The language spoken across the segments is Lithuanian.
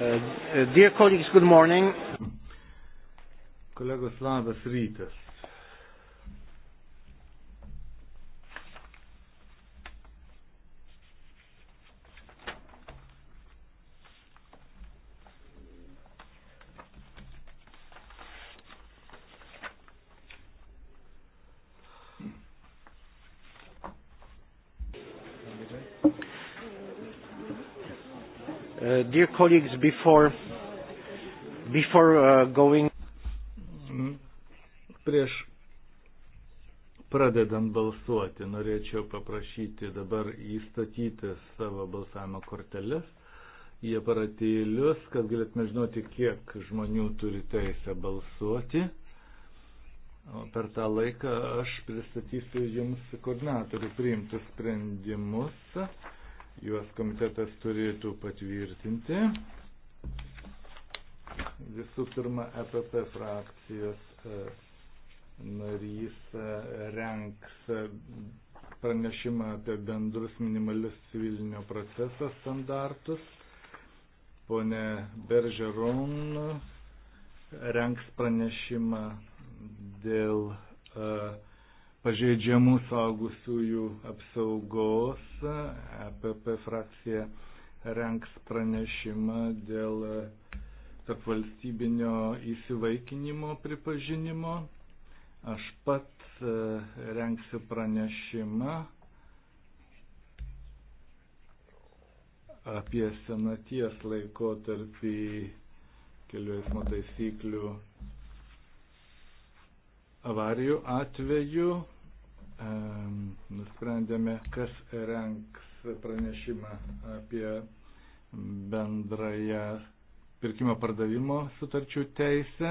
Uh, dear colleagues, good morning. Kolegos, labas rytas. Dear colleagues, before, before uh, going. Mm. Prieš pradedant balsuoti, norėčiau paprašyti dabar įstatyti savo balsavimo korteles į aparatėlius, kad galėtume žinoti, kiek žmonių turi teisę balsuoti. O per tą laiką aš pristatysiu jums koordinatorių priimtus sprendimus. Juos komitetas turėtų patvirtinti. Visų pirma, EPP frakcijos e, narys e, renks e, pranešimą apie bendrus minimalius civilinio proceso standartus. Pone Beržeron renks pranešimą dėl uh, pažeidžiamų saugusiųjų apsaugos. EPP frakcija renks pranešimą dėl tarp valstybinio įsivaikinimo pripažinimo. Aš pats e, renksiu pranešimą apie senaties laikotarpį kelių eismo taisyklių avarijų atveju nusprendėme, kas renks pranešimą apie bendrąją pirkimo pardavimo sutarčių teisę.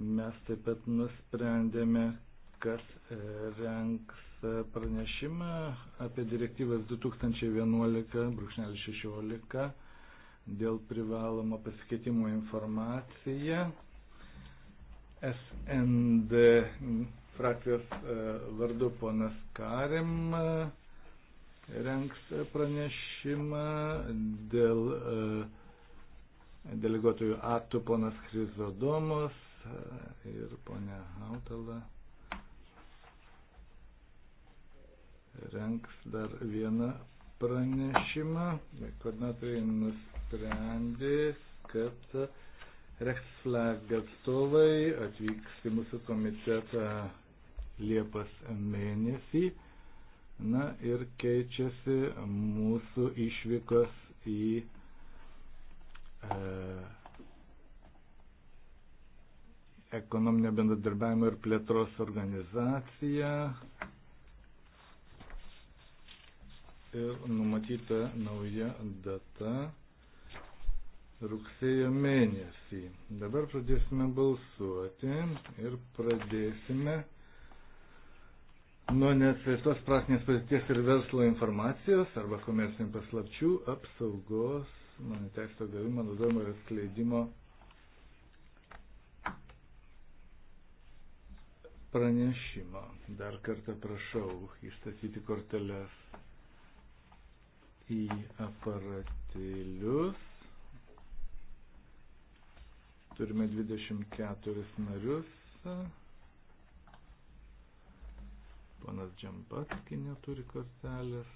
Mes taip pat nusprendėme, kas renks pranešimą apie direktyvas 2011-16 dėl privalomo pasikeitimo informaciją SND frakcijos e, vardu ponas Karim e, renks pranešimą dėl e, deleguotojų aktų ponas Chryzodomos ir ponia Hautala renks dar vieną pranešimą. Koordinatoriai nusprendė, kad Reksflag atstovai atvyks į mūsų komitetą Liepos mėnesį. Na ir keičiasi mūsų išvykos į e, ekonominio bendradarbiavimo ir plėtros organizaciją. Ir numatyta nauja data rugsėjo mėnesį. Dabar pradėsime balsuoti ir pradėsime nuo neatsveistos praktinės pozities ir verslo informacijos arba komercinių paslapčių apsaugos, mano teksto gavimo, naudojimo ir atskleidimo pranešimo. Dar kartą prašau išstatyti korteles į aparatėlius. Turime 24 narius. Panas Džempatski neturi kortelės.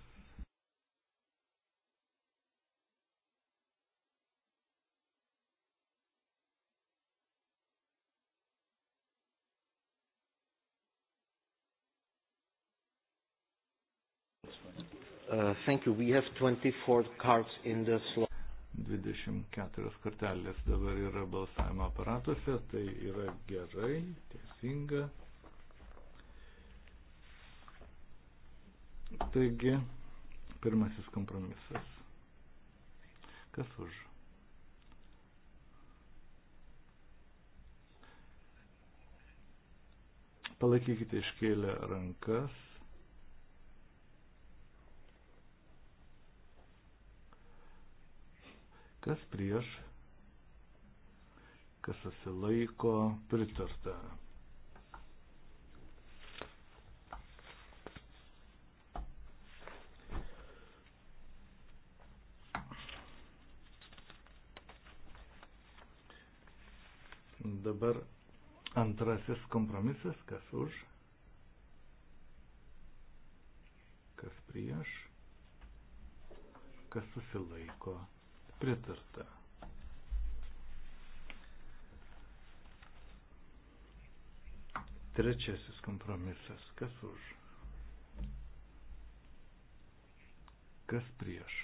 Uh, thank you. We have 24 cards in the slot. 24 kortelės dabar yra balsavimo aparatuose, tai yra gerai, teisinga. Taigi, pirmasis kompromisas. Kas už? Palaikykite iškėlę rankas. Kas prieš? Kas susilaiko? Pritarta. Dabar antrasis kompromisas, kas už, kas prieš, kas susilaiko pritarta. Trečiasis kompromisas. Kas už? Kas prieš?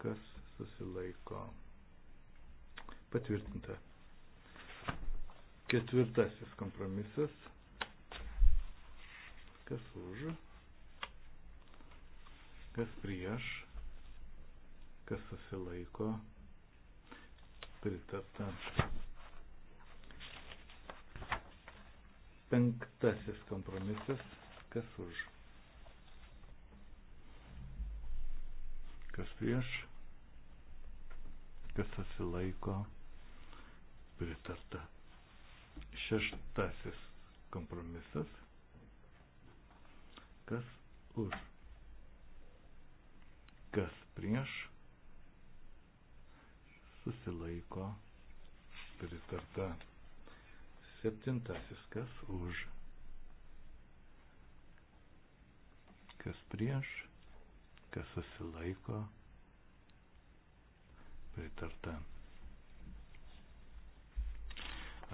Kas susilaiko? Patvirtinta. Ketvirtasis kompromisas. Kas už? Kas prieš? kas susilaiko, pritarta. Penktasis kompromisas, kas už, kas prieš, kas susilaiko, pritarta. Šeštasis kompromisas, kas už, kas prieš, susilaiko pritarta. Septintasis, kas už, kas prieš, kas susilaiko pritarta.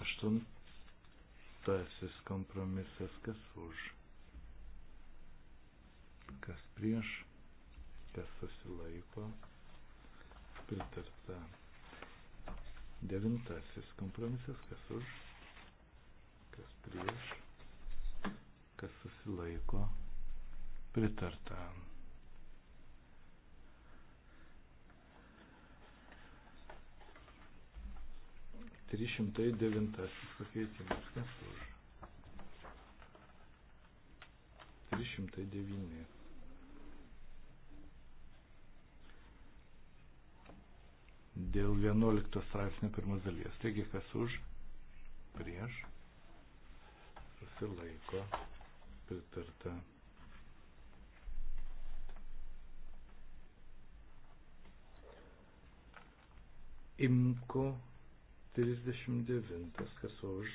Aštuntasis kompromisas, kas už, kas prieš, kas susilaiko pritarta. Devintasis kompromisas, kas už, kas prieš, kas susilaiko, pritarta. Trys šimtai devintasis pakeitimas, kas už. Trys šimtai devyni. dėl 11 straipsnio pirmos dalies. Taigi, kas už, prieš, susilaiko, pritarta. Imko 39, kas už,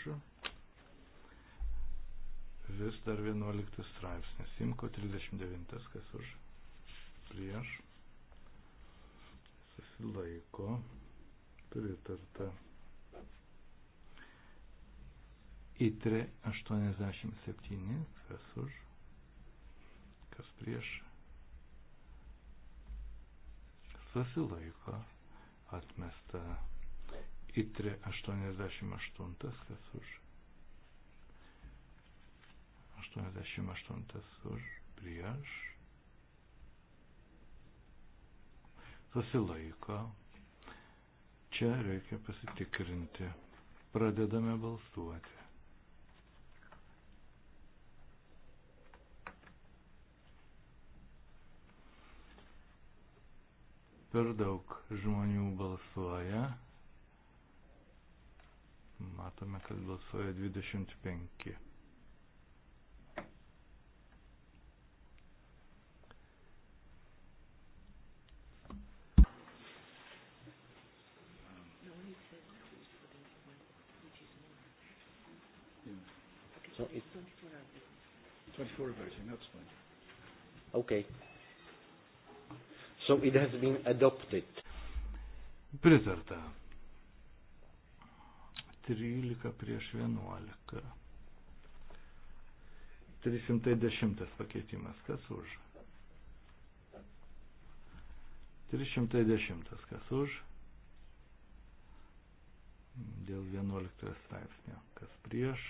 vis dar 11 straipsnis. Imko 39, kas už, prieš, susilaiko pritarta. Įtre 87, kas už, kas prieš, susilaiko atmesta. Įtre 88, kas už, 88 už, prieš, susilaiko. Čia reikia pasitikrinti. Pradedame balsuoti. Per daug žmonių balsuoja. Matome, kad balsuoja 25. 24 version, not 20. Okay. So it has been adopted. Pritarta. 13 prieš 11. 310 pakeitimas. Kas už? 310. Kas už? Dėl 11 straipsnio. Kas prieš?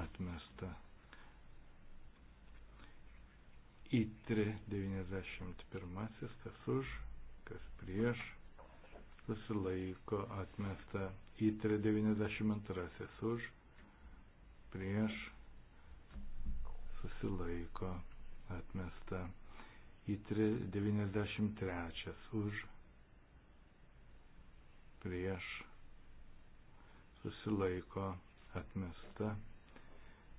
atmesta. Įtri 91, kas už, kas prieš, susilaiko atmesta. Įtri 92, už, prieš, susilaiko atmesta. Įtri 93, už, prieš, susilaiko atmesta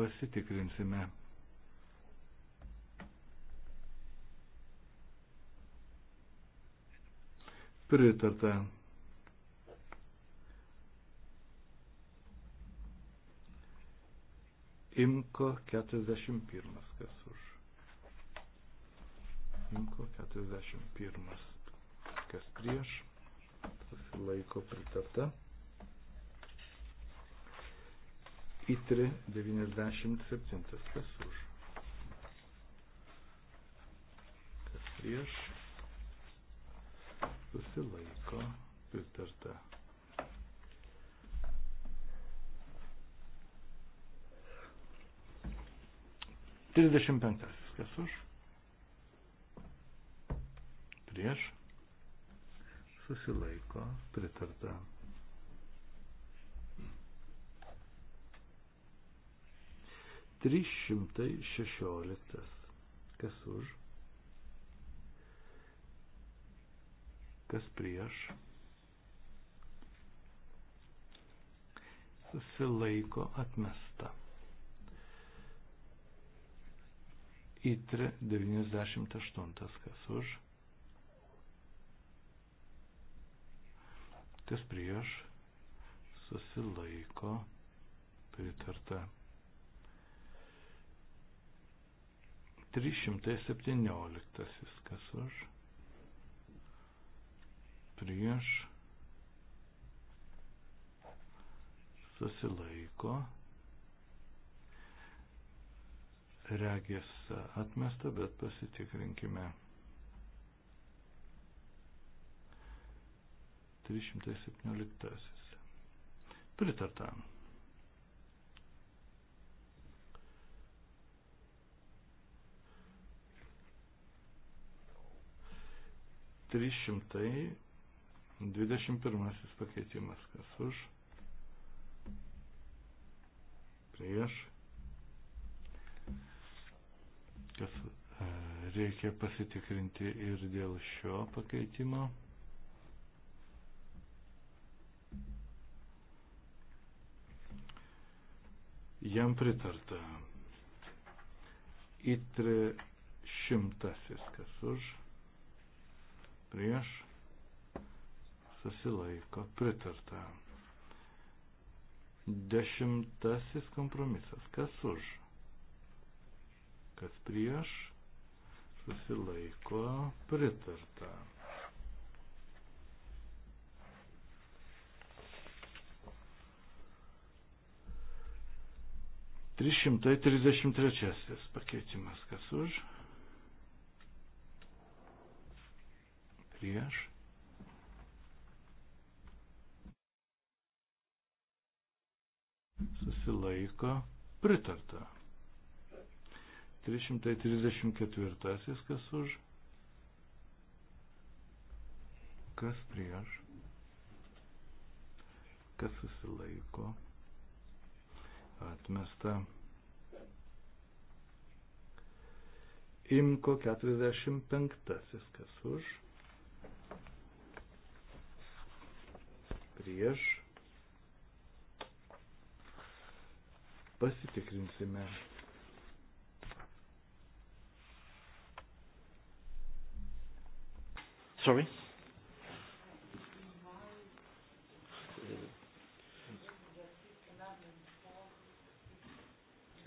pasitikrinsime. Pritarta. Imko 41. Kas už? Imko 41. Kas prieš? Susilaiko pritarta. Įtri 97. Kas už? Kas prieš? Susilaiko. Pritarta. Trisdešimt penktasis. Kas už? Prieš. Susilaiko. Pritarta. 316. Kas už? Kas prieš? Susilaiko atmesta. Įtre 98. Kas už? Kas prieš? Susilaiko pritarta. 317. Kas už? Prieš. Susilaiko. Regės atmesta, bet pasitikrinkime. 317. Pritartam. 321 pakeitimas. Kas už? Prieš. Kas e, reikia pasitikrinti ir dėl šio pakeitimo. Jam pritarta. Įtri šimtasis kas už prieš susilaiko pritarta. Dešimtasis kompromisas. Kas už? Kas prieš? Susilaiko pritarta. Trys šimtai trisdešimt trečiasis pakeitimas. Kas už? prieš. Susilaiko pritarta. 334 kas už. Kas prieš. Kas susilaiko. Atmesta. Imko 45 kas už prieš. Pasitikrinsime. Sorry.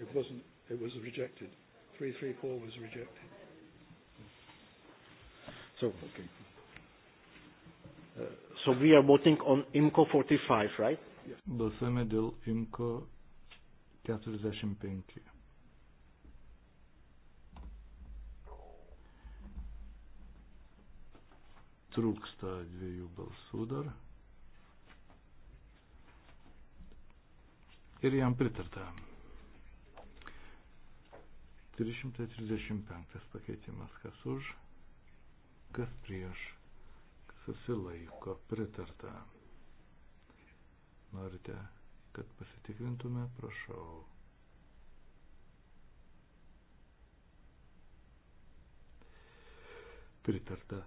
It wasn't. It was rejected. Three three four was rejected. So okay. Uh, So we are voting on IMCO 45, right? Balsuojame dėl IMCO 45. Trūksta dviejų balsų dar. Ir jam pritarta. 335 pakeitimas kas už, kas prieš susilaiko pritarta. Norite, kad pasitikrintume, prašau. Pritarta.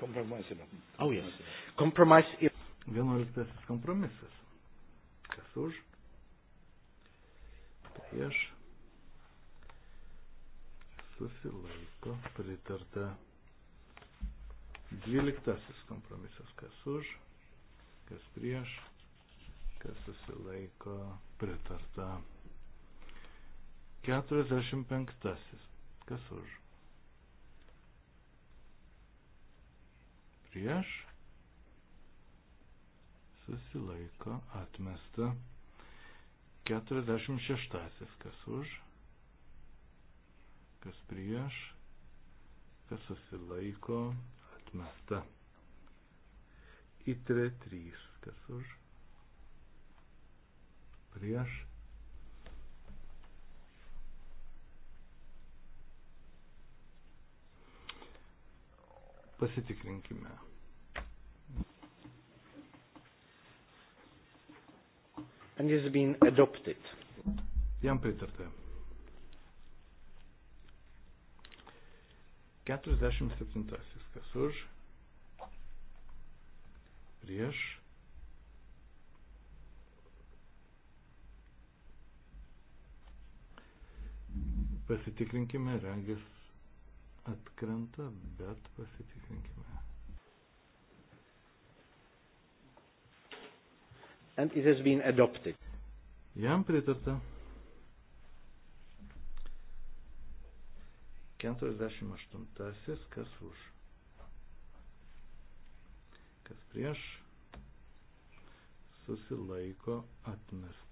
compromise. Oh yes, compromise. Vienuoliktasis kompromisas. Kas už? Prieš. Susilaiko. Pritarta. Dvyliktasis kompromisas. Kas už? Kas prieš? Kas susilaiko? Pritarta. Keturiasdešimt penktasis. Kas už? Prieš susilaiko atmesta. 46. Kas už, kas prieš, kas susilaiko atmesta. Įtre 3. Kas už, prieš. Pasitikrinkime. and has been adopted. Jam pritarta. 47. Kas už? Prieš. Pasitikrinkime, regis atkrenta, bet pasitikrinkime. and it has been adopted. Jam pritarta. 48. Kas už? Kas prieš? Susilaiko atmest.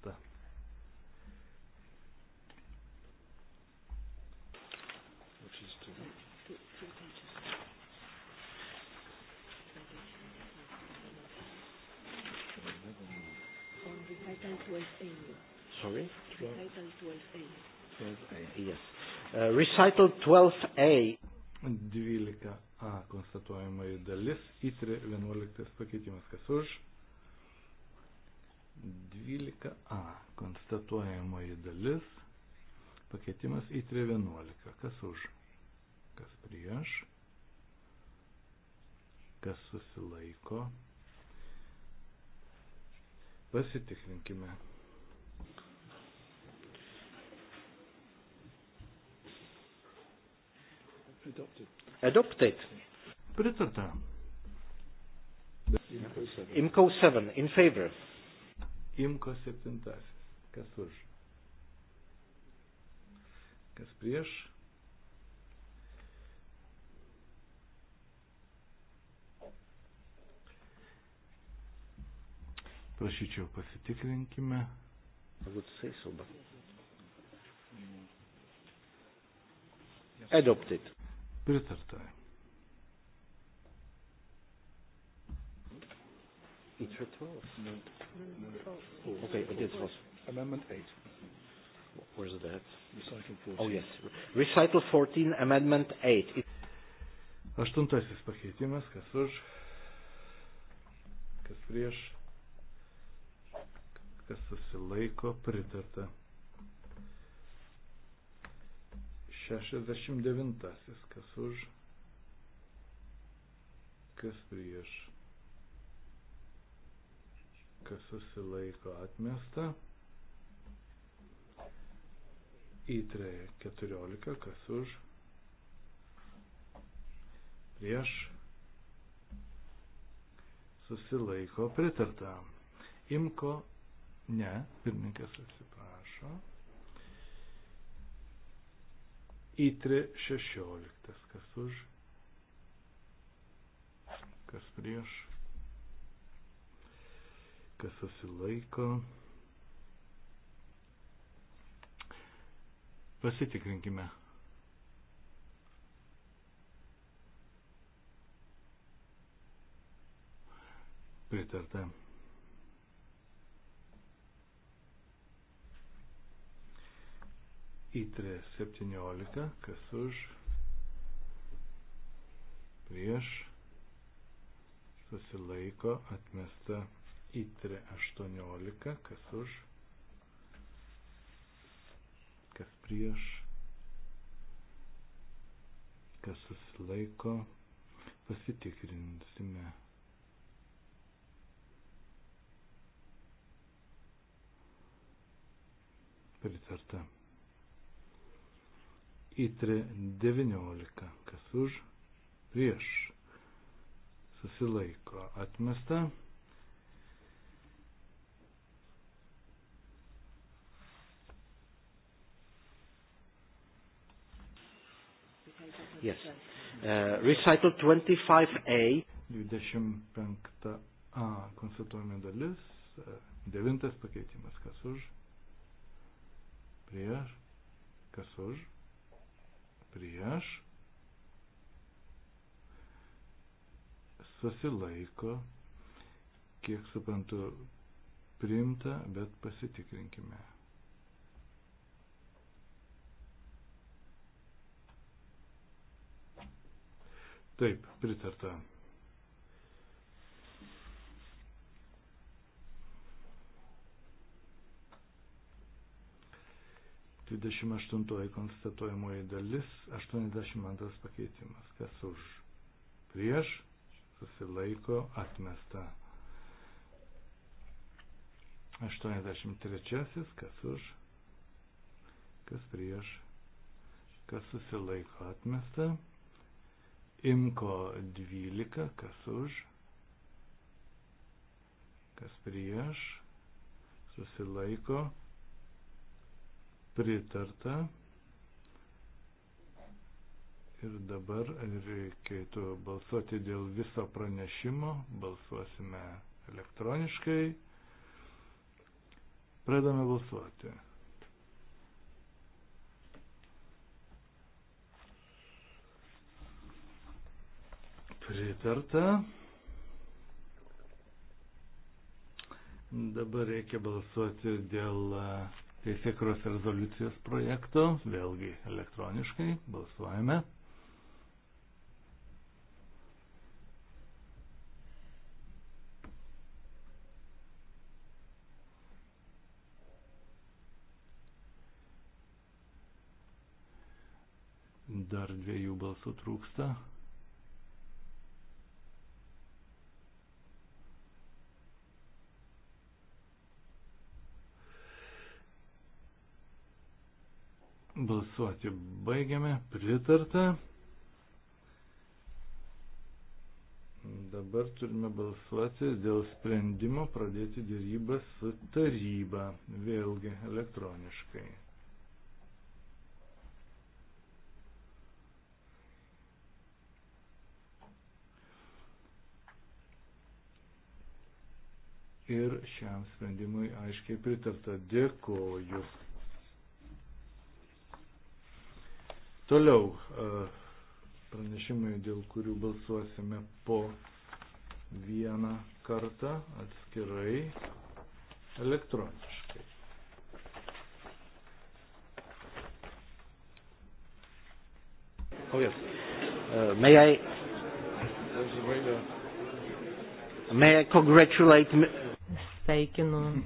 12A. Sorry? 12. Recital 12A. 12A, yes. Uh, recital 12A. 12A konstatuojama į dalis, įtri 11 pakeitimas, kas už. 12A konstatuojama į dalis, pakeitimas įtri 11, kas už, kas prieš, kas susilaiko. Pasitikrinkime. Adopted. Pritarta. Imko 7. In favor. Imko 7. Kas už? Kas prieš? Prašyčiau pasitikrinkime. Adopted. Pritarta. It's false. No. no. Oh, okay, it is false. Amendment 8. Where's that? Recital 14. Oh, yes. Recital 14, Amendment 8. It... Aštuntasis pakeitimas, kas už, kas prieš kas susilaiko pritarta. 69. Kas už, kas prieš, kas susilaiko atmesta. Įtrė 14. Kas už, prieš, susilaiko pritarta. Imko Ne, pirmininkas atsiprašo. Įtri 16. Kas už? Kas prieš? Kas susilaiko? Pasitikrinkime. Pritarta. Įtrė 17, kas už, prieš, susilaiko, atmesta. Įtrė 18, kas už, kas prieš, kas susilaiko, pasitikrinsime. Pritarta. ITRI 19, kas už, prieš, susilaiko atmesta. Yes. Uh, recital 25A. 25A konstatuojami dalis. Uh, devintas pakeitimas. Kas už? Prieš? Kas už? prieš, susilaiko, kiek suprantu, priimta, bet pasitikrinkime. Taip, pritarta. 28 konstatuojamoji dalis, 82 pakeitimas. Kas už? Prieš susilaiko atmesta. 83. Kas už? Kas prieš? Kas susilaiko atmesta? Imko 12. Kas už? Kas prieš? Susilaiko atmesta pritarta. Ir dabar reikėtų balsuoti dėl viso pranešimo. Balsuosime elektroniškai. Pradame balsuoti. Pritarta. Dabar reikia balsuoti dėl teisėkros rezoliucijos projekto, vėlgi elektroniškai balsuojame. Dar dviejų balsų trūksta. Balsuoti baigiame. Pritarta. Dabar turime balsuoti dėl sprendimo pradėti dėrybą su taryba. Vėlgi elektroniškai. ir šiam sprendimui aiškiai pritarta. Dėkoju. Toliau e, pranešimai, dėl kurių balsuosime po vieną kartą atskirai elektroniškai. Oh yes. Uh, may I may I congratulate Sveikinu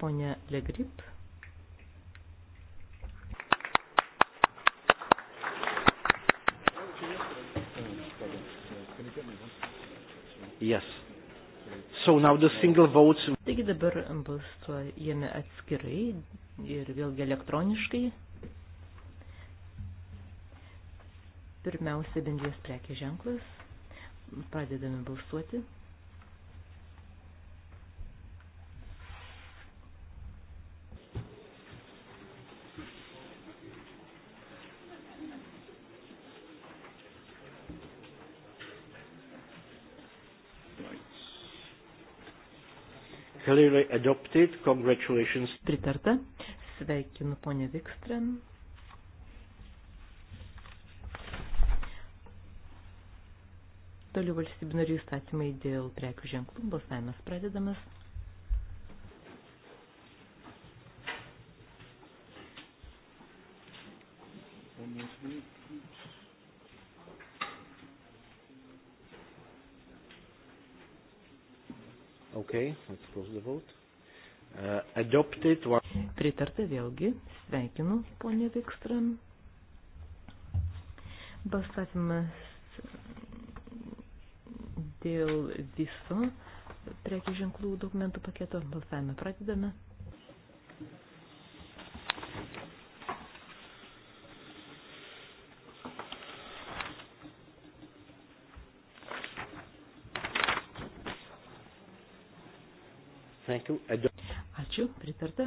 ponę Legrip So now the single votes. Taigi dabar balsuojame atskirai ir vėlgi elektroniškai. Pirmiausia, bendrės prekės ženklas. Pradedame balsuoti. clearly adopted. Congratulations. Pritarta. Sveikinu ponę Vikström. Toliau valstybinarių įstatymai dėl prekių ženklų. Balsavimas pradedamas. Let's close the vote. Uh, adopted one. Pritarta vėlgi. Sveikinu, ponė Vikstram. Balsavimas dėl viso prekių ženklų dokumentų paketo. Balsavimą pradedame. Ačiū, pritarta.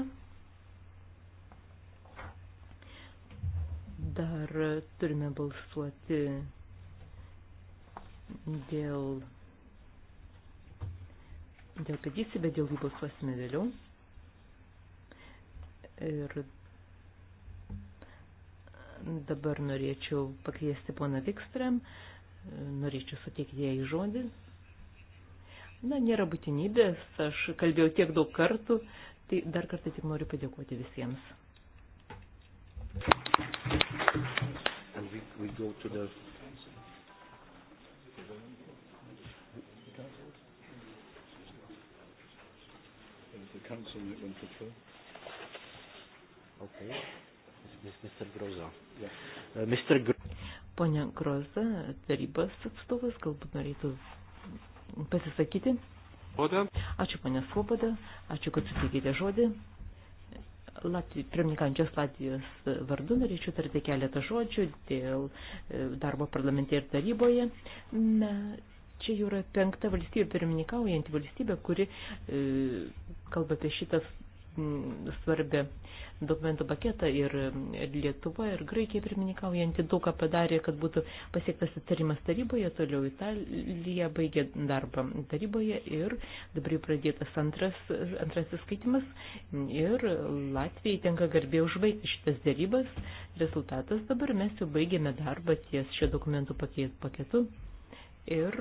Dar turime balsuoti dėl, dėl peticijų, bet dėl jų balsuosime vėliau. Ir dabar norėčiau pakviesti poną Vikstram, norėčiau suteikti jai žodį. Na, nėra būtinybės, aš kalbėjau tiek daug kartų, tai dar kartą tik noriu padėkoti visiems. We, we go to the the council that went through. Okay. Mr. Groza. Yeah. Uh, Mr. Gro Pone Groza, tarybos atstovas galbūt norėtų pasisakyti. Svoboda. Ačiū, ponė Svoboda. Ačiū, kad suteikėte žodį. Latvijos, pirmininkančios Latvijos vardu norėčiau tarti keletą žodžių dėl e, darbo parlamente ir taryboje. Na, čia jau yra penkta valstybė, pirmininkaujanti valstybė, kuri e, kalba apie šitas Mm, svarbi dokumentų paketą ir Lietuva, ir Graikija pirmininkaujantį daug ką padarė, kad būtų pasiektas sutarimas taryboje, toliau Italija baigė darbą taryboje ir dabar jau pradėtas antras, antrasis skaitimas ir Latvijai tenka garbė užbaigti šitas dėrybas. Rezultatas dabar mes jau baigėme darbą ties šio dokumentų paketu ir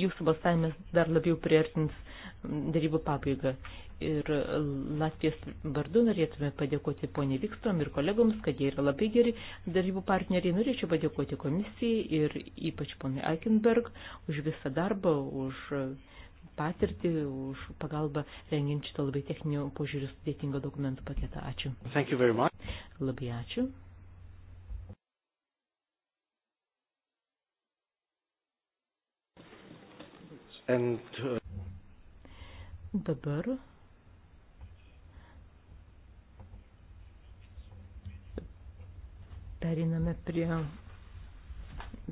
jūsų balsavimas dar labiau priartins darybų pabaigą ir Latvijos vardu norėtume padėkoti ponė Vikstrom ir kolegoms, kad jie yra labai geri darybų partneriai. Norėčiau padėkoti komisijai ir ypač ponė Eikenberg už visą darbą, už patirtį, už pagalbą rengiant šitą labai techninio požiūrių sudėtingą dokumentų paketą. Ačiū. Labai ačiū. And, uh... Dabar Periname prie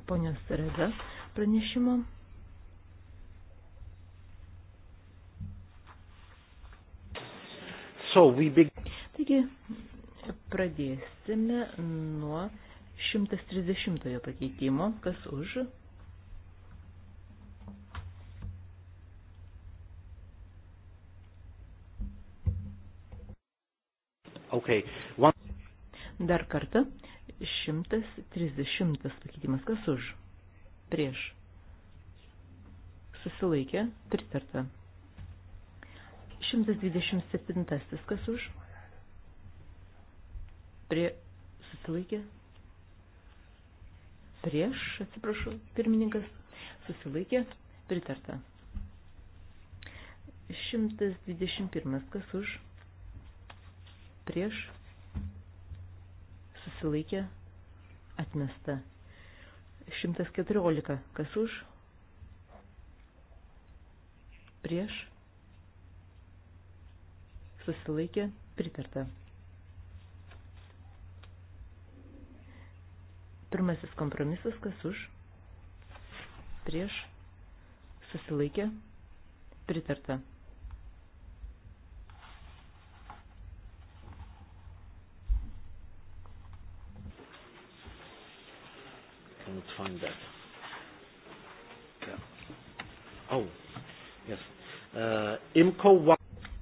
ponios Reda pranešimo. So we beg... Taigi, pradėsime nuo 130 pakeitimo, kas už. Okay. One... Dar kartą. 130 pakeitimas. Kas už? Prieš. Susilaikė. Pritarta. 127. Kas už? Prie. Susilaikė. Prieš, atsiprašau, pirmininkas. Susilaikė. Pritarta. 121. Kas už? Prieš susilaikė, atmesta. 114, kas už, prieš, susilaikė, pritarta. Pirmasis kompromisas, kas už, prieš, susilaikė, pritarta. I would find that. Yeah. Oh, yes. Uh, IMCO 1.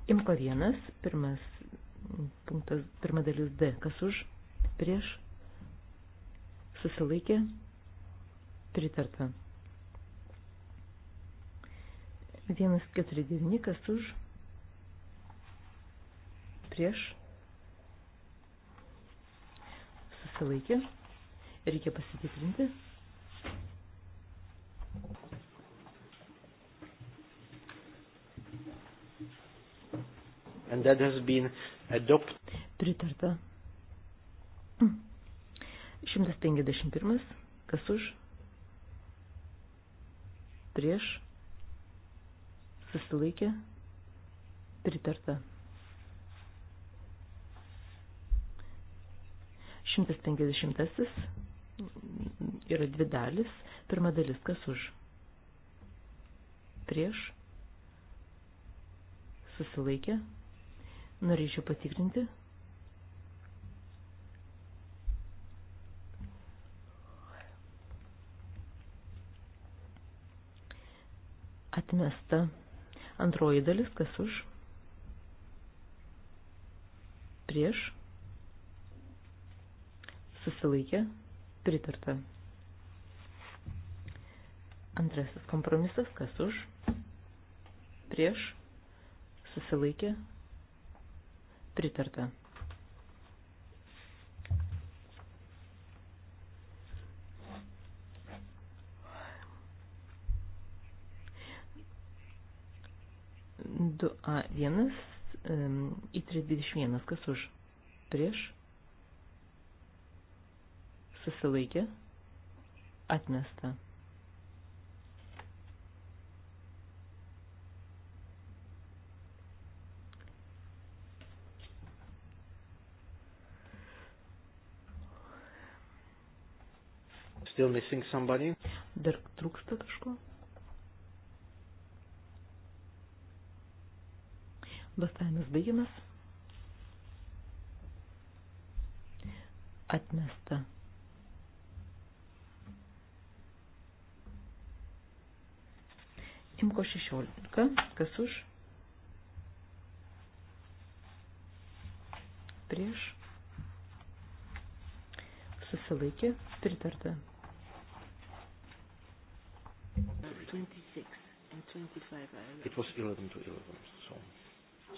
IMCO 1, pirmas punktas, pirma dalis D. Kas už? Prieš? Susilaikė? Pritarta. 149, kas už? Prieš? Susilaikė? Pritarta Reikia pasitikrinti. And that has been adopted. Pritarta. 151. Kas už? Prieš? Susilaikė? Pritarta. 150 yra dvi dalis. Pirma dalis, kas už? Prieš? Susilaikė? Norėčiau patikrinti. Atmesta. Antroji dalis, kas už? Prieš? Susilaikė? Pritarta. Antrasis kompromisas, kas už, prieš, susilaikė, pritarta. Du A1, į 321, kas už, prieš, susilaikė, atmesta. Still missing somebody? Dar trūksta kažko? Bastavimas baigimas. Atmesta. Imko 16. Kas už? Prieš. Susilaikė. Pritarta. 26 and 25. It was 11 to 11, so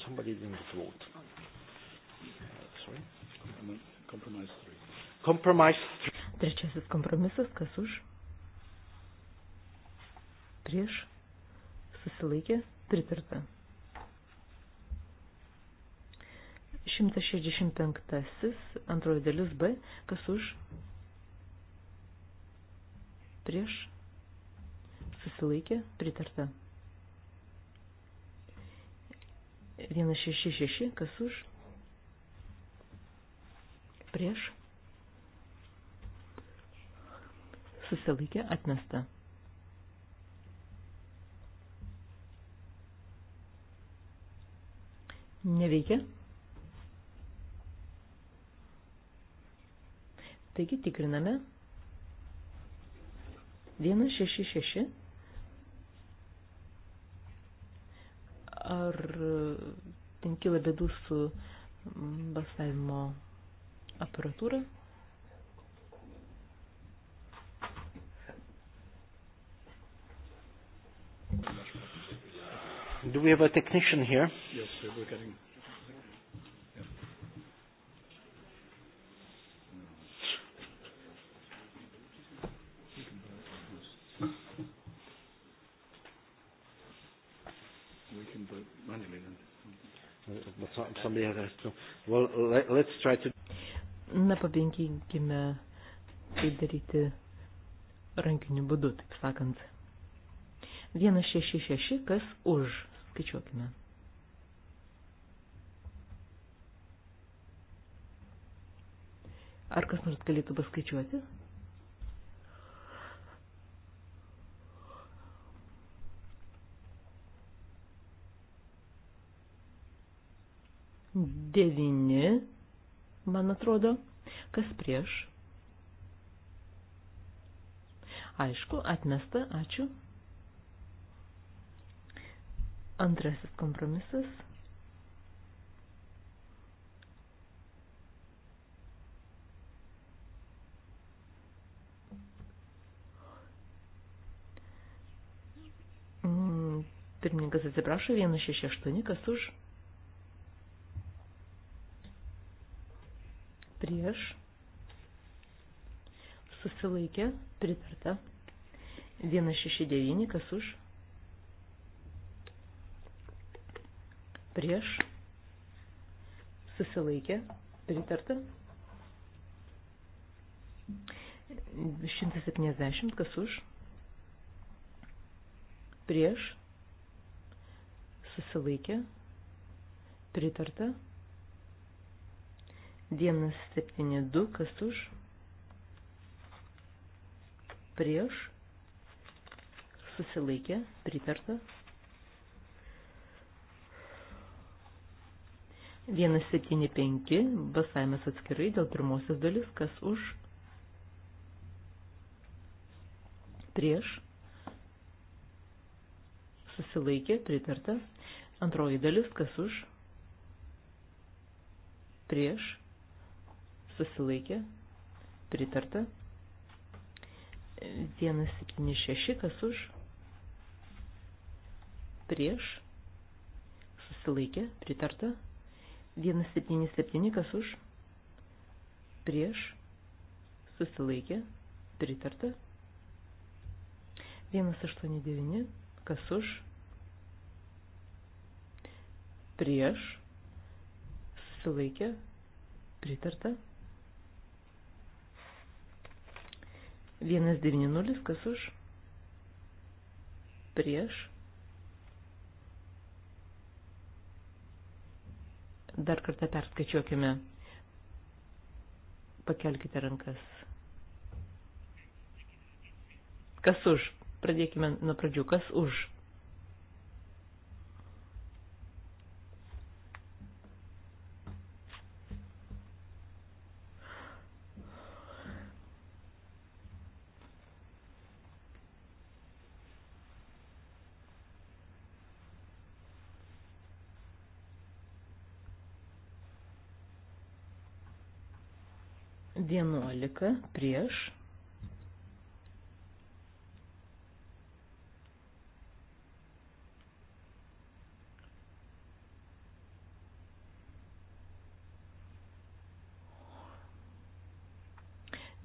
somebody didn't vote. Uh, sorry? Compromise, compromise 3. Compromise 3. Trečiasis kompromisas, kas už? Prieš susilaikė, pritarta. 165, antroji dalis B, kas už, prieš, susilaikė, pritarta. 166, kas už, prieš, susilaikė, atmesta. Neveikia. Taigi tikriname. 166. Ar ten kila bėdų su balsavimo aparatūra? Do we have a technician here? Yes, sir, we're getting somebody has to. Well, let, let's try to. Na, pabandinkime tai daryti rankiniu būdu, taip sakant. 166, kas už, skaičiuokime. Ar kas nors galėtų paskaičiuoti? 166. Devini, man atrodo. Kas prieš? Aišku, atmesta, ačiū. Antrasis kompromisas. Mm, pirmininkas atsiprašo, 168, kas už? prieš, susilaikė, pritarta. 169, kas už, prieš, susilaikė, pritarta. 170, kas už, prieš, susilaikė, pritarta. 172, kas už, prieš, susilaikė, pritarta. 175, basavimas atskirai dėl pirmosios dalis, kas už, prieš, susilaikė, pritarta. Antroji dalis, kas už, prieš, susilaikė, pritarta. 176, kas už, prieš, susilaikė, pritarta. 177, kas už, prieš, susilaikė, pritarta. 189, kas už, prieš, susilaikė, pritarta. 190, kas už? Prieš. Dar kartą perskaičiuokime. Pakelkite rankas. Kas už? Pradėkime nuo pradžių. Kas už? 11 prieš.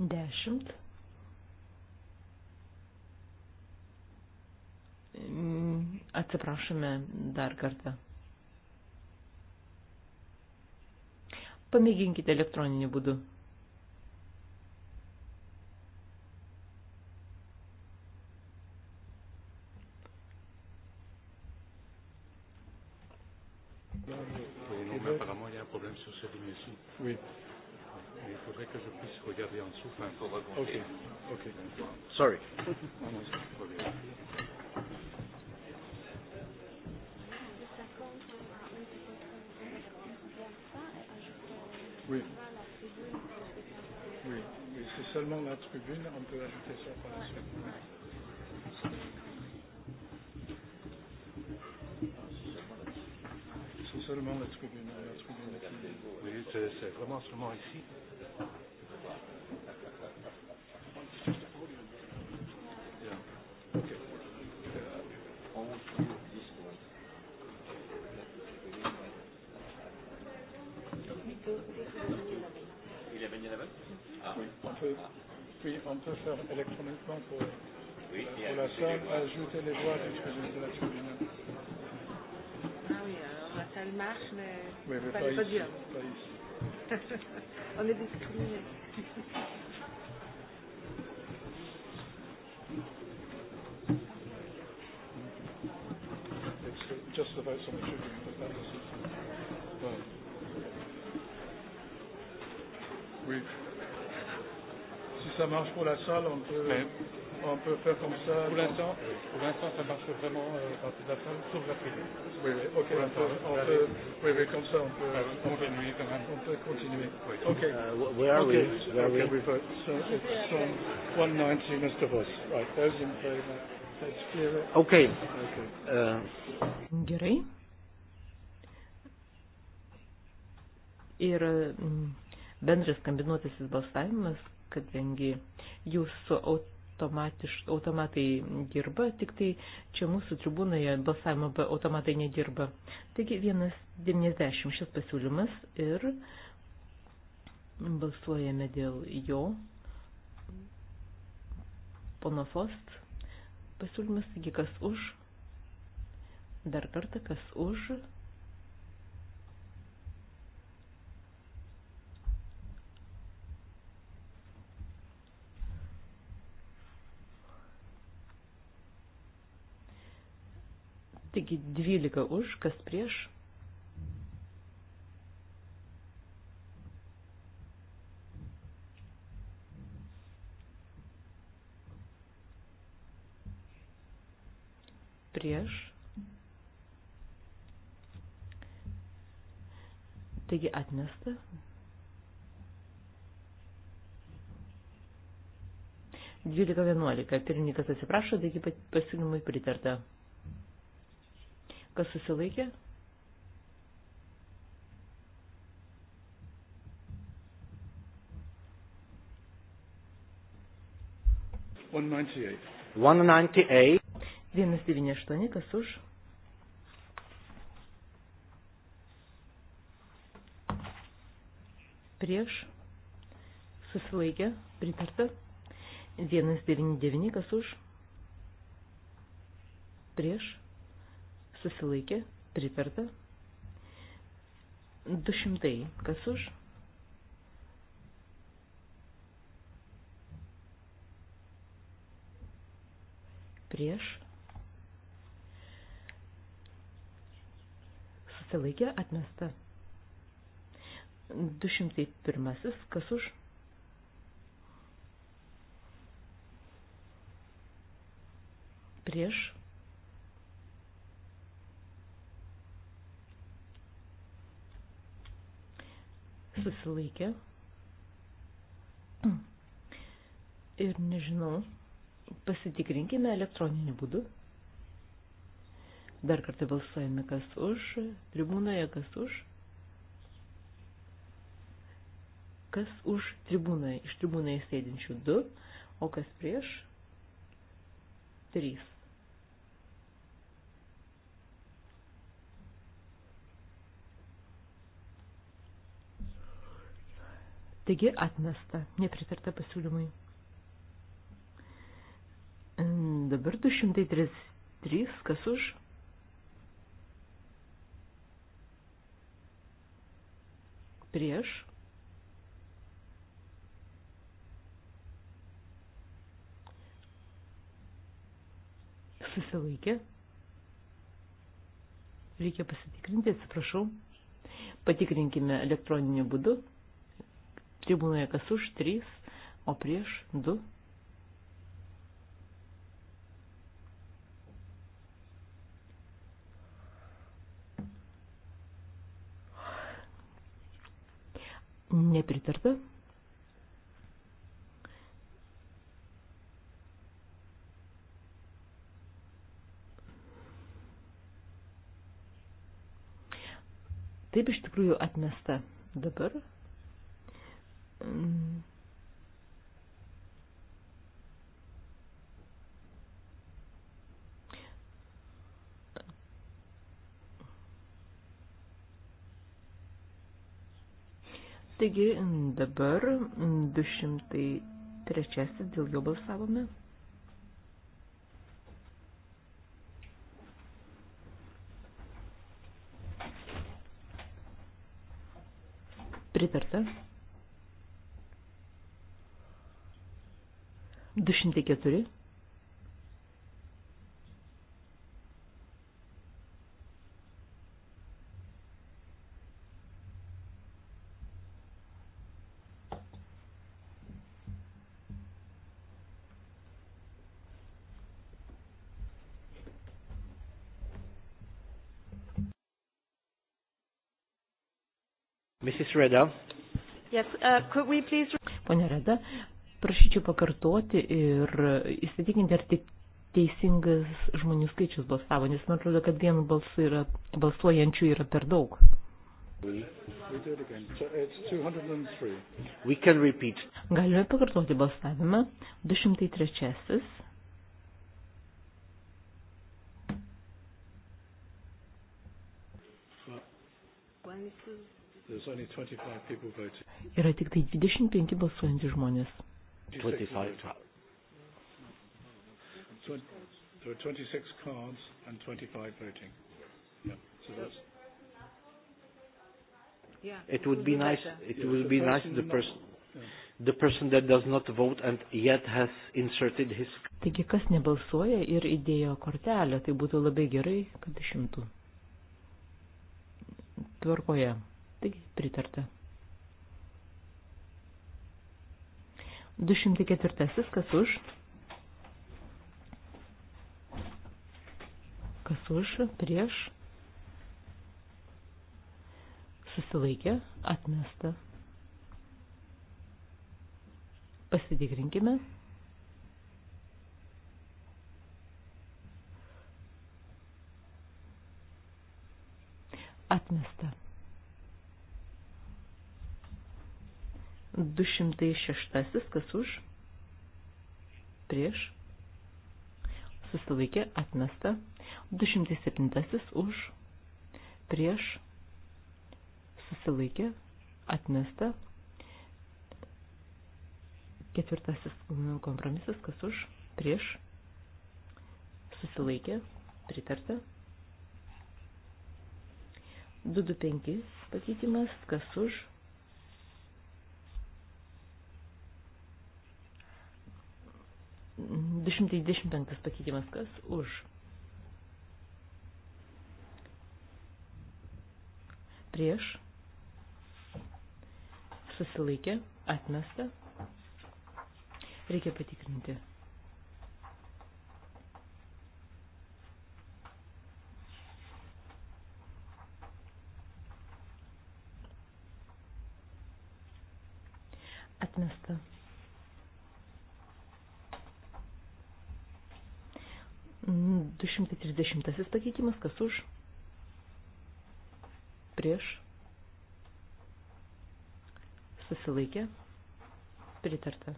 Dešimt. Atsiprašome dar kartą. Pamėginkite elektroniniu būdu. Oui, non, mais apparemment, il y a un problème sur cette ligne aussi. Oui. Mais il faudrait que je puisse regarder en dessous. Enfin, il faudra qu'on Ok, ok. Sorry. Oui. Oui, mais c'est seulement la tribune, on peut ajouter ça par la suite. seulement la tribune. La tribune. Oui, c'est vraiment seulement ici. Il est venu là-bas ah. Oui, on peut, oui, on peut faire électroniquement pour, oui, pour la salle, ajouter les voix de la tribune l'image, mais, mais, mais pas, pas, ici, pas bien. Pas ici. On est discriminé. It's just about some sugar, but that doesn't. Well, oui. Si ça marche pour la salle, on peut. Mais on peut faire comme ça. Pour l'instant, pour l'instant, ça marche vraiment euh, dans ces affaires, sauf la privée. Oui, oui, ok. On peut, on peut, oui, oui, comme ça, on peut ah, oui, continuer quand même. On peut continuer. Oui. Ok. Uh, where are okay. we? Where okay, are we? we vote. So it's on 190, Mr. Voss. Right, those in favour. Let's clear it. Okay. okay. Uh, Gerai. Ir mm, bendras kombinuotasis balsavimas, kadangi jūsų aut automatai dirba, tik tai čia mūsų tribūnoje balsavimo automatai nedirba. Taigi 1.90 šis pasiūlymas ir balsuojame dėl jo. Pono Fost pasiūlymas, taigi kas už, dar kartą kas už, Taigi 12 už, kas prieš. Prieš. Taigi atmesta. Dvylika vienuolika. Pirmininkas atsiprašo, taigi pasiūlymui pritarta. Kas susilaikė? Vienas devyni aštuoni, kas už? Prieš susilaikė, pritarta. Vienas devyni devyni, kas už? Prieš susilaikė, pritarta. 200, kas už? Prieš. Susilaikė, atmesta. 201, kas už? Prieš. susilaikė. Ir nežinau, pasitikrinkime elektroninį būdų. Dar kartą balsuojame, kas už, tribūnoje kas už. Kas už tribūnoje, iš tribūnoje sėdinčių du, o kas prieš, trys. Taigi atmesta, nepritarta pasiūlymui. Dabar 203, kas už? Prieš. Susilaikė. Reikia pasitikrinti, atsiprašau. Patikrinkime elektroniniu būdu tribūnoje kas už, trys, o prieš, du. Nepritarta. Taip iš tikrųjų atmesta dabar Taigi dabar 203 dėl jo balsavome. Pritarta. 204. Mrs. Reda. Yes, uh, could we please... Pone Reda, prašyčiau pakartoti ir įsitikinti, ar tik teisingas žmonių skaičius balsavo, nes man atrodo, kad vienu balsu yra, balsuojančių yra per daug. Galime pakartoti balsavimą. 203. Yra tik tai 25 balsuojantys žmonės. 25. So there are 26 cards and 25 voting. Yeah, so that's. Yeah. It would be nice. It yeah, would be nice the person. Yeah. The person that does not vote and yet has inserted his. Taigi, kas nebalsuoja ir įdėjo kortelę, tai būtų labai gerai, kad išimtų. Tvarkoje. Taigi, pritarta. 204. Kas už? Kas už? Prieš? Susilaikė? Atmesta. Pasitikrinkime. Atmesta. 206, kas už, prieš, susilaikė, atmesta. 207 už, prieš, susilaikė, atmesta. Ketvirtasis kompromisas, kas už, prieš, susilaikė, pritarta. 225 pakeitimas, kas už, 225 pakeitimas kas už. Prieš. Susilaikė. Atmesta. Reikia patikrinti. Atmesta. 230 pakeitimas, kas už, prieš, susilaikė, pritarta.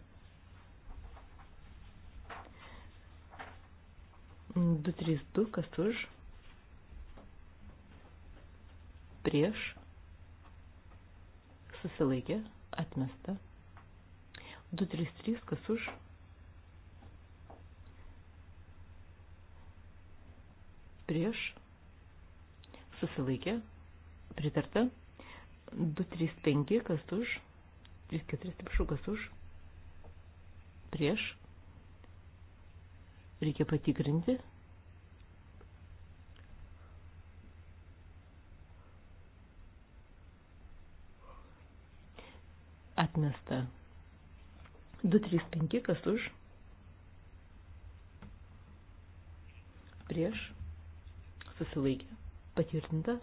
232, kas už, prieš, susilaikė, atmesta. 233, kas už, prieš prieš, susilaikė, pritarta, 235, kas už, 34, atsiprašau, kas už, prieš, reikia patikrinti. Atmesta. 235, kas už, prieš, susilaikė, patvirtinta.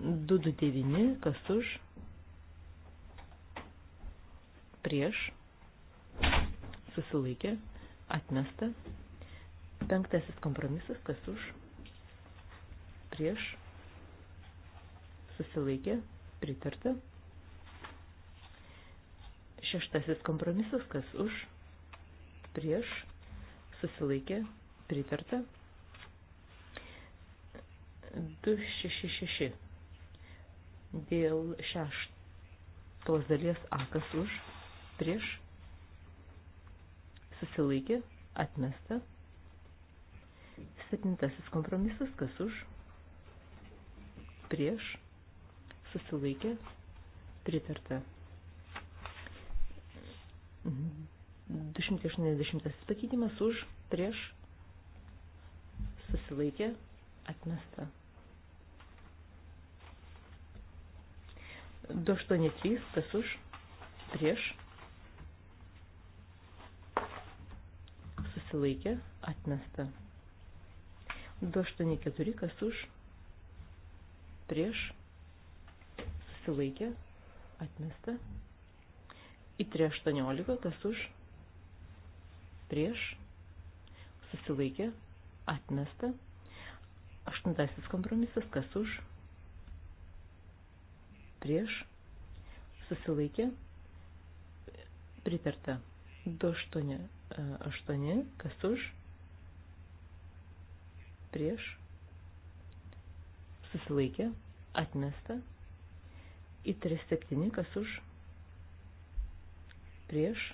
229, kas už, prieš, susilaikė, atmesta. Penktasis kompromisas, kas už, prieš, susilaikė, pritarta. Šeštasis kompromisas, kas už, prieš, susilaikė, pritarta. 266. Dėl šeštos dalies A, kas už, prieš, susilaikė, atmesta. Septintasis kompromisas, kas už, prieš, susilaikė, pritarta. 280 pakeitimas už, prieš, susilaikė, atmesta. 283, kas už, prieš, susilaikė, atmesta. 284, kas už, prieš, susilaikė, atmesta. Į 318, kas už, prieš, susilaikė, atmesta. Aštuntasis kompromisas, kas už, prieš, susilaikė, pritarta 288, e, kas už, prieš, susilaikė, atmesta, į 37, kas už, prieš,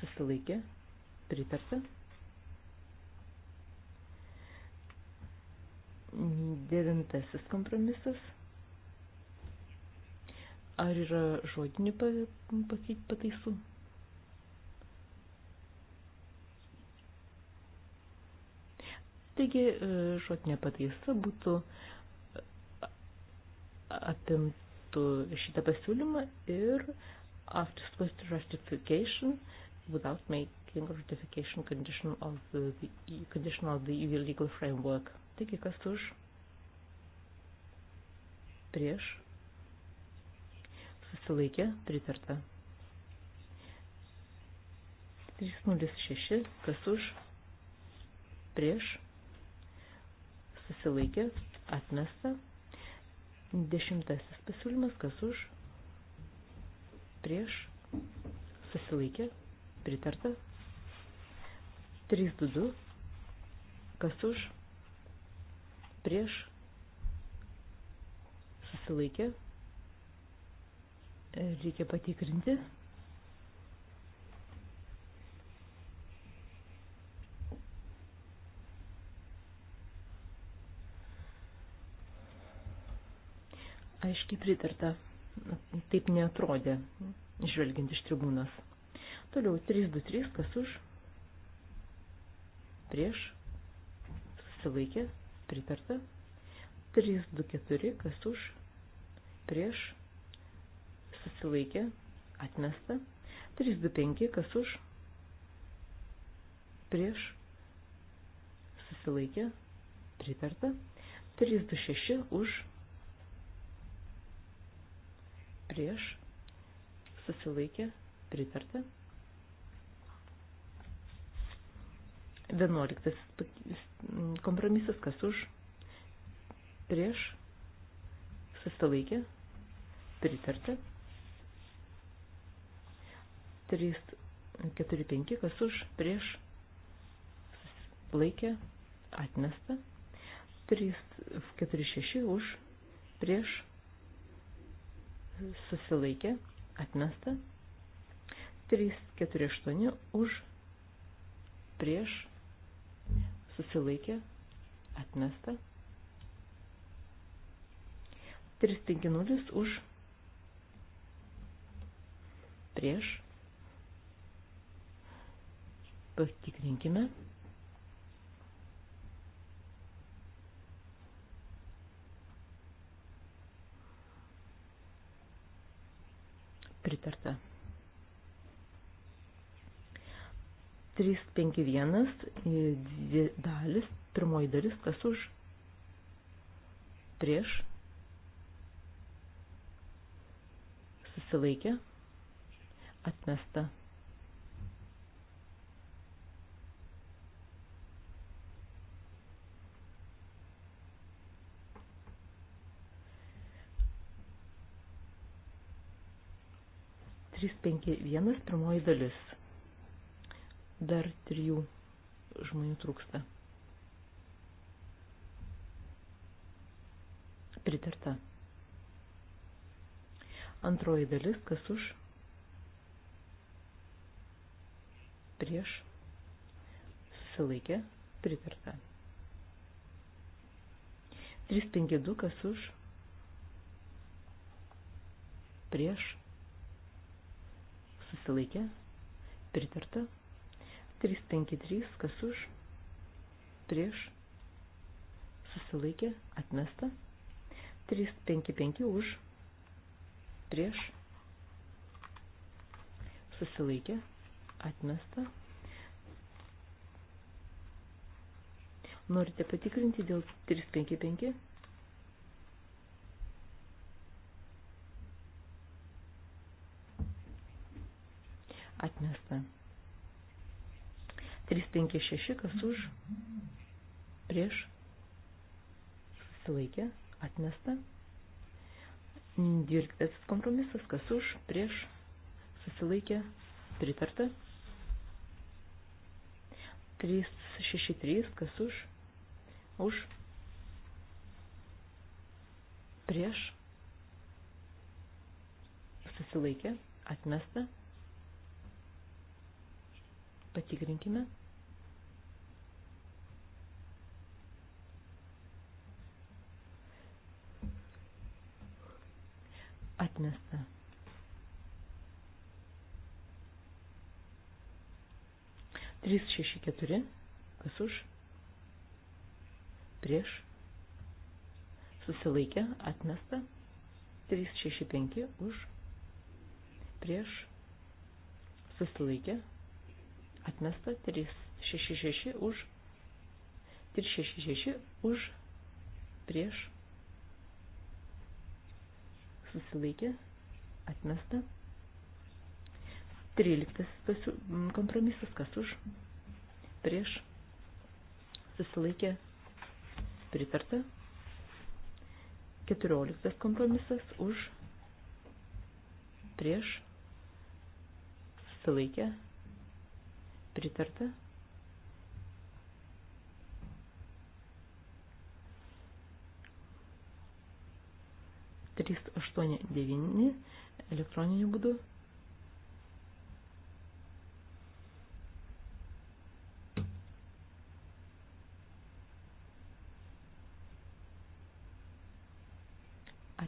susilaikė, pritarta. 9 kompromisas Ar yra žodinių pataisų? Taigi, e, žodinė pataisa būtų apimtų šitą pasiūlymą ir after supposed justification without making justification condition of the, condition of the legal framework. Taigi, kas už? Prieš? susilaikė, pritarta. 306, kas už, prieš, susilaikė, atmesta. Dešimtasis pasiūlymas, kas už, prieš, susilaikė, pritarta. 322, kas už, prieš, susilaikė, pritarta E, reikia patikrinti. Aiškiai pritarta. Taip neatrodė, žvelgiant iš tribūnos. Toliau 323, kas už? Prieš? Susilaikė? Pritarta? 324, kas už? Prieš? susilaikė, atmesta. 325, kas už, prieš, susilaikė, pritarta. 326 už, prieš, susilaikė, pritarta. 11 kompromisas, kas už, prieš, susilaikė, pritarta. 3, 4, 5, kas už, prieš, laikė, atmesta, 3, 4, 6, už, prieš, susilaikė, atmesta, 3, 4, 8, už, prieš, susilaikė, atmesta, 3, 5, 0, už, prieš, Pasitikrinkime. Pritarta. 351 e, dvi dalis, pirmoji dalis, kas už, prieš, susilaikė, atmesta. 351 pirmoji dalis. Dar trijų žmonių trūksta. Pritarta. Antroji dalis, kas už? Prieš. Susilaikė. Pritarta. 352, kas už? Prieš susilaikė, pritarta. 353, kas už, prieš, susilaikė, atmesta. 355 už, prieš, susilaikė, atmesta. Norite patikrinti dėl 355? atmesta. 356 kas už, prieš, susilaikė, atmesta. 12 kompromisas kas už, prieš, susilaikė, pritarta. 363 kas už, už, prieš, susilaikė, atmesta. Patikrinkime. Atmesta. Trys šeši keturi. Kas už? Prieš. Susilaikė. Atmesta. 365 už prieš susilaikė atmesta 366 už 366 už prieš susilaikė atmesta 13 kompromisas kas už prieš susilaikė pritarta 14 kompromisas už prieš susilaikė pritarta. Trys aštuoni devyni elektroniniu būdu.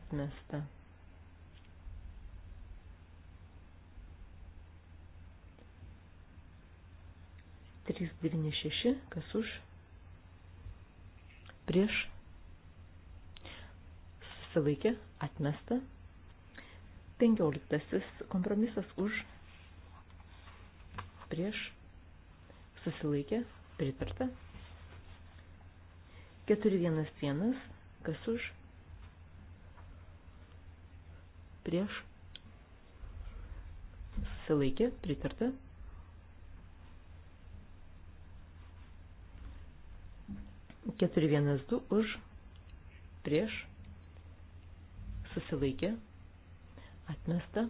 Atmesta. 396, kas už, prieš, susilaikė, atmesta, 15 kompromisas už, prieš, susilaikė, pritarta, 411, kas už, prieš, susilaikė, pritarta, 412. 412 už, prieš, susilaikė, atmesta,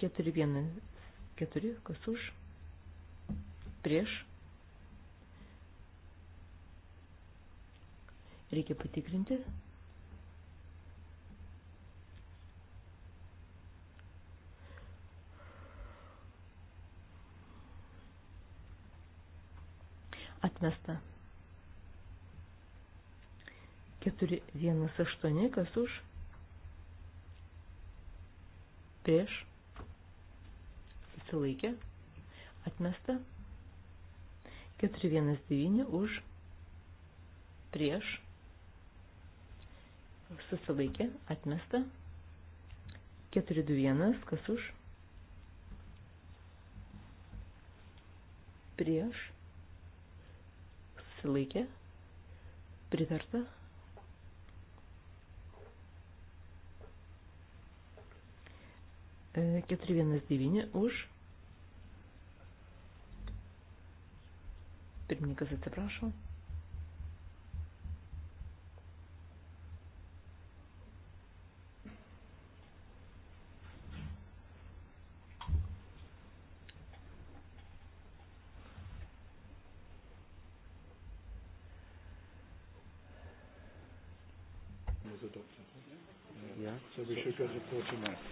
414, kas už, prieš. Reikia patikrinti. Atmesta. 418, kas už, prieš, susilaikė, atmesta, 419 už, prieš, susilaikė, atmesta, 421, kas už, prieš, susilaikė, pritarta, 419 už. Pirmininkas atsiprašo.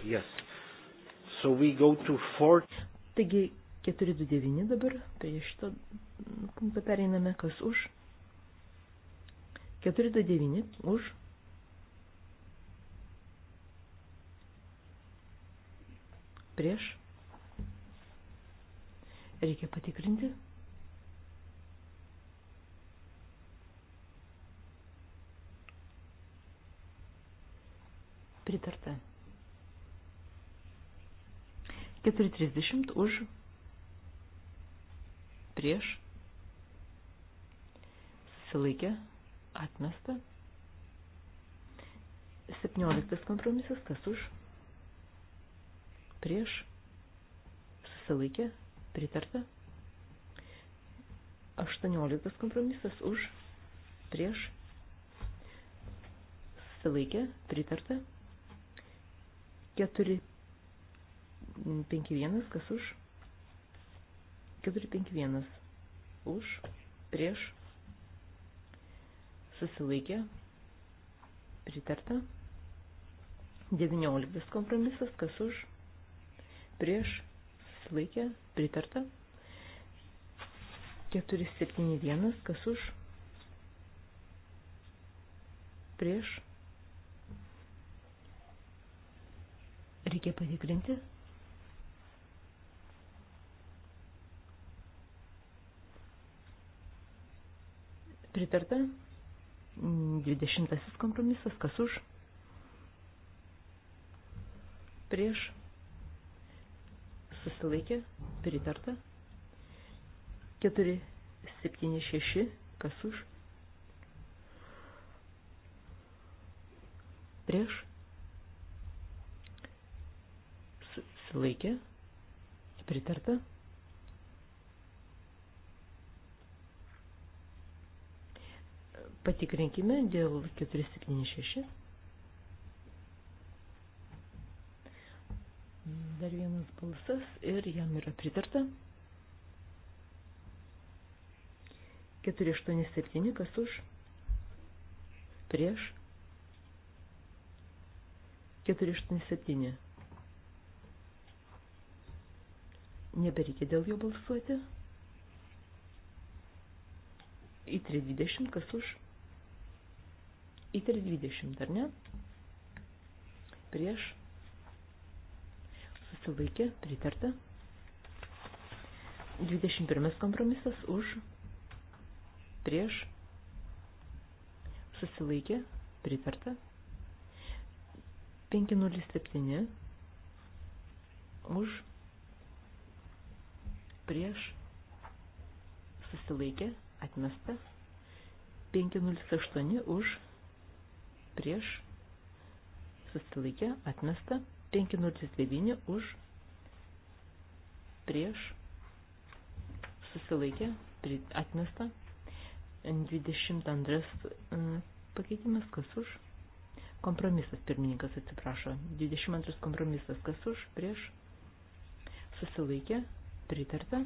Yes. So we go to four. Taigi 429 dabar, prie tai šito punktą pereiname, kas už. 429 už. Prieš. Reikia patikrinti. Pritarta. 4.30 už prieš susilaikė atmesta 17 kompromisas kas už prieš susilaikė pritarta 18 kompromisas už prieš susilaikė pritarta 4 451, kas už? 451. Už, prieš, susilaikė, pritarta. 19 kompromisas, kas už, prieš, susilaikė, pritarta. 471, kas už, prieš, reikia patikrinti. pritarta. 20 mm, kompromisas, kas už, prieš, susilaikė, pritarta. 4, 7, 6, kas už, prieš, susilaikė, pritarta. Patikrinkime dėl 476. Dar vienas balsas ir jam yra pritarta. 487, kas už? Prieš? 487. Nebereikia dėl jo balsuoti. Į 320, kas už? įtari 20, ar ne? Prieš. Susilaikė, pritarta. 21 kompromisas už. Prieš. Susilaikė, pritarta. 507 už. Prieš. Susilaikė, atmesta. 508 už prieš, susilaikė, atmesta, 509 už, prieš, susilaikė, atmesta, 22 e, pakeitimas, kas už, kompromisas, pirmininkas atsiprašo, 22 kompromisas, kas už, prieš, susilaikė, pritarta,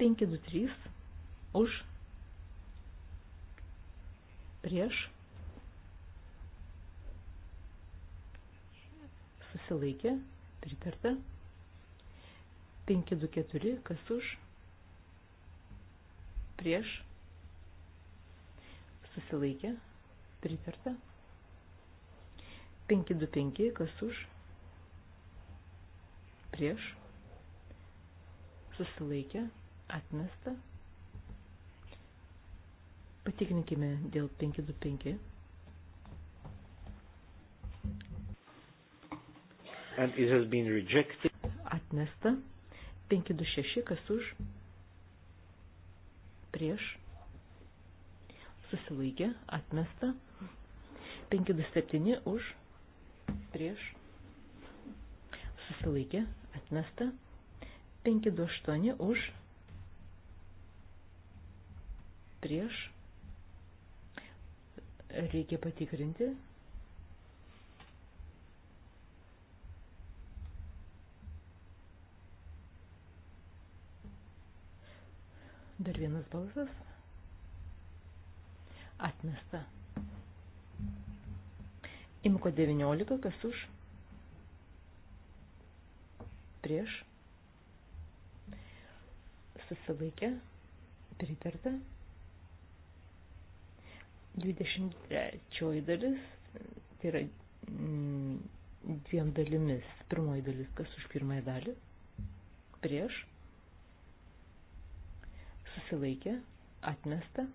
523 už, prieš, susilaikė, pritarta, 524, kas už, prieš, susilaikė, pritarta, 525, kas už, prieš, susilaikė, atmesta, Patikrinkime dėl 525. And it has been rejected. Atmesta. 526, kas už? Prieš. Susilaikė. Atmesta. 527 už. Prieš. Susilaikė. Atmesta. 528 už. Prieš Reikia patikrinti. Dar vienas balsas. Atmesta. Imko 19, kas už? Prieš. Susilaikė. Pritarta. 23 dalis, tai yra mm, dviem dalimis. Pirmoji dalis, kas už pirmąją dalį, prieš, susilaikė, atmesta.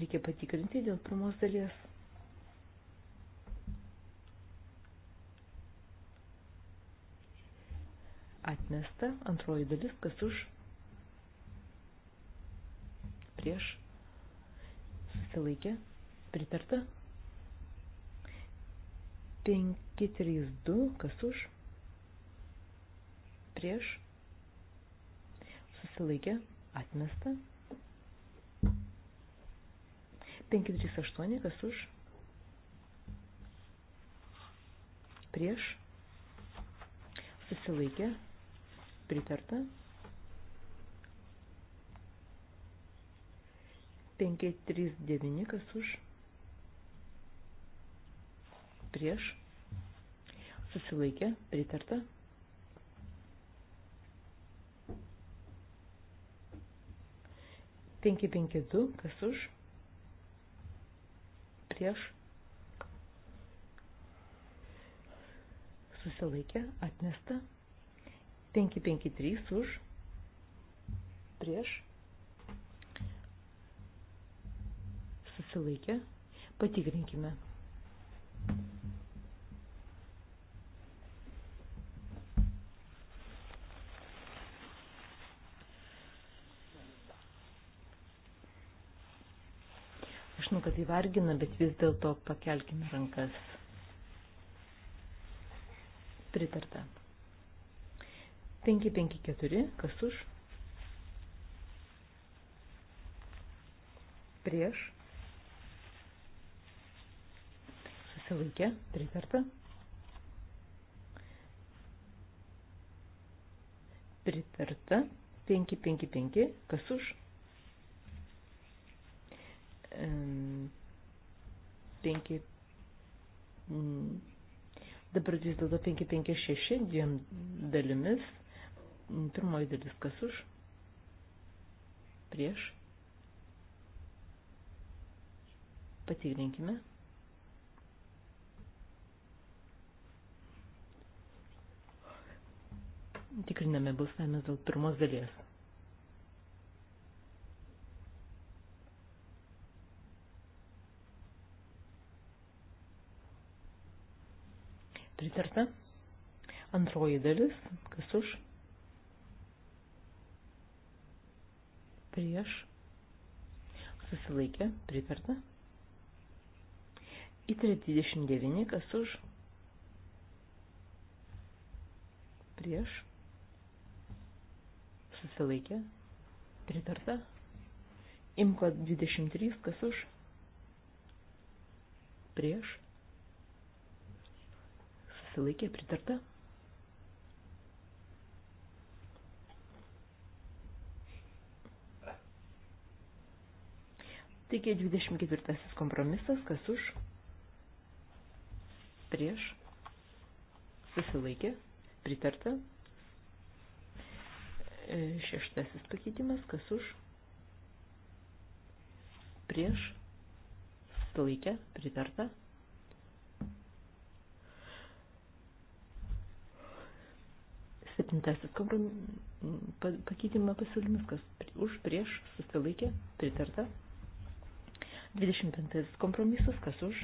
Reikia patikrinti dėl pirmos dalies. Atmesta antroji dalis, kas už prieš susilaikė, pritarta. 532, kas už, prieš, susilaikė, atmesta. 538, kas už, prieš, susilaikė, pritarta. 539, kas už, prieš, susilaikė, pritarta. Penki penki du, kas už, prieš, susilaikė, atmesta. Penki penki trys už, prieš, susilaikė, patikrinkime. Aš žinau, kad įvargina, tai bet vis dėlto pakelkime rankas. Pritarta. 554, kas už? Prieš. susilaikė, pritarta. Pritarta, 555, kas už? 5, dabar vis dėlto 556, dviem dalimis, pirmoji dalis kas už? Prieš. Patikrinkime. Tikriname balsavimas dėl pirmos dalies. Pritarta. Antroji dalis. Kas už? Prieš. Susilaikė. Pritarta. Į 39. Kas už? Prieš susilaikė, pritarta. Imko 23, kas už, prieš, susilaikė, pritarta. Taigi 24 kompromisas, kas už, prieš, susilaikė, pritarta. E, šeštasis pakeitimas, kas už, prieš, sulaikę, pritarta. Septintasis pakeitimą pasiūlymas, kas už, prieš, susilaikė, pritarta. 25 kompromisas, kas už,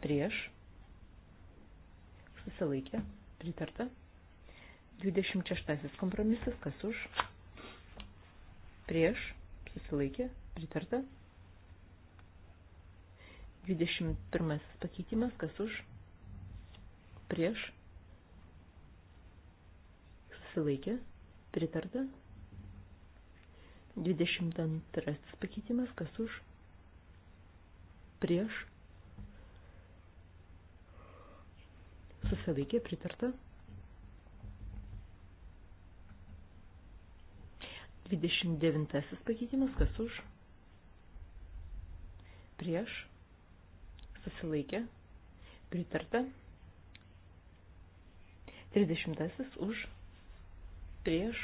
prieš, susilaikė, pritarta. 26 kompromisas, kas už, prieš, susilaikė, pritarta. 21 pakeitimas, kas už, prieš, susilaikė, pritarta. 22 pakeitimas, kas už, prieš, susilaikė, pritarta. 29 pakeitimas, kas už, prieš, susilaikė, pritarta, 30 už, prieš,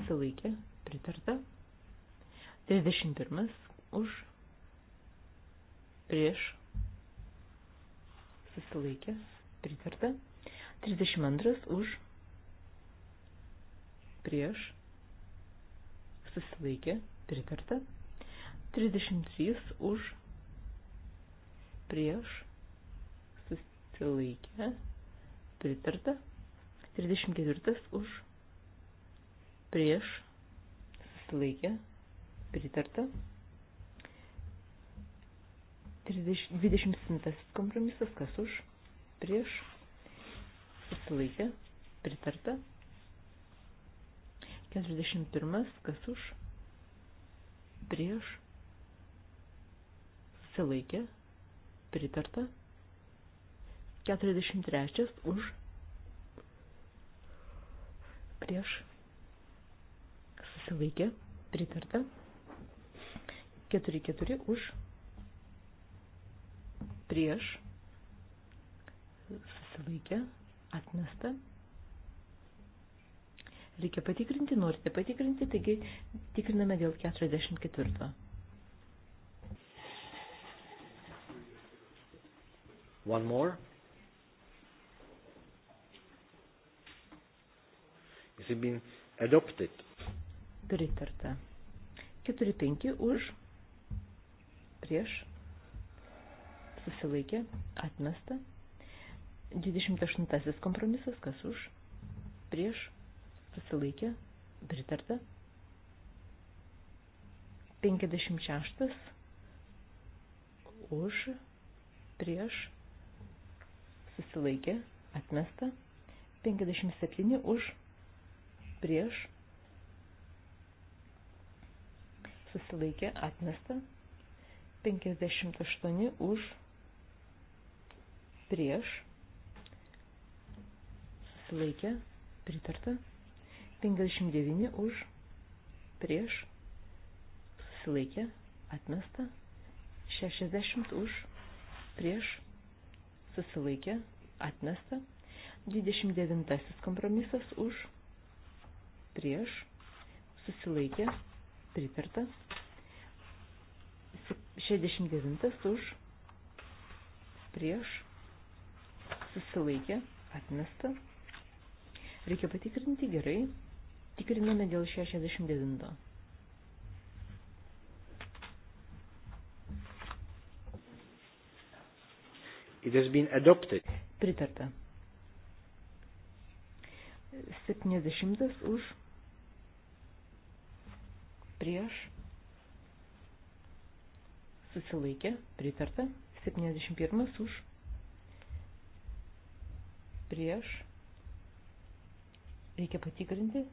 susilaikė, pritarta, 31 už, prieš, susilaikė, pritarta, 32 už, prieš, susilaikė, pritarta. 33 už, prieš, susilaikė, pritarta. 34 už, prieš, susilaikė, pritarta. 27 kompromisas, kas už, prieš, susilaikė, pritarta. 41. Kas už? Prieš. Susilaikė. Pritarta. 43. Už. Prieš. Susilaikė. Pritarta. 4-4 už. Prieš. Susilaikė. Atmesta reikia patikrinti, norite patikrinti, taigi tikriname dėl 44. One more. Is it been adopted? Pritarta. 4-5 už, prieš, susilaikė, atmesta. 28 kompromisas, kas už, prieš, susilaikė, pritarta. 56 už, prieš, susilaikė, atmesta. 57 už, prieš, susilaikė, atmesta. 58 už, prieš, susilaikė, pritarta. 59 už, prieš, susilaikė, atmesta, 60 už, prieš, susilaikė, atmesta, 29 kompromisas už, prieš, susilaikė, pritarta, 69 už, prieš, susilaikė, atmesta. Reikia patikrinti gerai. Tikriname dėl 69. It has been adopted. Pritarta. 70 už prieš susilaikė, pritarta. 71 už prieš reikia patikrinti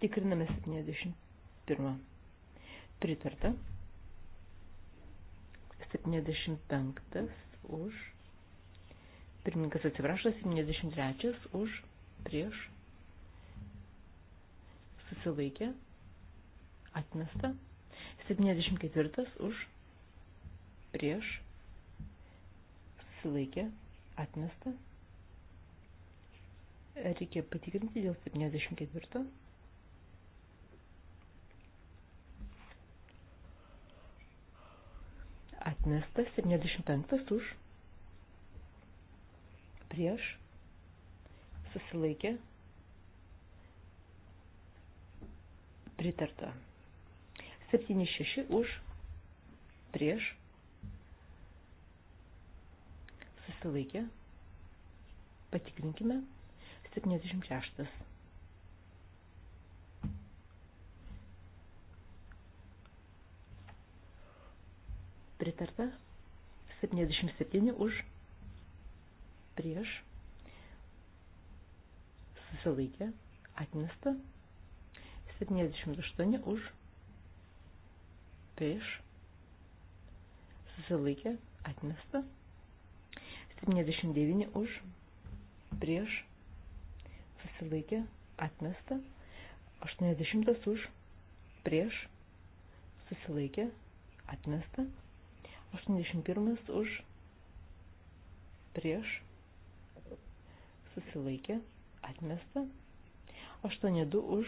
Tikriname 71. Pritarta. 75 už. Pirmininkas atsiprašo, 73 už. Prieš. Susilaikė. Atmesta. 74 už. Prieš. Susilaikė. Atmesta. Reikia patikrinti dėl 74. atmestas 75 už, prieš, susilaikė, pritarta. 76 už, prieš, susilaikė, patikrinkime, 76. pritarta, 77 už, prieš, susilaikė, atmesta, 78 už, prieš, susilaikė, atmesta, 79 už, prieš, susilaikė, atmesta, 80 už, prieš, susilaikė, atmesta. 81 už prieš susilaikė atmesta. 82 už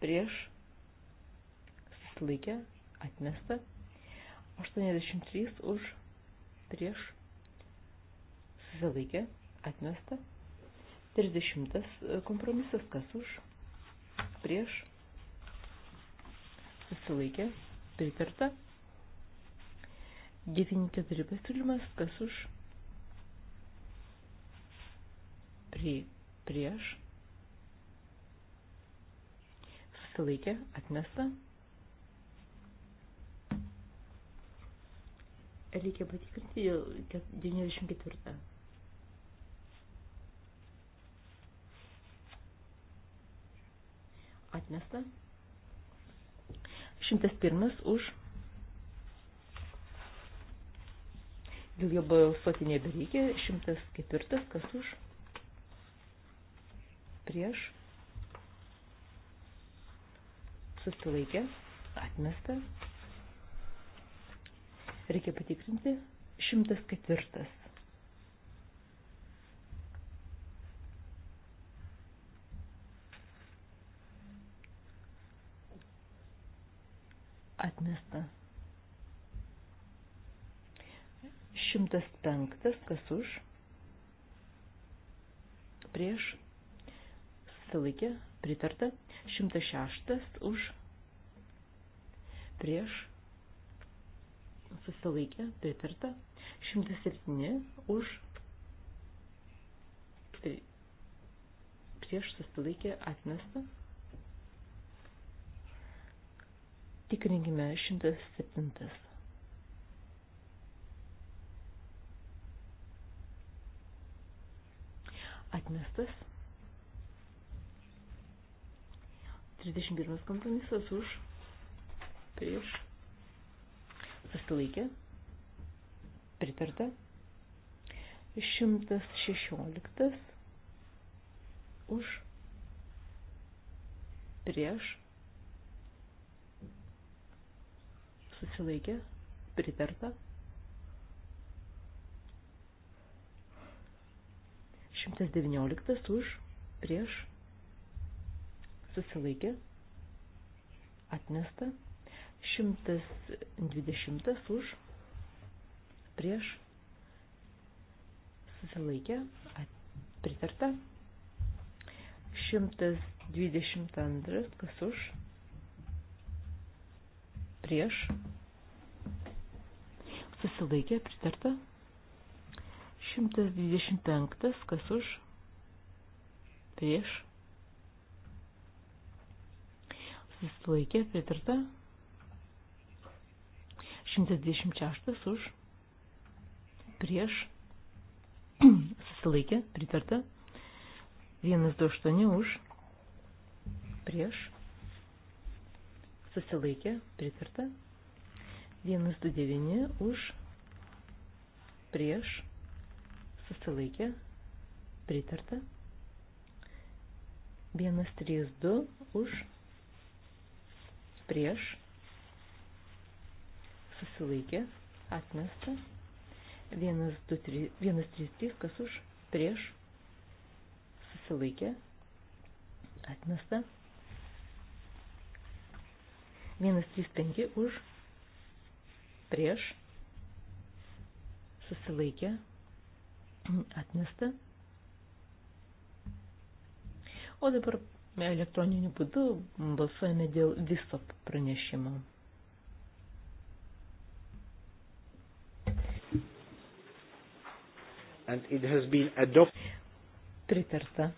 prieš susilaikė atmesta. 83 už prieš susilaikė atmesta. 30 e, kompromisas kas už prieš susilaikė pritarta. 94 pasiūlymas, kas už, prie, prieš, susilaikė, atmesta. Reikia patikrinti 94. Atmesta. 101 už dėl jo balsuoti nebereikia. 104, kas už, prieš, susilaikė, atmesta. Reikia patikrinti. 104. Atmesta. 105, kas už, prieš, susilaikė, pritarta, 106 už, prieš, susilaikė, pritarta, 107 už, prieš, susilaikė, atmesta. Tikrinkime 107. Atmestas. 31 kompromisas už. Prieš. Susilaikė. Pritarta. 116 už. Prieš. Susilaikė. Pritarta. 119 už prieš susilaikė atmesta. 120 už prieš susilaikė at, pritarta. 122 kas už prieš susilaikė pritarta. 125, kas už, prieš, susilaikė, pritarta, 126 už, prieš, susilaikė, pritarta, 128 už, prieš, susilaikė, pritarta, 129 už, prieš, susilaikė, pritarta. 132 už, prieš, susilaikė, atmesta. 133, kas už, prieš, susilaikė, atmesta. 135 už, prieš, susilaikė, atmesta atmesta. O dabar elektroniniu būdu balsuojame dėl viso pranešimo. And it has been adopted. Pritarta.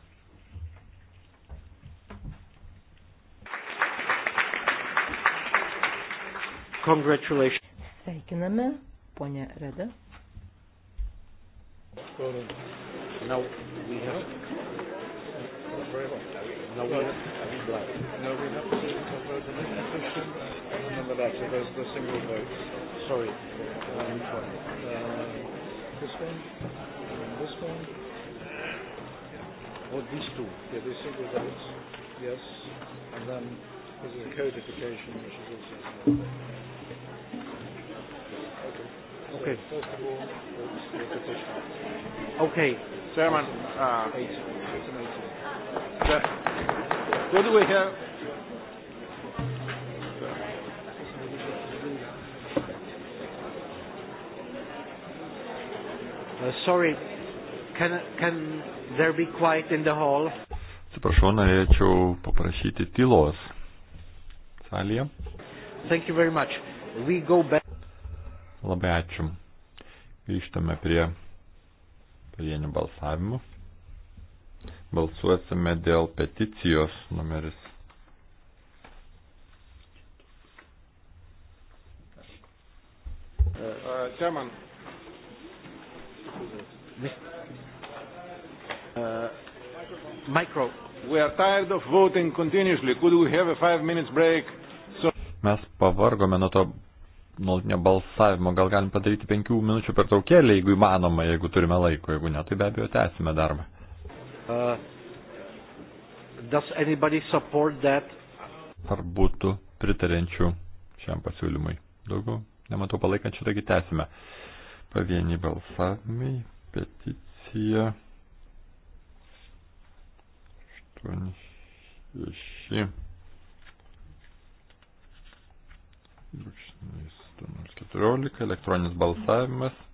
Congratulations. Sveikiname, ponia Reda voting. No, we have. Not very well. No, we have. No, we have to vote on this petition and on the letter. Those are the single votes. Sorry. Um, which one? Um, this one? And this one? Or these two? Yeah, these single votes. Yes. And then there's a codification, which is also. Okay. Okay. Chairman, uh, that, what do we have? Uh, sorry, can, can there be quiet in the hall? Atsiprašau, norėčiau paprašyti tylos salėje. Thank you very much. We go back. Labai ačiū. Grįžtame prie pavienių balsavimų. Balsuosime dėl peticijos numeris. Uh, uh Chairman. Uh, micro. We are tired of voting continuously. Could we have a five minutes break? So... Mes pavargome nuo to nuolatinio balsavimo. Gal galim padaryti penkių minučių per traukėlį, jeigu įmanoma, jeigu turime laiko. Jeigu ne, tai be abejo tęsime darbą. Uh, Ar būtų pritarenčių šiam pasiūlymui? Daugiau nematau palaikančių, taigi tęsime. Pavieni balsavimai, peticija. 8, 6. brūkšnys numeris 14, elektroninis balsavimas.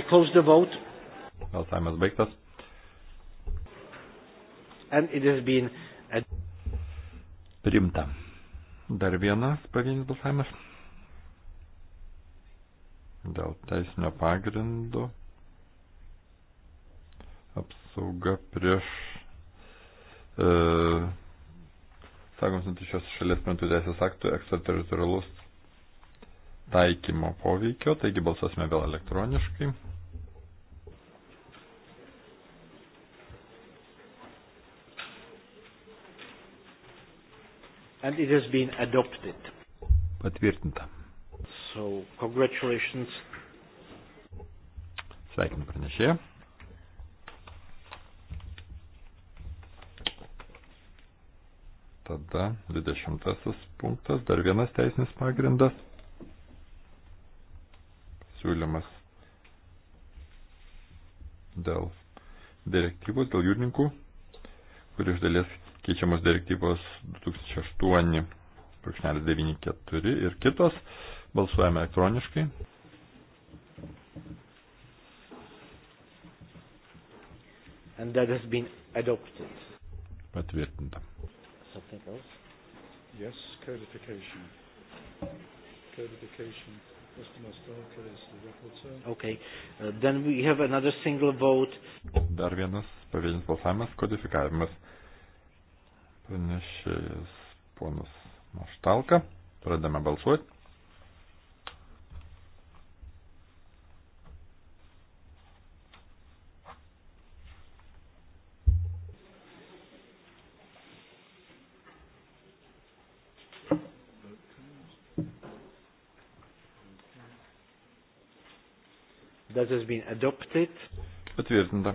I close the vote. Balsavimas baigtas. And it has been a... Primta. Dar vienas pavienis balsavimas. Dėl teisinio pagrindo apsauga prieš e, sakoms nutyčios šalies prantų teisės aktų ekstrateritorialus taikymo poveikio, taigi balsuosime vėl elektroniškai. And it has been adopted. Patvirtinta. So, congratulations. Sveikinu pranešėją. Tada 20 punktas, dar vienas teisinis pagrindas pasiūlymas dėl direktyvos, dėl jūrininkų, kur iš dalies keičiamos direktyvos 2008-94 ir kitos. Balsuojame elektroniškai. And that has been adopted. Patvirtinta. Something else? Yes, codification. Codification. Okay. Uh, then we have another single vote. Dar vienas pavėlinis balsavimas, kodifikavimas. Pranešėjas ponas Maštalka. Pradame balsuoti. That has been adopted. Patvirtinta.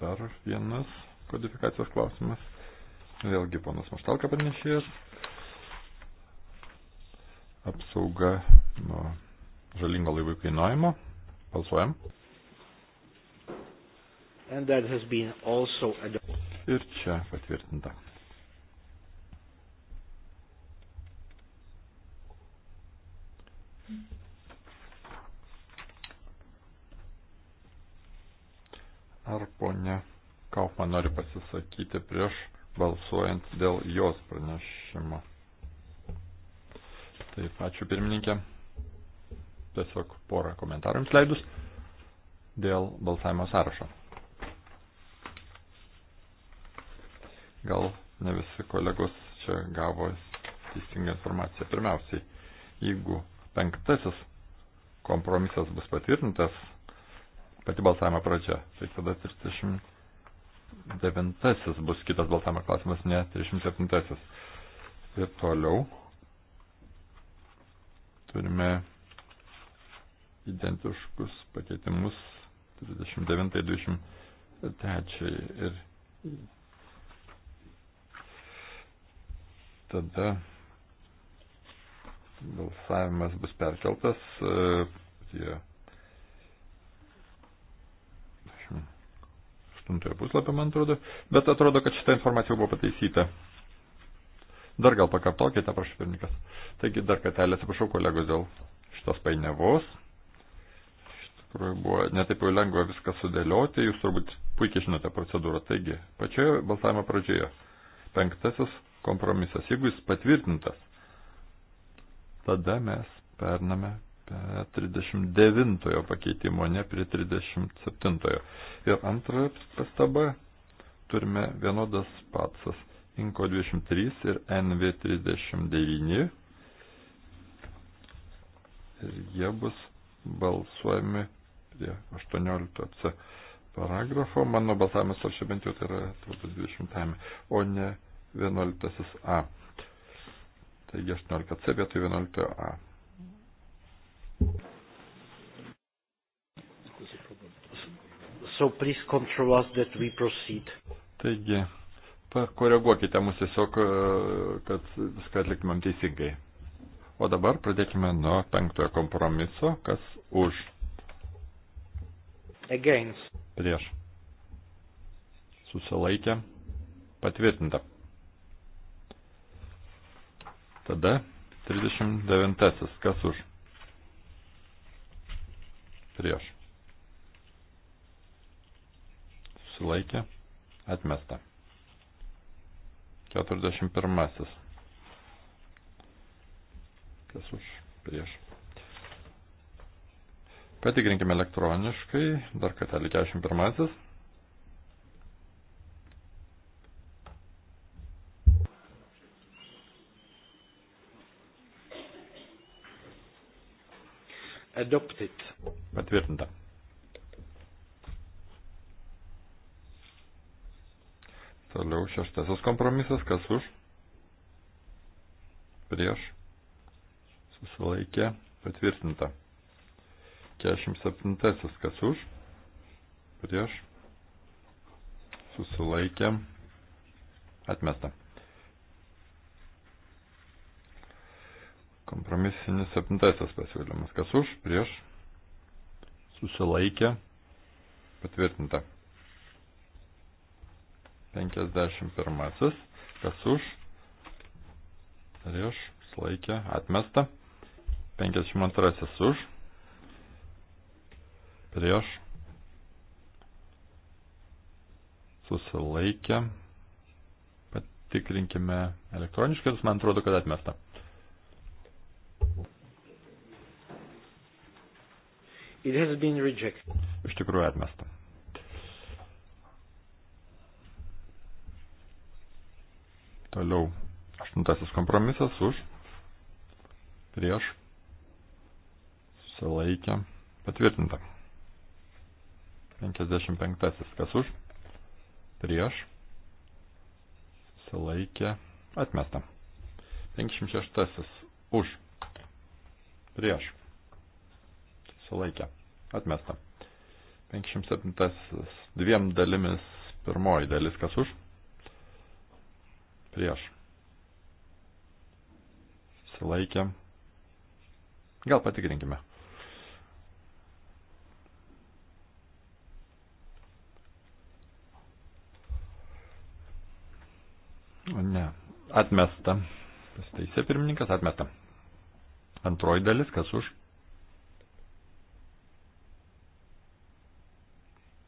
Dar vienas kodifikacijos klausimas. Vėlgi ponas Maštalka panešėjęs. Apsauga nuo žalingo laivų kainuojimo. Balsuojam. And that has been also adopted. Ir čia patvirtinta. man nori pasisakyti prieš balsuojant dėl jos pranešimo. Taip, ačiū pirmininkė. Tiesiog porą komentarų jums leidus dėl balsavimo sąrašo. Gal ne visi kolegos čia gavo teisingą informaciją. Pirmiausiai, jeigu penktasis kompromisas bus patvirtintas, pati balsavimo pradžia, tai tada 30 39 bus kitas balsavimo klausimas, ne 37. Ir toliau turime identiškus pakeitimus 39, 23 ir tada balsavimas bus perkeltas. E, tie aštuntojo puslapio, man atrodo, bet atrodo, kad šitą informaciją buvo pataisyta. Dar gal pakartokite, prašau, pirmininkas. Taigi dar kartelį atsiprašau kolegos dėl šitos painiavos. Iš tikrųjų buvo netaip jau lengva viską sudėlioti, jūs turbūt puikiai žinote procedūrą. Taigi, pačioje balsavimo pradžioje penktasis kompromisas, jeigu jis patvirtintas, tada mes pername prie 39 pakeitimo, ne prie 37. Ir antra pastaba, turime vienodas patsas Inko 23 ir NV 39. Ir jie bus balsuojami prie 18 C paragrafo. Mano balsavimas ar čia bent jau tai yra 20, o ne 11 A. Taigi 18 C vietoj 11 A. So please control us that we proceed. Taigi, pakoreguokite mus tiesiog, e, kad viską atliktumėm teisingai. O dabar pradėkime nuo penktojo kompromiso, kas už. Against. Prieš. Susilaikė. Patvirtinta. Tada 39. Kas už? prieš. Susilaikė, atmesta. 41. Kas už, prieš. Patikrinkime elektroniškai, dar kartelį 41. Adopted. Patvirtinta. Toliau šeštasis kompromisas, kas už, prieš, susilaikė, patvirtinta. 47. kas už, prieš, susilaikė, atmesta. Kompromisinis septintasis pasiūlymas. Kas už, prieš, susilaikė, patvirtinta. 51. Kas už, prieš, sulaikė, atmesta. 52. Už, prieš, susilaikė, patikrinkime elektroniškai, man atrodo, kad atmesta. It has been rejected. Iš tikrųjų atmesta. Toliau. Aštuntasis kompromisas už. Prieš. Susilaikę. Patvirtinta. 55. Kas už? Prieš. Susilaikę. Atmesta. 56. Už. Prieš susilaikė, atmesta. 507 dviem dalimis, pirmoji dalis kas už, prieš, susilaikė. Gal patikrinkime. Ne, atmesta. Pasitaisė pirmininkas, atmesta. Antroji dalis, kas už?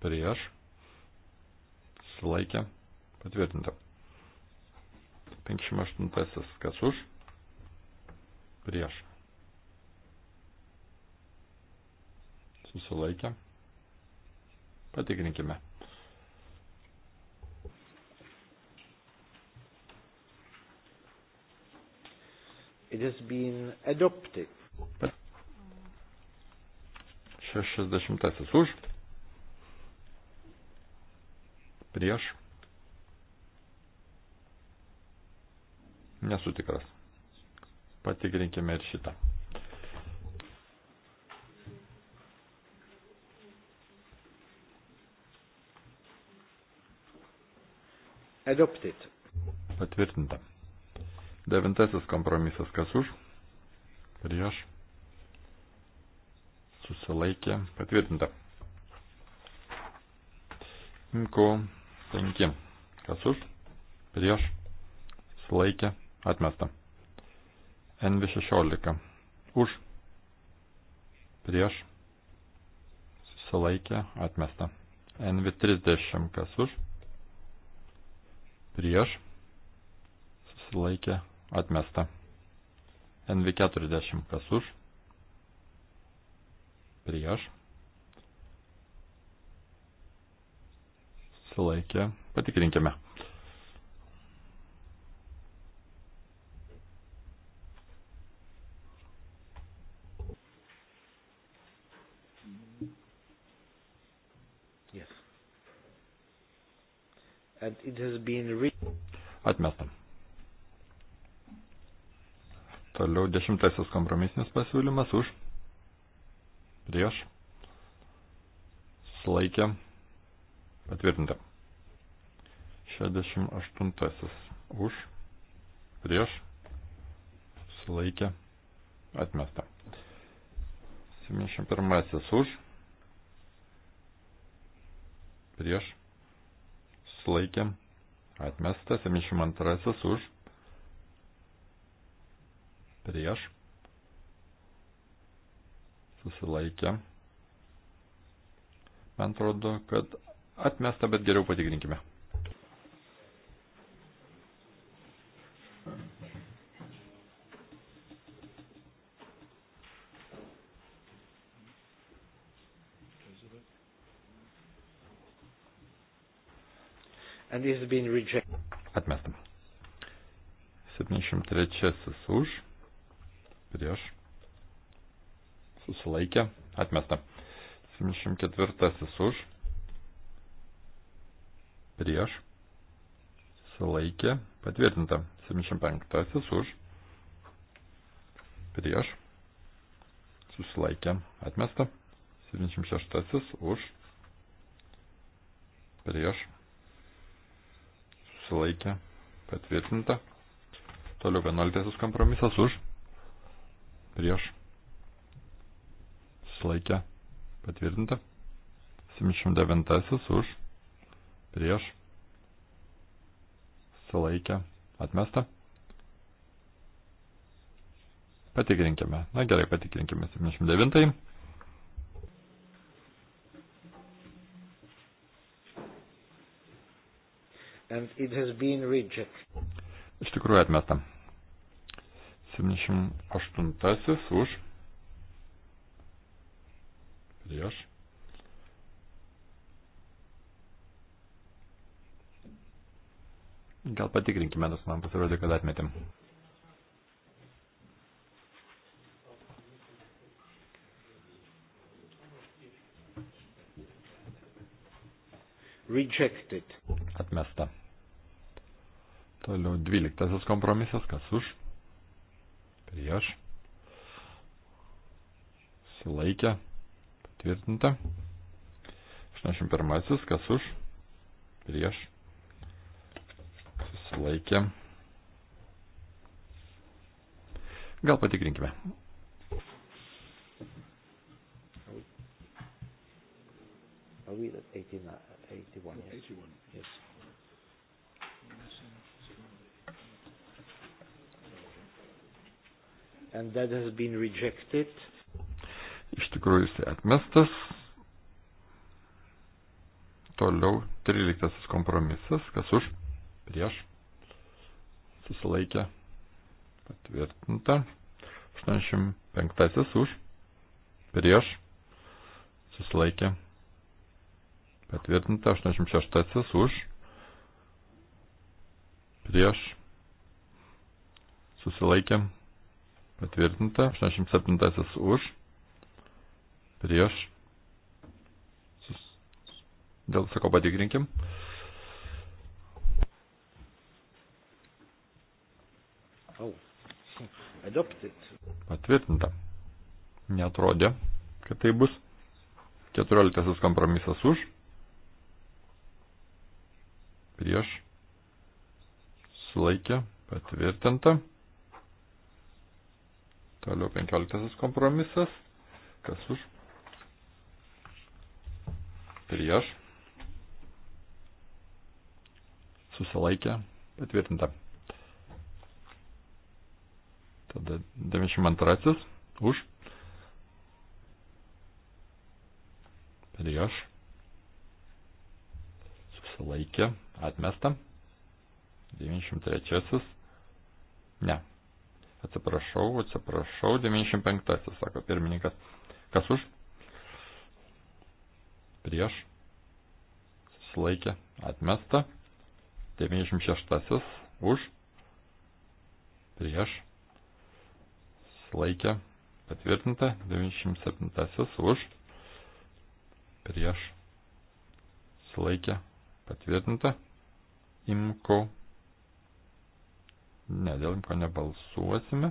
prieš, sulaikė, patvirtinta. 58. Kas už? Prieš. Susilaikė. Patikrinkime. It has been adopted. 60. Už. Prieš. Nesu tikras. Patikrinkime ir šitą. Adopted. Patvirtinta. Devintasis kompromisas kas už? Prieš. Susilaikė. Patvirtinta. Imko 5. Kas už? Prieš. Sulaikė. Atmesta. NV16. Už. Prieš. Susilaikė. Atmesta. NV30. Kas už? Prieš. Susilaikė. Atmesta. NV40. Kas už? Prieš susilaikė, patikrinkime. Yes. Been... Atmestam. Toliau dešimtasis kompromisinis pasiūlymas už prieš sulaikę Patvirtinta. 68 už, prieš, sulaikė, atmesta. 71 už, prieš, sulaikė, atmesta. 72 už, prieš, susilaikė. Man atrodo, kad Atmesta, bet geriau patikrinkime. Atmestam. 703 už, prieš, susilaikė, atmesta. 704 už, prieš, sulaikė, patvirtinta. 75 už, prieš, susilaikė, atmesta. 76 už, prieš, susilaikė, patvirtinta. Toliau 11 kompromisas už, prieš, susilaikė, patvirtinta. 79 už, prieš, sulaikę, atmesta. Patikrinkime. Na gerai, patikrinkime 79. And it has been rejected. Iš tikrųjų atmesta. 78 už. Prieš. Gal patikrinkime, nes man pasirodė, kad atmetėm. Rejected. Atmesta. Toliau dvyliktasis kompromisas, kas už, prieš, silaikę, patvirtinta. 81. Kas už, prieš, susilaikė. Gal patikrinkime. Are we at 89, 81? Yes. 81. Yes. And that has been rejected. Iš tikrųjų jis atmestas. Toliau 13 kompromisas. Kas už? Prieš susilaikė patvirtinta. 85 už, prieš, susilaikė patvirtinta. 86 už, prieš, susilaikė patvirtinta. 87 už, prieš. Sus... Dėl sako patikrinkim. Adopted. Patvirtinta. Netrodė, kad tai bus. 14 kompromisas už. Prieš. Sulaikė. Patvirtinta. Toliau 15 kompromisas. Kas už? Prieš. Susilaikė. Patvirtinta. Tada 92 už. Prieš. Susilaikė. Atmesta. 93. Ne. Atsiprašau, atsiprašau. 95. Sako pirmininkas. Kas už? Prieš. Susilaikė. Atmesta. 96. Už. Prieš susilaikė, patvirtinta, 97 už, prieš, susilaikė, patvirtinta, imko, ne, dėl imko nebalsuosime.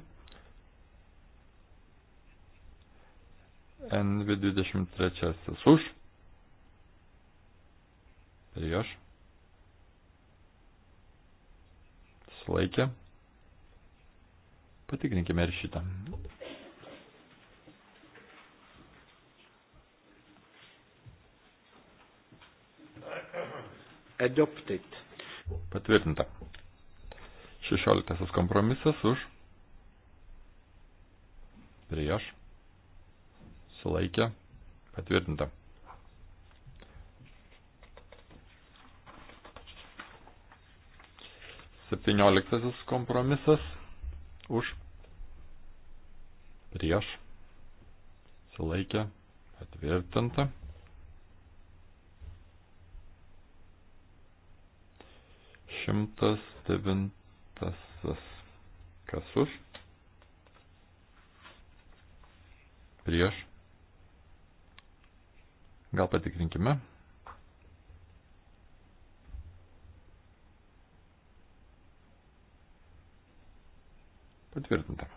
NV23 už, prieš, sulaikė, Patikrinkime ir šitą. Adopted. Patvirtinta. 16 kompromisas už. Prieš. Sulaikė. Patvirtinta. Septynioliktasis kompromisas už prieš, sulaikė, patvirtinta. Šimtas devintasis, kas už, prieš, gal patikrinkime. Patvirtinta.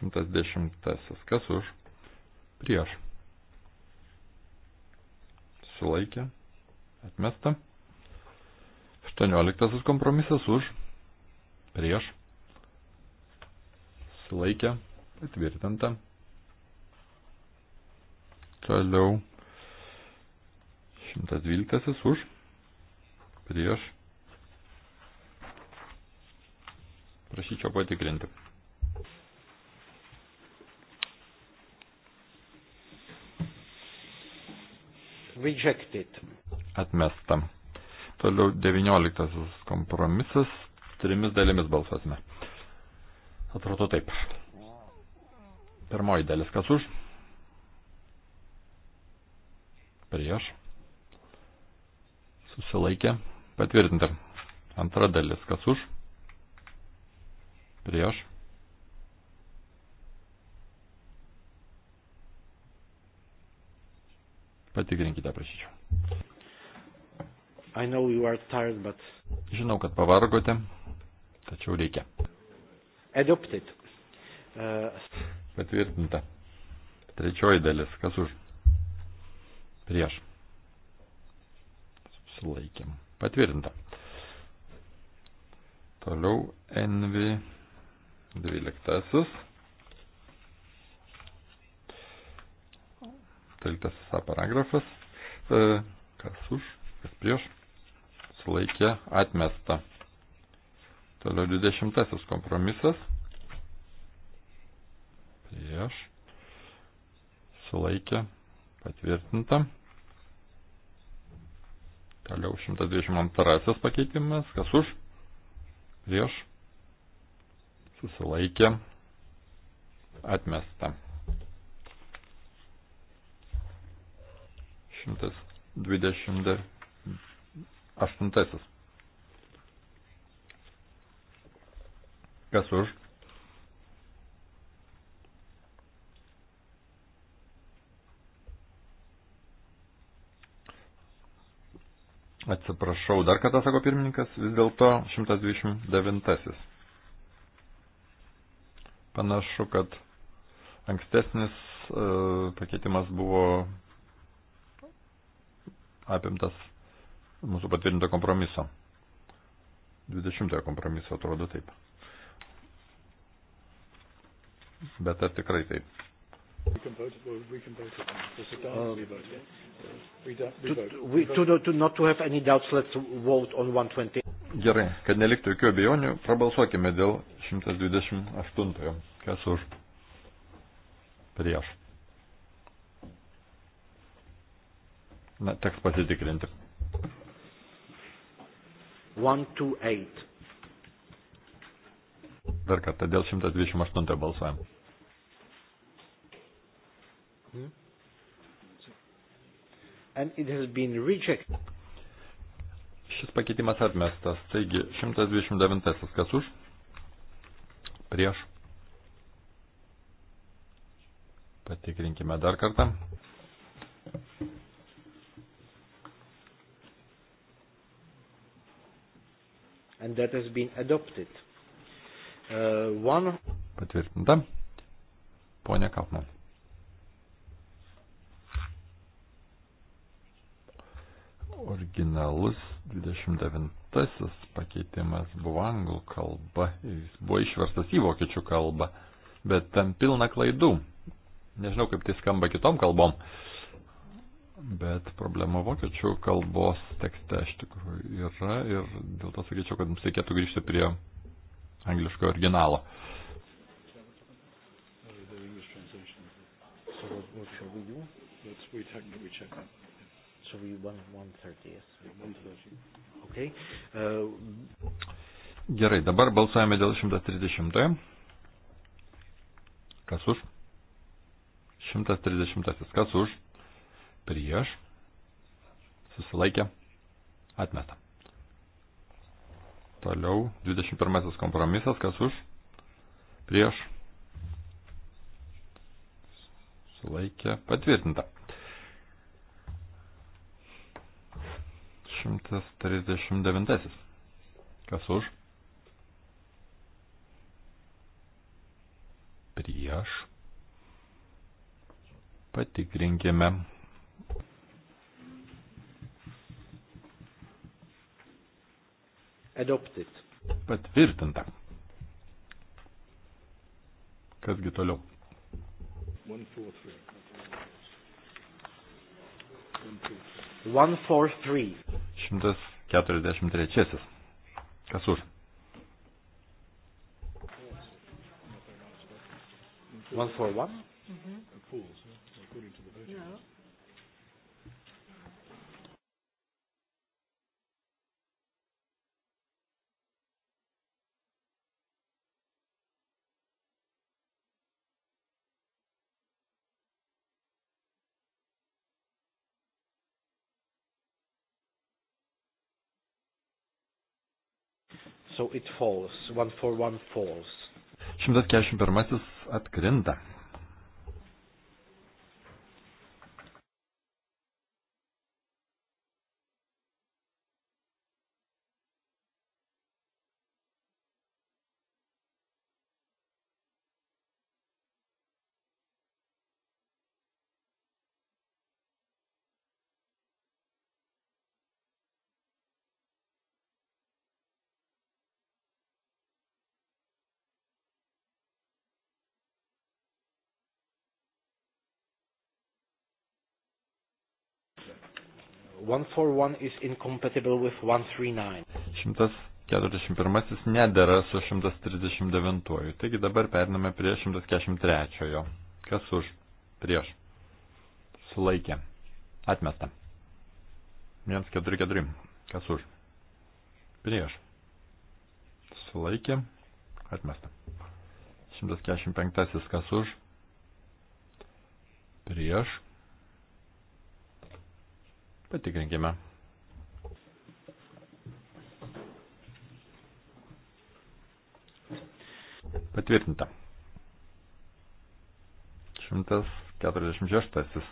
110. Kas už? Prieš. Sulaikė. Atmesta. 18. Kompromisas už. Prieš. Sulaikė. Patvirtinta. Toliau. 112. Už. Prieš. Prašyčiau patikrinti. rejected. Atmesta. Toliau 19 kompromisas. Trimis dalimis balsuosime. Atrodo taip. Pirmoji dalis kas už? Prieš. Susilaikė. Patvirtinta. Antra dalis kas už? Prieš. Patikrinkite, prašyčiau. I know you are tired, but... Žinau, kad pavargote, tačiau reikia. Adopted. Uh... Patvirtinta. Trečioji dalis. Kas už? Prieš. Sulaikėm. Patvirtinta. Toliau NV 12. 13 A paragrafas, e, kas už, kas prieš, sulaikė atmesta. Toliau 20 kompromisas, prieš, sulaikė patvirtinta. Toliau 122 pakeitimas, kas už, prieš, susilaikė, atmesta. 128. Kas už? Atsiprašau, dar kartą sako pirmininkas, vis dėlto 129. Panašu, kad ankstesnis e, pakeitimas buvo apimtas mūsų patvirtinto kompromiso. 20 kompromiso atrodo taip. Bet ar tikrai taip? Gerai, kad neliktų jokių abejonių, prabalsuokime dėl 128. Kas už? Prieš. Na, teks pasitikrinti. 128. Dar kartą, dėl 128 balsuojam. Hmm? And it has been rejected. Šis pakeitimas atmestas. Taigi, 129 kas už? Prieš. Patikrinkime dar kartą. and that has been adopted. Uh, one... Patvirtinta. Pone Kaufman. Originalus 29 pakeitimas buvo anglų kalba, jis buvo išverstas į vokiečių kalbą, bet ten pilna klaidų. Nežinau, kaip tai skamba kitom kalbom. Uh, Bet problema vokiečių kalbos tekste iš tikrųjų yra ir dėl to sakyčiau, kad mums reikėtų grįžti prie angliško originalo. Uh, Gerai, dabar balsuojame dėl 130. Kas už? 130. Kas už? prieš, susilaikė, atmesta. Toliau 21 kompromisas, kas už, prieš, sulaikė, patvirtinta. 139. Kas už? Prieš. Patikrinkime. Adopted. Patvirtinta. Kasgi toliau? 143. 143. Kas už? 141? Mm -hmm. It falls, according to the budget. No. so it falls. 141 falls. 141 atkrinta. 141 is incompatible with 139. 141 nedara su 139. Taigi dabar periname prie 143. Kas už? Prieš. Sulaikė. Atmesta. 144. Kas už? Prieš. Sulaikė. Atmesta. 145. Kas už? Prieš Patikrinkime. Patvirtinta. 146.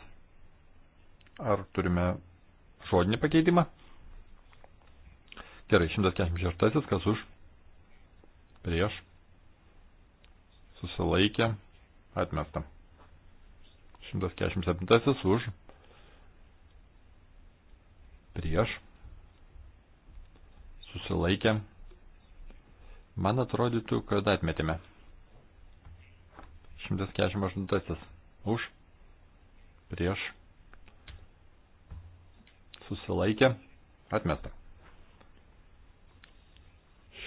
Ar turime žodinį pakeitimą? Gerai, 146. Kas už? Prieš. Susilaikė. Atmesta. 147. Už prieš, susilaikė, man atrodytų, kad atmetėme. 148 už, prieš, susilaikė, atmeta.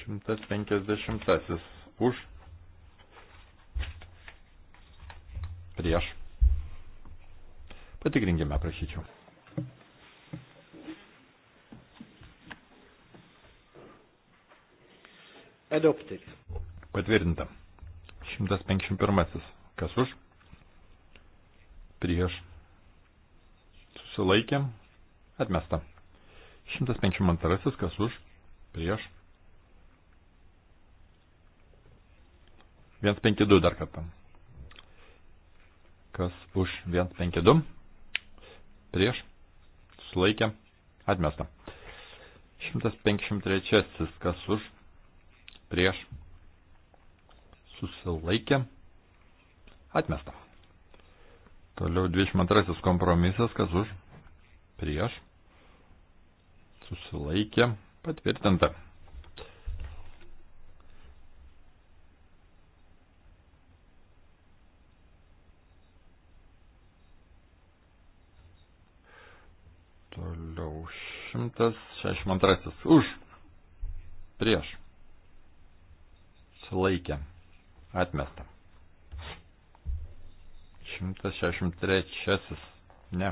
150 už, prieš. Patikrinkime, prašyčiau. Adopted. Patvirtinta. 151. Kas už? Prieš. Susilaikė. Atmesta. 152. Kas už? Prieš. 152 dar kartą. Kas už 152? Prieš. Susilaikė. Atmesta. 153. Kas už? prieš, susilaikė, atmesta. Toliau 22 kompromisas, kas už, prieš, susilaikė, patvirtinta. Toliau 162. Už. Prieš susilaikė, atmesta. 163. Ne.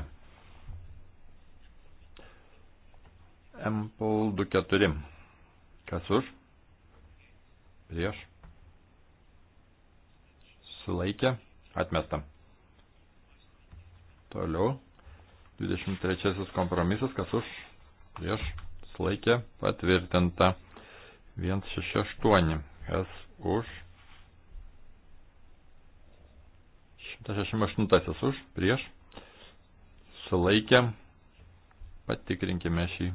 Empul 24. Kas už? Prieš. Sulaikė. Atmesta. Toliau. 23 kompromisas. Kas už? Prieš. Sulaikė. Patvirtinta. 168. Kas už. 168 už, prieš. Sulaikėm. Patikrinkime šį.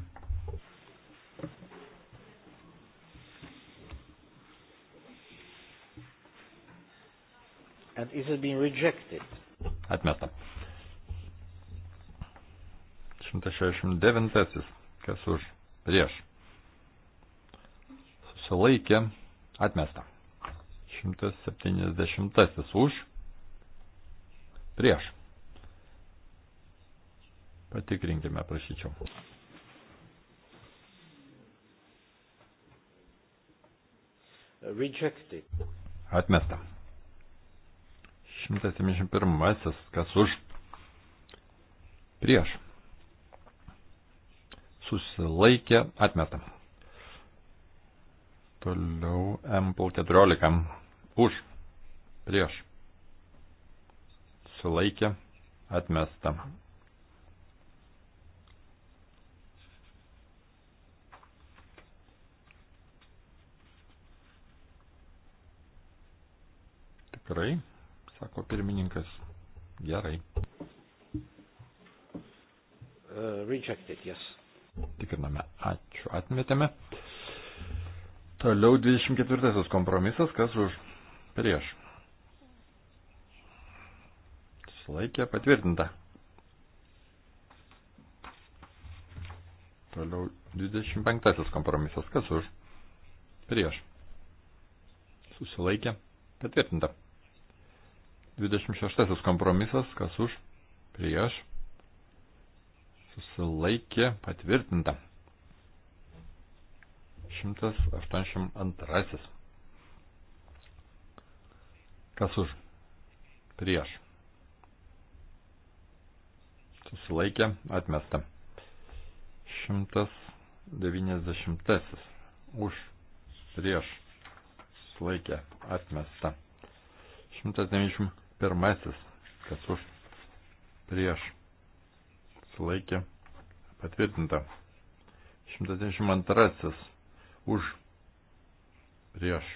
And is it being rejected? Atmeta. 169. Kas už? Prieš. Susilaikė. Atmesta. 170 už, prieš. Patikrinkime, prašyčiau. Rejected. Atmesta. 171. Kas už? Prieš. Susilaikė. Atmesta. Toliau MPL 14 Už. Prieš. Sulaikė. Atmesta. Tikrai, sako pirmininkas. Gerai. Uh, rejected, yes. Tikriname. Ačiū. Atmetėme. Toliau 24 kompromisas, kas už prieš. Sulaikė patvirtinta. Toliau 25 kompromisas. Kas už? Prieš. Susilaikė. Patvirtinta. 26 kompromisas. Kas už? Prieš. Susilaikė. Patvirtinta. 182. Kas už? Prieš. Susilaikė, atmesta. 190. Už. Prieš. Susilaikė, atmesta. 191. Kas už? Prieš. Susilaikė, patvirtinta. 192. Už. Prieš.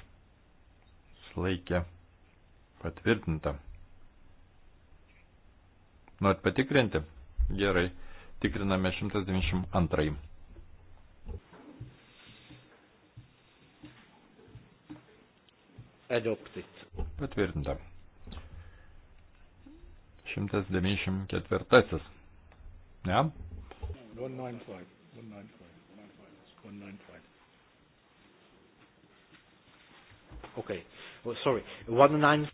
Susilaikė, atmesta Patvirtinta. Norit patikrinti? Gerai. Tikriname 192. Adopted. Patvirtinta. 194. Ne? 195. 195. 195. Okay well, oh, sorry, 19...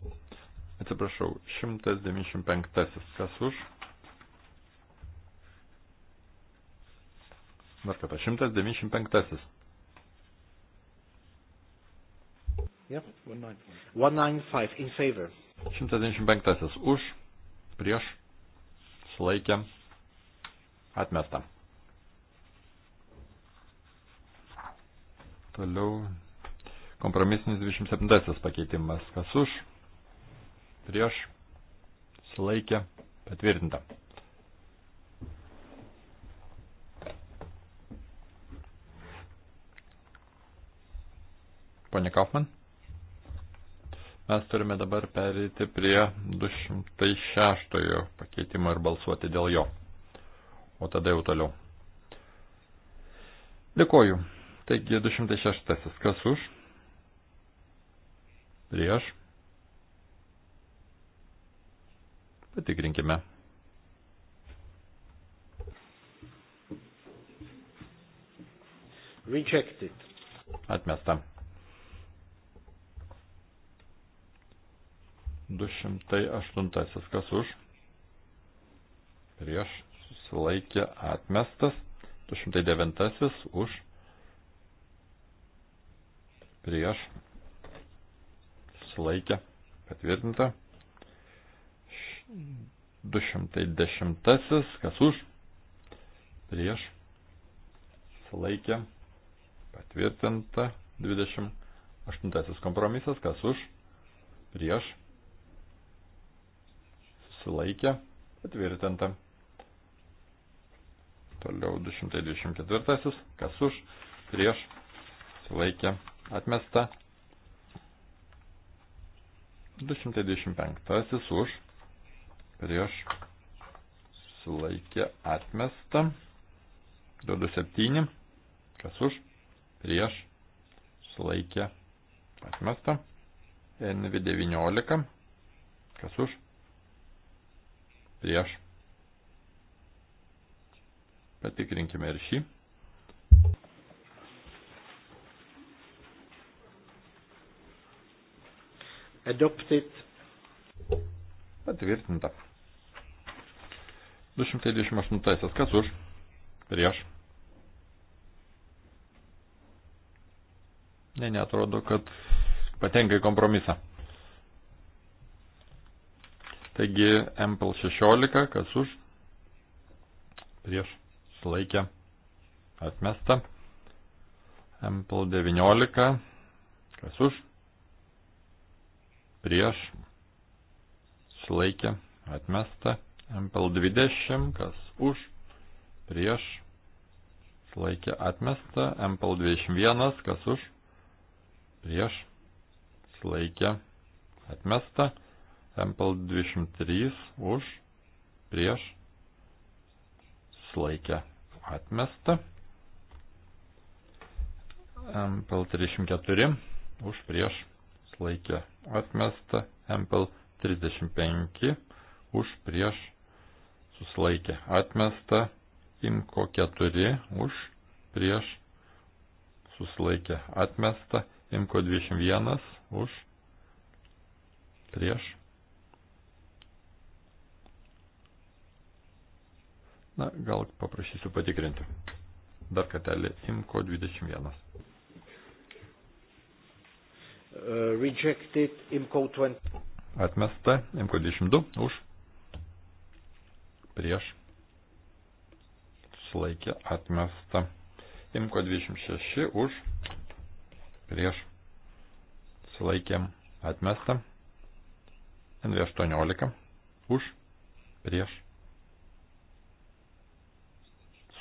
Atsiprašau, 195. Kas už? Dar kartą, 195. Yeah, 195 in favor. 195 už, prieš, sulaikė, atmesta. Toliau Kompromisinis 27 pakeitimas. Kas už? Prieš? Sulaikė? Patvirtinta. Pone Kaufman. Mes turime dabar perėti prie 206 pakeitimo ir balsuoti dėl jo. O tada jau toliau. Dėkoju. Taigi 206. Kas už? Prieš. Patikrinkime. Rejected. Atmesta. 208. Kas už? Prieš. Susilaikė atmestas. 209. Už. Prieš susilaikė, patvirtinta. 210, kas už, prieš, susilaikė, patvirtinta. 28 kompromisas, kas už, prieš, susilaikė, patvirtinta. Toliau 224, kas už, prieš, susilaikė, atmesta. 225 už, prieš, sulaikė atmestą. 227, kas už, prieš, sulaikė atmestą. NV19, kas už, prieš. Patikrinkime ir šį. Adopted. Patvirtinta. 228. Kas už? Prieš. Ne, netrodo, kad patenka į kompromisą. Taigi, MPL 16, kas už, prieš, sulaikė, atmesta. MPL 19, kas už, prieš, sulaikė, atmesta. MPL 20, kas už, prieš, sulaikė, atmesta. MPL 21, kas už, prieš, sulaikė, atmesta. MPL 23, už, prieš, sulaikė, atmesta. MPL 34, už, prieš, sulaikė susilaikė atmesta, Empel 35 už prieš susilaikė atmesta, Imko 4 už prieš susilaikė atmesta, Imko 21 už prieš. Na, gal paprašysiu patikrinti. Dar kartelį Imko 21. Uh, rejected IMCO 20. Atmesta IMCO 22 už. Prieš. Sulaikė atmesta. IMCO 26 už. Prieš. Sulaikėm atmesta. NV18 už. Prieš.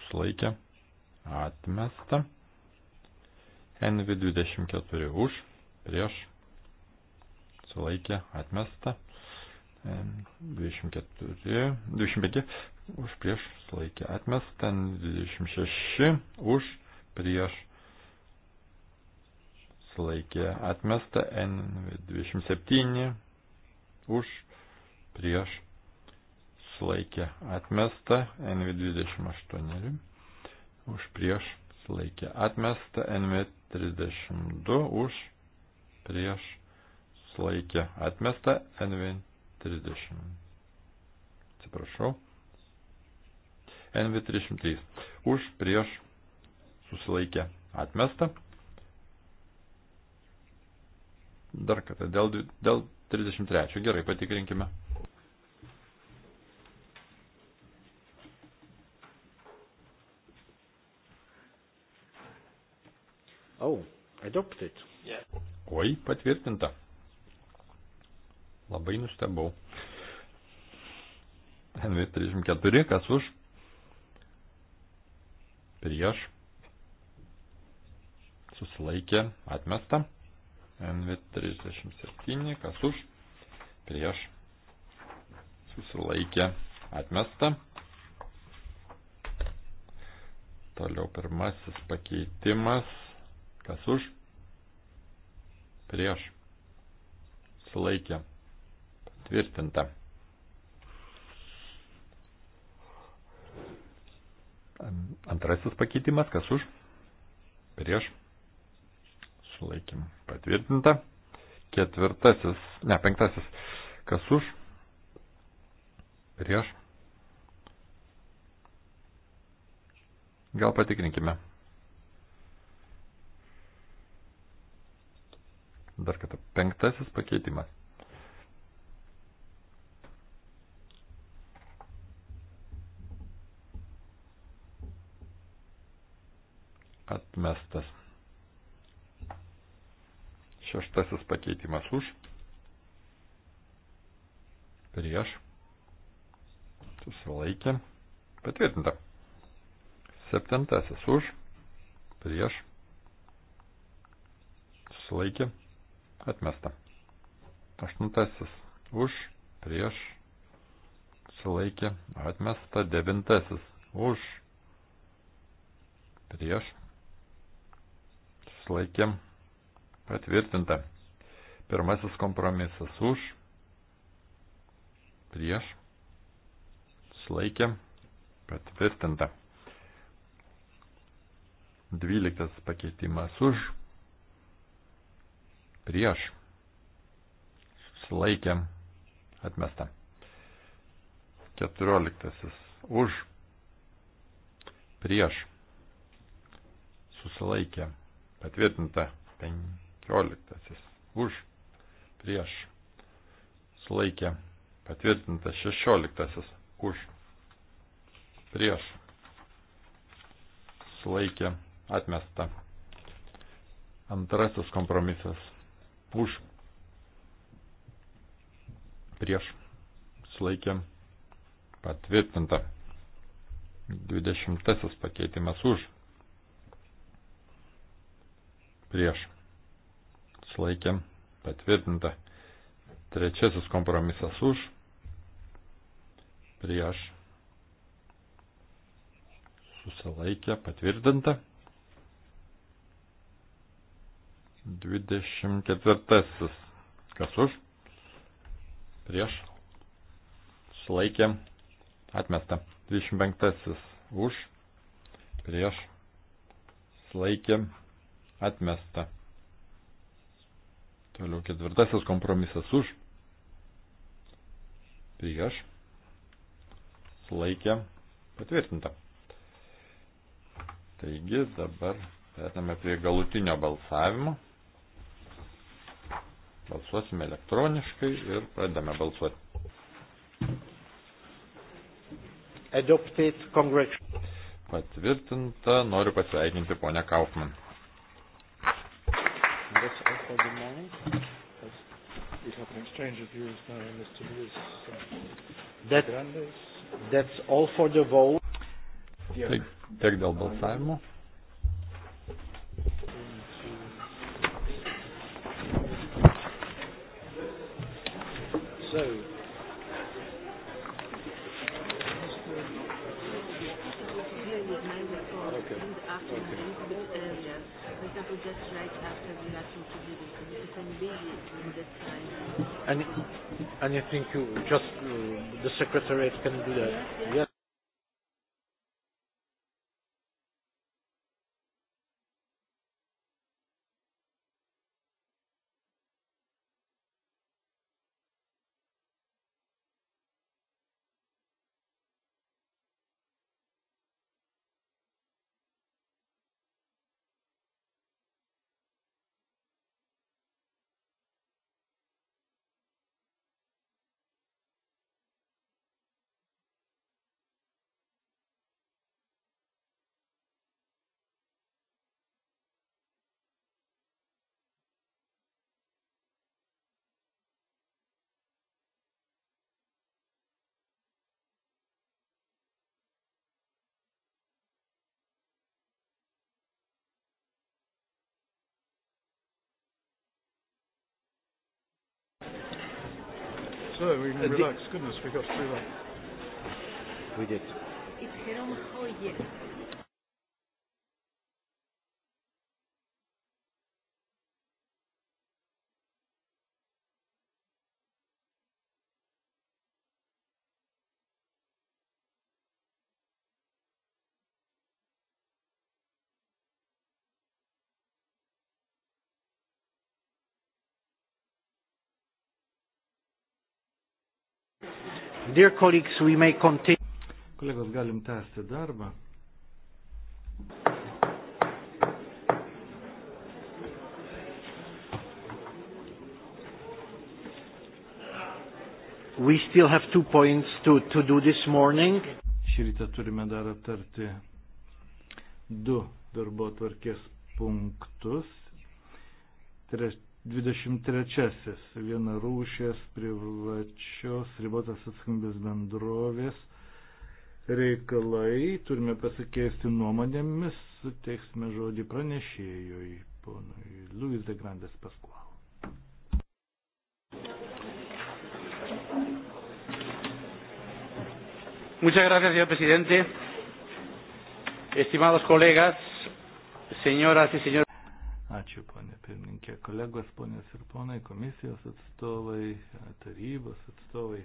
Sulaikė atmesta. NV24 už prieš, sulaikė, atmesta. 24, 25 už prieš, sulaikė, atmesta. 26 už prieš, sulaikė, atmesta. N27 už prieš, sulaikė, atmesta. N28 už prieš, sulaikė, atmesta. N32 už prieš prieš sulaikė atmesta NV30. Atsiprašau. NV303. Už prieš susilaikė atmesta. Dar kartą, dėl, dėl 33. Gerai, patikrinkime. Oh, adopted. Oi, patvirtinta. Labai nustebau. NV34, kas už? Prieš. Susilaikė, atmesta. NV37, kas už? Prieš. Susilaikė, atmesta. Toliau pirmasis pakeitimas, kas už? prieš, sulaikė, patvirtinta. Antrasis pakeitimas, kas už, prieš, sulaikim, patvirtinta. Ketvirtasis, ne, penktasis, kas už, prieš. Gal patikrinkime. Dar kartą, penktasis pakeitimas. Atmestas. Šeštasis pakeitimas už. Prieš. Susilaikė. Patvirtinta. Septintasis už. Prieš. Susilaikė. Atmesta. Aštuntasis. Už, prieš, sulaikė. Atmesta. Devintasis. Už, prieš, sulaikė. Patvirtinta. Pirmasis kompromisas už, prieš, sulaikė, patvirtinta. Dvyliktas pakeitimas už, prieš, susilaikė, atmesta. Keturioliktasis, už, prieš, susilaikė, patvirtinta. Penkioliktasis, už, prieš, sulaikė, patvirtinta. Šešioliktasis, už, prieš, sulaikė, atmesta. Antrasis kompromisas Už. Prieš. Slaikė. Patvirtinta. Dvidešimtasis pakeitimas už. Prieš. Slaikė. Patvirtinta. Trečiasis kompromisas už. Prieš. Susilaikė. Patvirtinta. 24. Kas už? Prieš. Sulaikė. Atmesta. 25. Už. Prieš. Sulaikė. Atmesta. Toliau ketvirtasis kompromisas už. Prieš. Sulaikė. Patvirtinta. Taigi dabar perėmėme prie galutinio balsavimo. Balsuosime elektroniškai ir pradame balsuoti. Adopted Congress. Patvirtinta, noriu pasveikinti ponę Kaufman. That, that's all for the vote. Tiek, tiek dėl balsavimo. just right after the last interview because I'm busy during that time. And, and you think you just uh, the secretariat can do that? Yes, yes. yes so we can uh, relax. Goodness, we got through that. We did. It's Jerome Hoyer. Dear colleagues, we may continue. Kolegos, galim tęsti darbą. We still have two points to, to do this morning. Šį rytą turime dar aptarti du darbo tvarkės punktus. Tre, 23. Viena rūšės privačios ribotas atsakomybės bendrovės reikalai. Turime pasikeisti nuomonėmis. Suteiksime žodį pranešėjui, ponui Luis de Grandes Pascual. Muchas gracias, señor presidente. Estimados colegas, señoras y señores. Ačiū, ponė pirmininkė, kolegos, ponės ir ponai, komisijos atstovai, tarybos atstovai.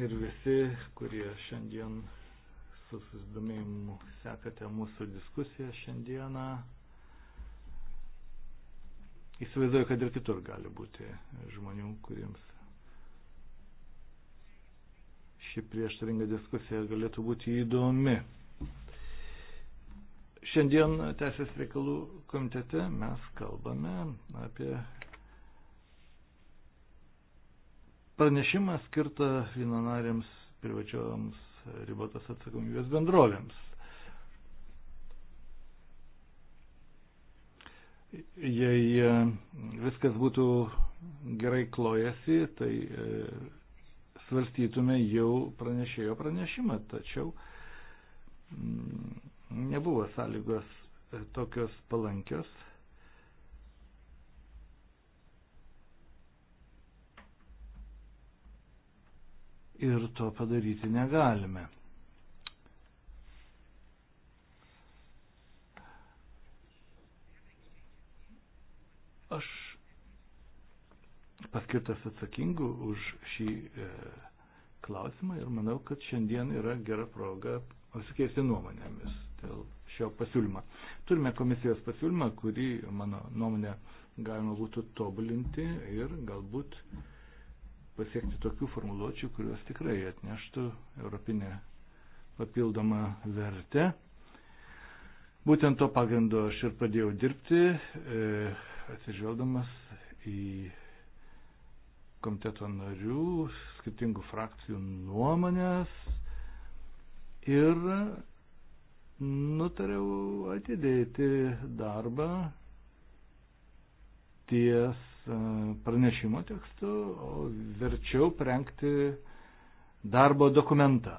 Ir visi, kurie šiandien su susidomėjimu sekate mūsų diskusiją šiandieną, įsivaizduoju, kad ir kitur gali būti žmonių, kuriems ši prieštaringa diskusija galėtų būti įdomi. Šiandien Teisės reikalų komitete mes kalbame apie pranešimą skirtą vienonariams privačioms ribotas atsakomybės bendrovėms. Jei viskas būtų gerai klojasi, tai e, svarstytume jau pranešėjo pranešimą, tačiau mm, nebuvo sąlygos e, tokios palankios. Ir to padaryti negalime. Aš paskirtas atsakingu už šį e, klausimą ir manau, kad šiandien yra gera proga pasikeisti nuomonėmis dėl šio pasiūlymo. Turime komisijos pasiūlymą, kurį, mano nuomonė, galima būtų tobulinti ir galbūt pasiekti tokių formuluočių, kurios tikrai atneštų europinę papildomą vertę. Būtent to pagrindo aš ir pradėjau dirbti, e, atsižvelgdamas į komiteto narių, skirtingų frakcijų nuomonės ir nutariau atidėti darbą ties e, pranešimo tekstu, o verčiau prengti darbo dokumentą,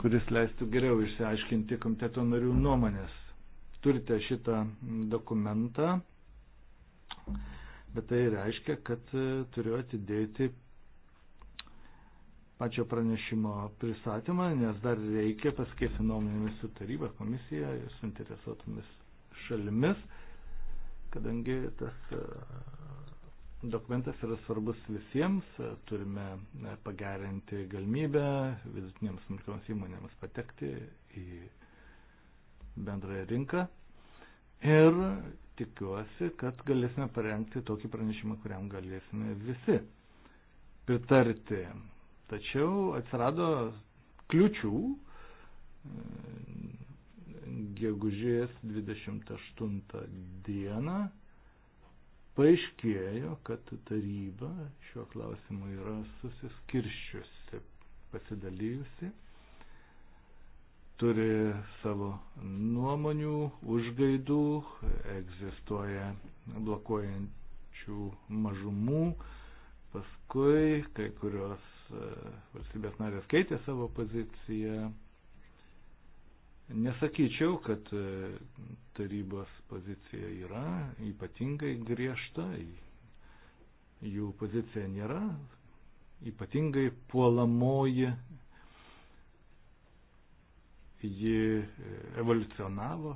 kuris leistų geriau išsiaiškinti komiteto narių nuomonės. Turite šitą dokumentą, bet tai reiškia, kad e, turiu atidėti pačio pranešimo pristatymą, nes dar reikia pasikeisti nuomonėmis su taryba, komisija ir suinteresuotomis šalimis, kadangi tas e, dokumentas yra svarbus visiems, e, turime e, pagerinti galimybę vidutinėms smulkioms įmonėms patekti į bendrąją rinką. Ir tikiuosi, kad galėsime parengti tokį pranešimą, kuriam galėsime visi pritarti. Tačiau atsirado kliučių gegužės 28 dieną paaiškėjo, kad taryba šiuo klausimu yra susiskirščiusi, pasidalyjusi, turi savo nuomonių, užgaidų, egzistuoja blokuojančių mažumų, paskui kai kurios E, valstybės narės keitė savo poziciją. Nesakyčiau, kad e, tarybos pozicija yra ypatingai griežta, jų pozicija nėra ypatingai puolamoji, ji e, evoliucionavo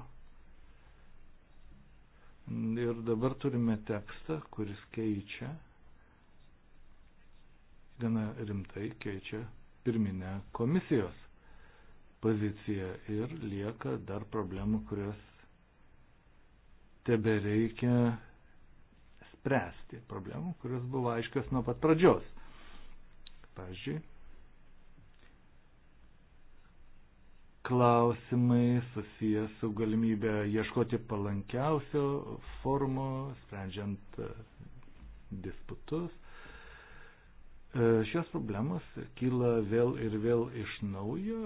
ir dabar turime tekstą, kuris keičia gana rimtai keičia pirminę komisijos poziciją ir lieka dar problemų, kurias tebe reikia spręsti. Problemų, kurios buvo aiškios nuo pat pradžios. Pavyzdžiui, klausimai susijęs su galimybė ieškoti palankiausio formo, sprendžiant disputus E, šios problemos kyla vėl ir vėl iš naujo,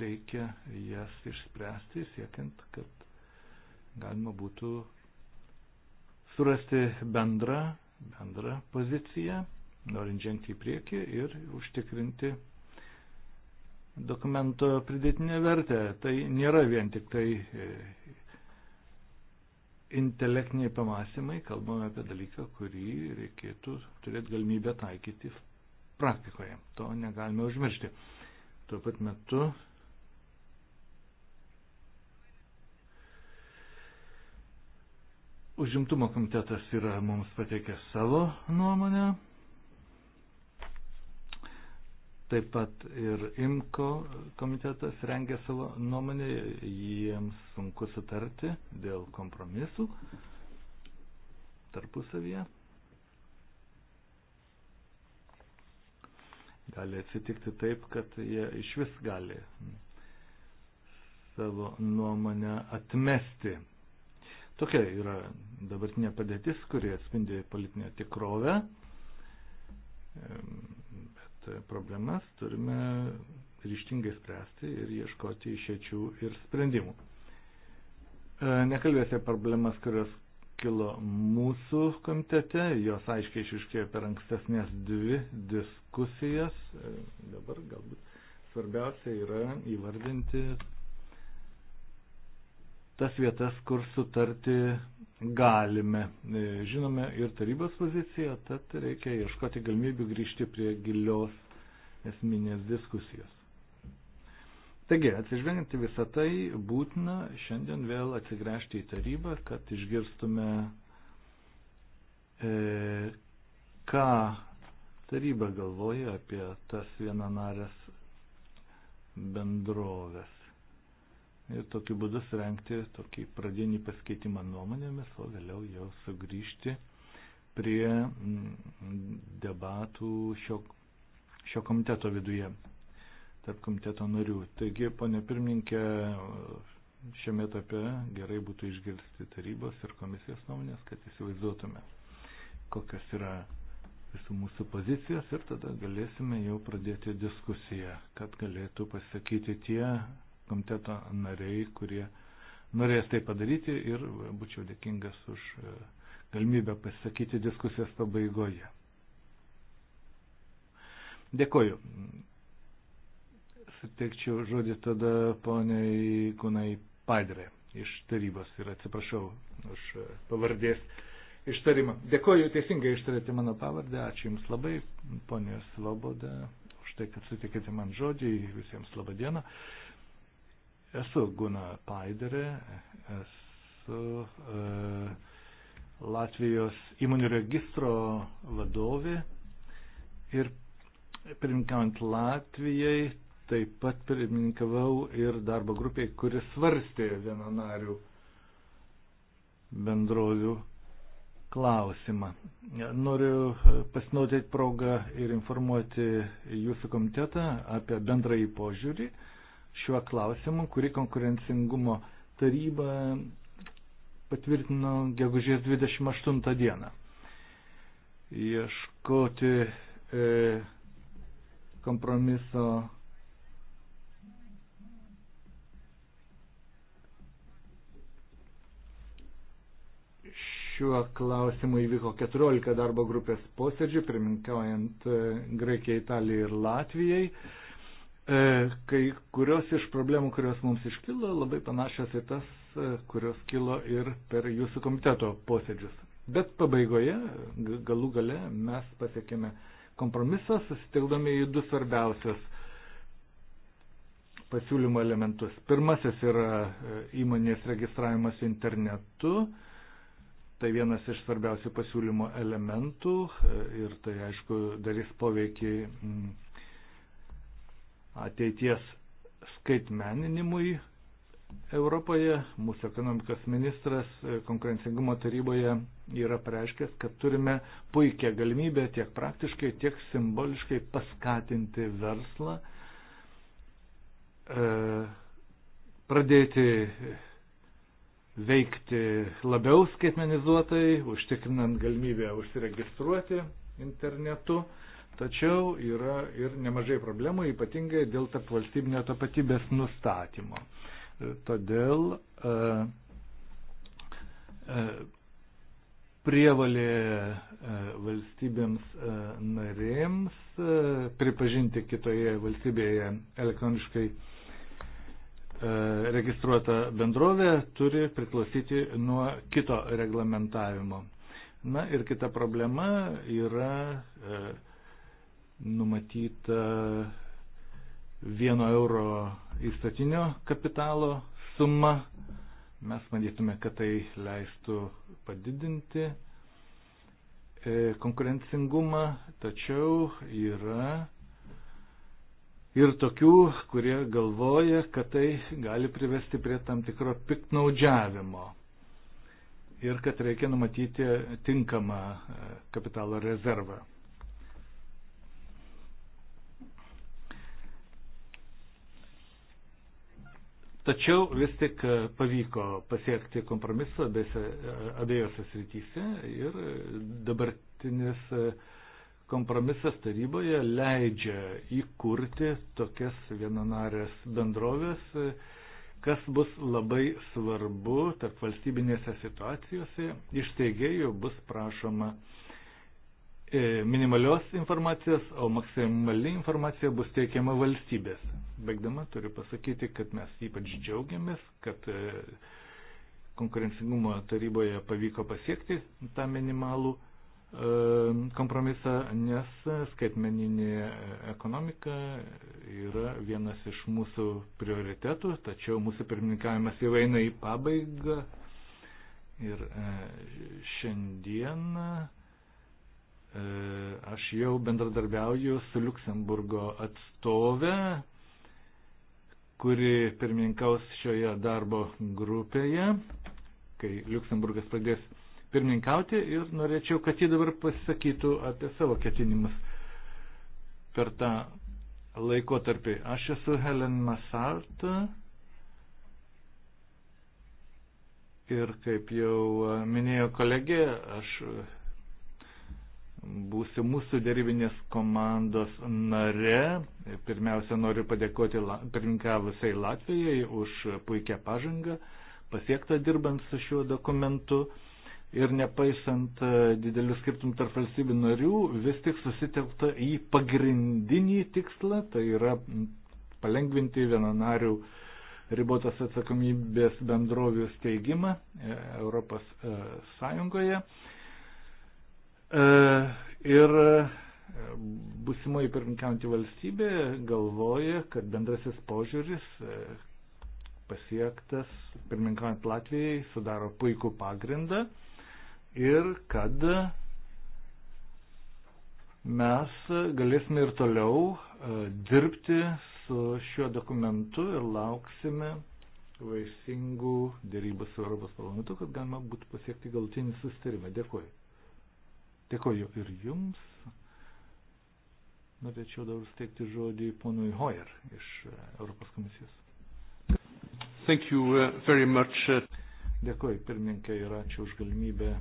reikia jas išspręsti, siekiant, kad galima būtų surasti bendrą, bendrą poziciją, norint žengti į priekį ir užtikrinti dokumento pridėtinę vertę. Tai nėra vien tik tai e, intelektiniai pamąstymai, kalbame apie dalyką, kurį reikėtų turėti galimybę taikyti praktikoje. To negalime užmiršti. Tuo pat metu Užimtumo komitetas yra mums pateikęs savo nuomonę. Taip pat ir IMKO komitetas rengia savo nuomonę, jiems sunku sutarti dėl kompromisų tarpusavyje. Gali atsitikti taip, kad jie iš vis gali savo nuomonę atmesti. Tokia yra dabartinė padėtis, kuri atspindi politinę tikrovę, bet problemas turime ryštingai spręsti ir ieškoti išėčių ir sprendimų. Nekalbėsiu problemas, kurios kilo mūsų komitete, jos aiškiai išiškėjo per ankstesnės dvi diskusijas. E, dabar galbūt svarbiausia yra įvardinti tas vietas, kur sutarti galime. E, žinome ir tarybos poziciją, tad reikia ieškoti galimybių grįžti prie gilios esminės diskusijos. Taigi, atsižvengiant į visą tai, būtina šiandien vėl atsigręžti į tarybą, kad išgirstume, e, ką taryba galvoja apie tas vienanarės bendrovės. Ir tokiu būdu surenkti tokį pradinį pasikeitimą nuomonėmis, o vėliau jau sugrįžti prie mm, debatų šio, šio komiteto viduje tarp komiteto narių. Taigi, ponė pirmininkė, šiame etape gerai būtų išgirsti tarybos ir komisijos nuomonės, kad įsivaizduotume, kokios yra visų mūsų pozicijos ir tada galėsime jau pradėti diskusiją, kad galėtų pasakyti tie komiteto nariai, kurie norės tai padaryti ir būčiau dėkingas už e, galimybę pasakyti diskusijos pabaigoje. Dėkoju suteikčiau žodį tada poniai Kunai Padre iš tarybos ir atsiprašau už e, pavardės ištarimą. Dėkoju, teisingai ištarėte mano pavardę, ačiū Jums labai, ponė Svoboda, už tai, kad sutikėte man žodį, visiems laba diena. Esu Guna Paidere, esu e, Latvijos įmonių registro vadovė ir pirmkiant Latvijai Taip pat pirmininkavau ir darbo grupiai, kuris svarstė vienonarių bendrovių klausimą. Noriu pasinaudoti progą ir informuoti jūsų komitetą apie bendrąjį požiūrį šiuo klausimu, kurį konkurencingumo taryba patvirtino gegužės 28 dieną. Ieškoti e, kompromiso Šiuo klausimu įvyko 14 darbo grupės posėdžių, priminkaujant e, Graikijai, Italijai ir Latvijai. E, kai kurios iš problemų, kurios mums iškilo, labai panašios į tas, e, kurios kilo ir per jūsų komiteto posėdžius. Bet pabaigoje, galų gale, mes pasiekėme kompromisą, susitikdami į du svarbiausias pasiūlymo elementus. Pirmasis yra įmonės registravimas internetu. Tai vienas iš svarbiausių pasiūlymo elementų e, ir tai aišku darys poveikį ateities skaitmeninimui Europoje. Mūsų ekonomikos ministras e, konkurencingumo taryboje yra pareiškęs, kad turime puikią galimybę tiek praktiškai, tiek simboliškai paskatinti verslą, e, pradėti veikti labiau skaitmenizuotai, užtikrinant galimybę užsiregistruoti internetu, tačiau yra ir nemažai problemų, ypatingai dėl tarp valstybinio tapatybės nustatymo. E, todėl e, e, prievalė e, valstybėms e, narėms pripažinti kitoje valstybėje elektroniškai E, registruota bendrovė turi priklausyti nuo kito reglamentavimo. Na ir kita problema yra e, numatyta vieno euro įstatinio kapitalo suma. Mes manytume, kad tai leistų padidinti e, konkurencingumą, tačiau yra ir tokių, kurie galvoja, kad tai gali privesti prie tam tikro piktnaudžiavimo ir kad reikia numatyti tinkamą e, kapitalo rezervą. Tačiau vis tik e, pavyko pasiekti kompromiso e, abiejose srityse ir dabartinis uh, kompromisas taryboje leidžia įkurti tokias vienonarės bendrovės, kas bus labai svarbu tarp valstybinėse situacijose. Iš teigėjų bus prašoma e, minimalios informacijos, o maksimali informacija bus teikiama valstybės. Begdama turiu pasakyti, kad mes ypač džiaugiamės, kad e, konkurencingumo taryboje pavyko pasiekti tą minimalų kompromisą, nes skaitmeninė ekonomika yra vienas iš mūsų prioritetų, tačiau mūsų pirmininkavimas jau eina į pabaigą ir e, šiandien e, aš jau bendradarbiauju su Luksemburgo atstove, kuri pirmininkaus šioje darbo grupėje, kai Luksemburgas pradės pirmininkauti ir norėčiau, kad ji dabar pasisakytų apie savo ketinimus per tą laikotarpį. Aš esu Helen Masart ir kaip jau minėjo kolegė, aš būsiu mūsų dėrybinės komandos nare. Pirmiausia, noriu padėkoti pirmininkavusiai Latvijai už puikią pažangą pasiektą dirbant su šiuo dokumentu ir nepaisant e, didelių skirtumų tarp valstybių narių, vis tik susitelkta į pagrindinį tikslą, tai yra palengvinti vienonarių ribotas atsakomybės bendrovių steigimą e, Europos e, Sąjungoje. Ir busimoji pirminkiaujanti valstybė galvoja, kad bendrasis požiūris pasiektas pirminkiaujant Latvijai sudaro puikų pagrindą ir kad mes galėsime ir toliau e, dirbti su šiuo dokumentu ir lauksime vaisingų dėrybų su Europos parlamentu, kad galima būtų pasiekti galutinį sustarimą. Dėkuoju. Dėkuoju ir jums. Norėčiau dabar steigti žodį ponui Hoyer iš e, Europos komisijos. Thank you uh, very much. Uh. Dėkuoju pirmininkai ir ačiū už galimybę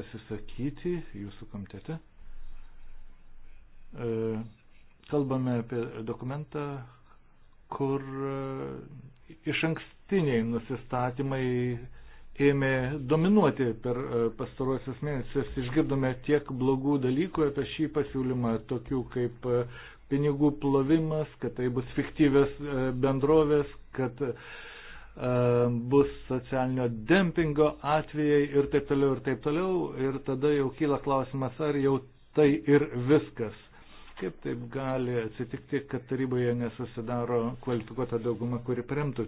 pasisakyti jūsų komitete. E, kalbame apie dokumentą, kur e, iš ankstiniai nusistatymai ėmė dominuoti per e, pastaruosius mėnesius. Išgirdome tiek blogų dalykų apie šį pasiūlymą, tokių kaip pinigų plovimas, kad tai bus fiktyvės bendrovės, kad uh, E, bus socialinio dempingo atvejai ir taip toliau ir taip toliau. Ir tada jau kyla klausimas, ar jau tai ir viskas. Kaip taip gali atsitikti, kad taryboje nesusidaro kvalifikuota dauguma, kuri premtų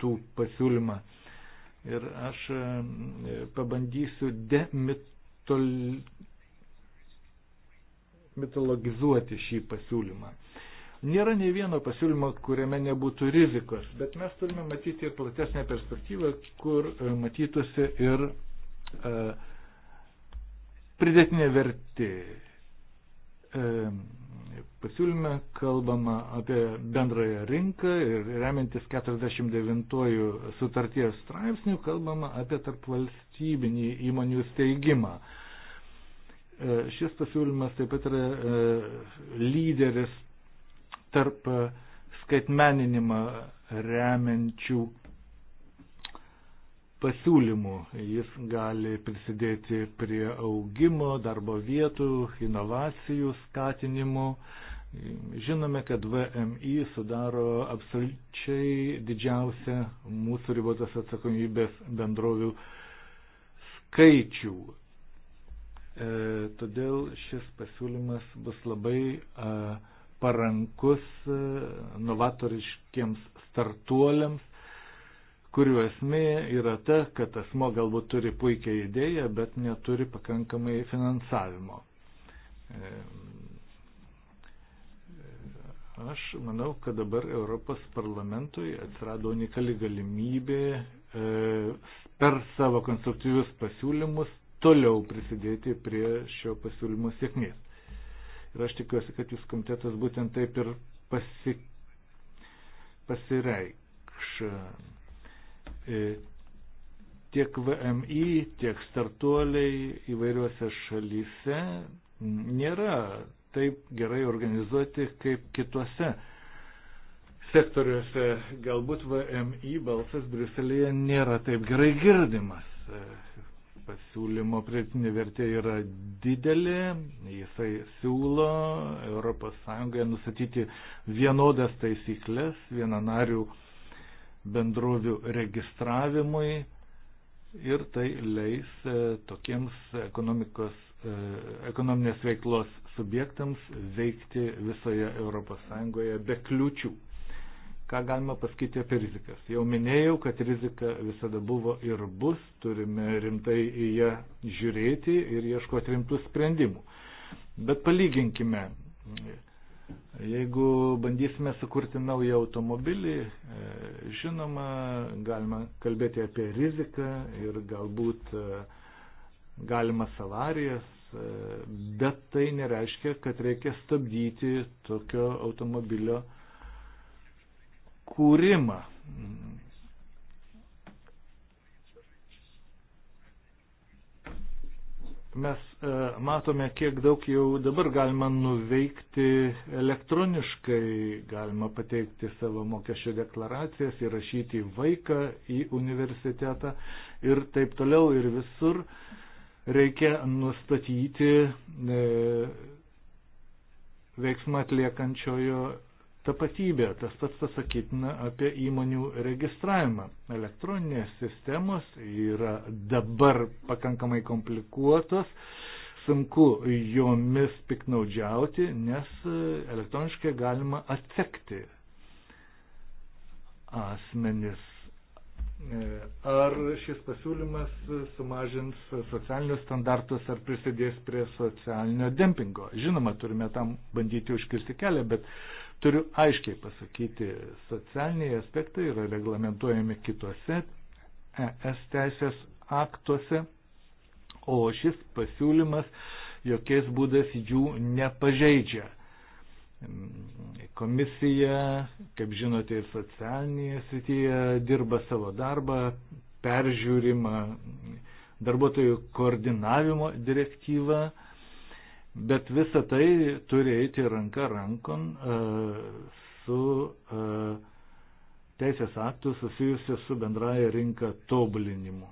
tų pasiūlymą. Ir aš e, pabandysiu demitologizuoti šį pasiūlymą. Nėra nei vieno pasiūlymo, kuriame nebūtų rizikos, bet mes turime matyti ir platesnę perspektyvą, kur e, matytųsi ir e, pridėtinė vertė. E, pasiūlyme kalbama apie bendrąją rinką ir remiantis 49 sutarties straipsnių kalbama apie tarpvalstybinį įmonių steigimą. E, šis pasiūlymas taip pat yra e, lyderis tarp e, skaitmeninimą remiančių pasiūlymų. Jis gali prisidėti prie augimo, darbo vietų, inovacijų skatinimo. Žinome, kad VMI sudaro absoliučiai didžiausią mūsų ribotas atsakomybės bendrovių skaičių. E, todėl šis pasiūlymas bus labai e, parankus e, novatoriškiams startuoliams, kurių esmė yra ta, kad asmo galbūt turi puikią idėją, bet neturi pakankamai finansavimo. E, e, aš manau, kad dabar Europos parlamentui atsirado unikali galimybė per savo konstruktyvius pasiūlymus toliau prisidėti prie šio pasiūlymo sėkmės. Ir aš tikiuosi, kad jūs komitetas būtent taip ir pasi, pasireikš. E, tiek VMI, tiek startuoliai įvairiuose šalyse nėra taip gerai organizuoti kaip kituose sektoriuose. Galbūt VMI balsas Briuselėje nėra taip gerai girdimas e, pasiūlymo pridėtinė vertė yra didelė, jisai siūlo ES nustatyti vienodas taisyklės vienanarių bendrovių registravimui ir tai leis e, tokiems e, ekonominės veiklos subjektams veikti visoje ES be kliučių. Ką galima pasakyti apie rizikas? Jau minėjau, kad rizika visada buvo ir bus, turime rimtai į ją žiūrėti ir ieškoti rimtų sprendimų. Bet palyginkime, jeigu bandysime sukurti naują automobilį, e, žinoma, galima kalbėti apie riziką ir galbūt e, galimas avarijas, e, bet tai nereiškia, kad reikia stabdyti tokio automobilio kūrimą. Mes e, matome, kiek daug jau dabar galima nuveikti elektroniškai, galima pateikti savo mokesčio deklaracijas, įrašyti vaiką į universitetą ir taip toliau ir visur reikia nustatyti e, veiksmą atliekančiojo tapatybę. Tas pats pasakytina apie įmonių registravimą. Elektroninės sistemos yra dabar pakankamai komplikuotos, sunku jomis piknaudžiauti, nes e, elektroniškai galima atsekti asmenis. E, ar šis pasiūlymas sumažins socialinius standartus ar prisidės prie socialinio dempingo? Žinoma, turime tam bandyti užkirsti kelią, bet uh, Turiu aiškiai pasakyti, socialiniai aspektai yra reglamentuojami kitose ES teisės aktuose, o šis pasiūlymas jokiais būdais jų nepažeidžia. Komisija, kaip žinote, ir socialinėje srityje dirba savo darbą, peržiūrima darbuotojų koordinavimo direktyva, Bet visa tai turi eiti ranka rankon e, su e, teisės aktų susijusiu su bendraja rinka tobulinimu.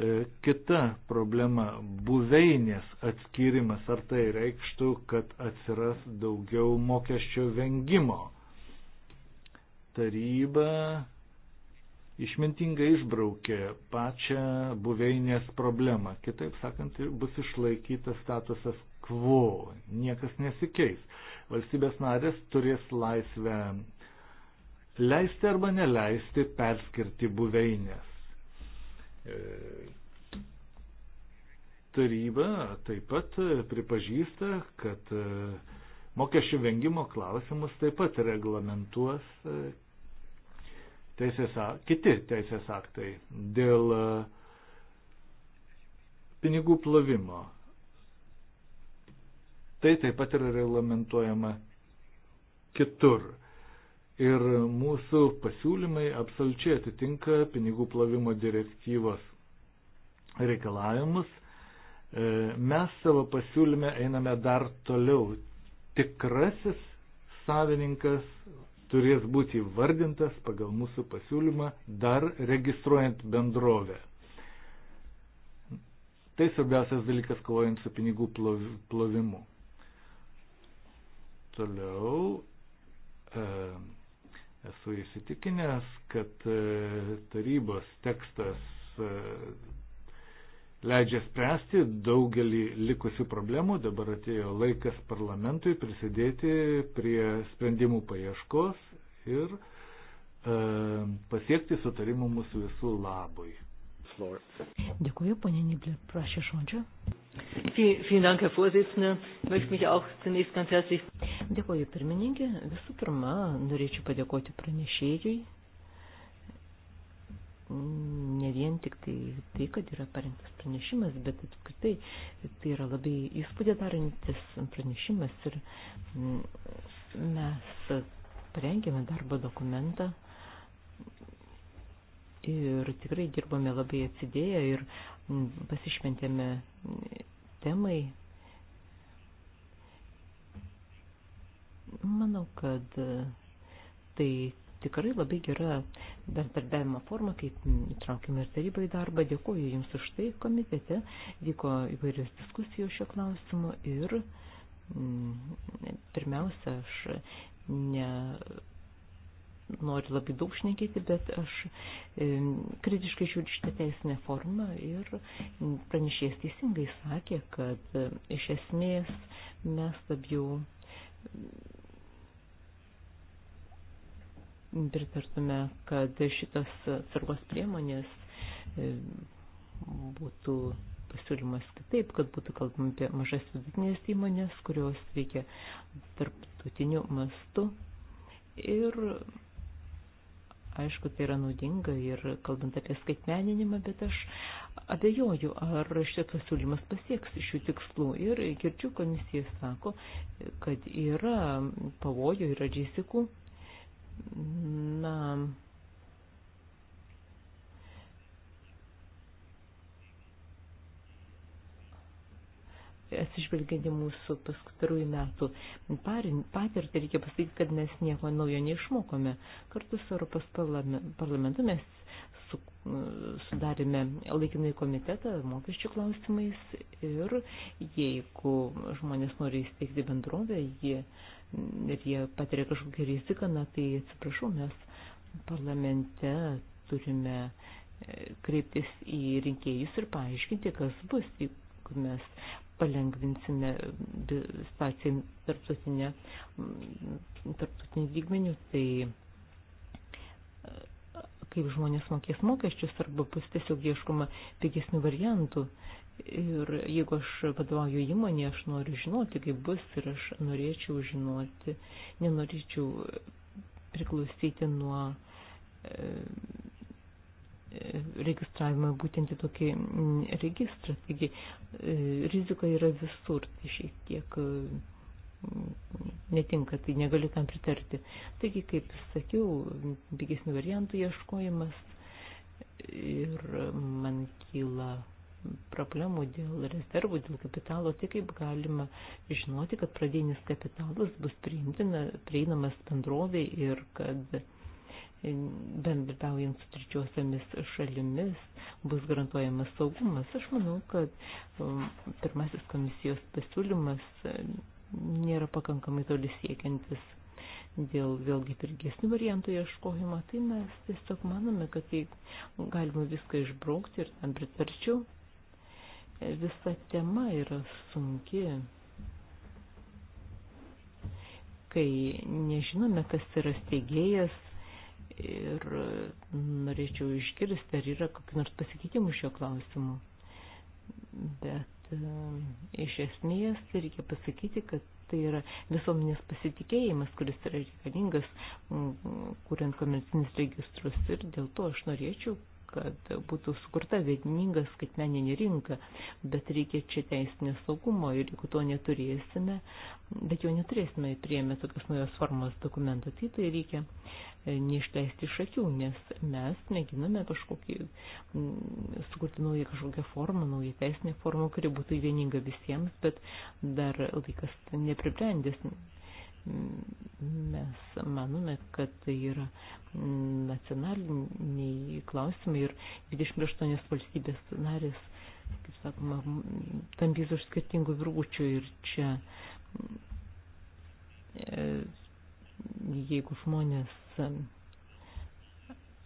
E, kita problema - buveinės atskirimas. Ar tai reikštų, kad atsiras daugiau mokesčio vengimo? Taryba išmintingai išbraukė pačią buveinės problemą. Kitaip sakant, bus išlaikytas statusas quo, niekas nesikeis. Valstybės narės turės laisvę leisti arba neleisti perskirti buveinės. E, taryba taip pat pripažįsta, kad e, mokesčių vengimo klausimus taip pat reglamentuos e, teisės, kiti teisės aktai dėl e, pinigų plovimo. Tai taip pat yra reglamentuojama kitur. Ir mūsų pasiūlymai absoliučiai atitinka pinigų plovimo direktyvos reikalavimus. E, mes savo pasiūlyme einame dar toliau. Tikrasis savininkas turės būti vardintas pagal mūsų pasiūlymą dar registruojant bendrovę. Tai svarbiausias dalykas kovojant su pinigų plovimu. Toliau e, esu įsitikinęs, kad e, tarybos tekstas e, leidžia spręsti daugelį likusių problemų. Dabar atėjo laikas parlamentui prisidėti prie sprendimų paieškos ir e, pasiekti sutarimų mūsų visų labui. Floor. Dėkuoju, ponė Niblė, prašė žodžio. Vielen Dank, Herr Vorsitzender. Ich möchte mich auch zunächst ganz herzlich. Dėkuoju, pirmininkė. Visų pirma, norėčiau padėkoti pranešėjui ne vien tik tai, tai kad yra parengtas pranešimas, bet apskritai tai yra labai įspūdė darantis pranešimas ir mm, mes parengėme darbo dokumentą ir tikrai dirbome labai atsidėję ir mm, pasišventėme mm, temai. Manau, kad tai tikrai labai gera bendradarbiavimo forma, kaip įtraukime ir tarybą į darbą. Dėkuoju Jums už tai komitete. Vyko įvairios diskusijos šio klausimu ir mm, pirmiausia, aš ne noriu labai daug šnekėti, bet aš e, kritiškai žiūriu šitą teisinę formą ir pranešėjas teisingai sakė, kad e, iš esmės mes labiau pritartume, kad šitos sargos priemonės e, būtų pasiūlymas kitaip, kad būtų kalbama apie mažas vidutinės įmonės, kurios veikia tarptautiniu mastu. Ir aišku, tai yra naudinga ir kalbant apie skaitmeninimą, bet aš abejoju, ar šitas pasiūlymas pasieks šių tikslų. Ir girdžiu, komisija sako, kad yra pavojų, yra džesikų na, atsižvelgiant į mūsų paskutarųjų metų patirtį, reikia pasakyti, kad mes nieko naujo neišmokome. Kartu su Europos parlamentu mes su, sudarėme laikinai komitetą mokesčių klausimais ir jeigu žmonės nori įsteigti bendrovę, jie ir jie patiria kažkokią riziką, na tai atsiprašau, mes parlamente turime e, kreiptis į rinkėjus ir paaiškinti, kas bus, jeigu mes palengvinsime e, situaciją tarptautinę, tarptautinį lygmenių, tai e, kaip žmonės mokės mokesčius arba bus tiesiog ieškoma pigesnių variantų. Uh, Ir jeigu aš vadovauju įmonį, aš noriu žinoti, kaip bus ir aš norėčiau žinoti, nenorėčiau priklausyti nuo e, e registravimą būtent į tokį registrą. Taigi e, rizika yra visur, tai šiek tiek e, netinka, tai negaliu tam pritarti. Taigi, kaip sakiau, pigesnių variantų ieškojimas ir man kyla problemų dėl rezervų, dėl kapitalo, tai kaip galima žinoti, kad pradinis kapitalas bus priimtina, prieinamas bendrovė ir kad bendradaujant su trečiosiamis šalimis bus garantuojamas saugumas. Aš manau, kad um, pirmasis komisijos pasiūlymas um, nėra pakankamai toli siekiantis dėl vėlgi pirgesnių variantų ieškojimo. Tai mes tiesiog manome, kad tai galima viską išbraukti ir tam pritarčiau. Visa tema yra sunki, kai nežinome, kas yra steigėjas ir norėčiau išgirsti, ar yra kokių nors pasikeitimų šio klausimu. Bet e, iš esmės reikia pasakyti, kad tai yra visuomenės pasitikėjimas, kuris yra reikalingas, kuriant komercinius registrus. Ir dėl to aš norėčiau, kad būtų sukurta vieninga skaitmeninė rinka, bet reikia čia teisinio saugumo ir jeigu to neturėsime, bet jo neturėsime prieimę tokios naujos formos dokumentų, tai tai reikia e, neišleisti iš akių, nes mes mėginame kažkokį, sukurti naują kažkokią formą, naują teisinę formą, kuri būtų vieninga visiems, bet dar laikas nepribrendęs, mes manome, kad tai yra nacionaliniai klausimai ir 28 valstybės narės, kaip sakoma, tampys už skirtingų virvučių ir čia e, jeigu žmonės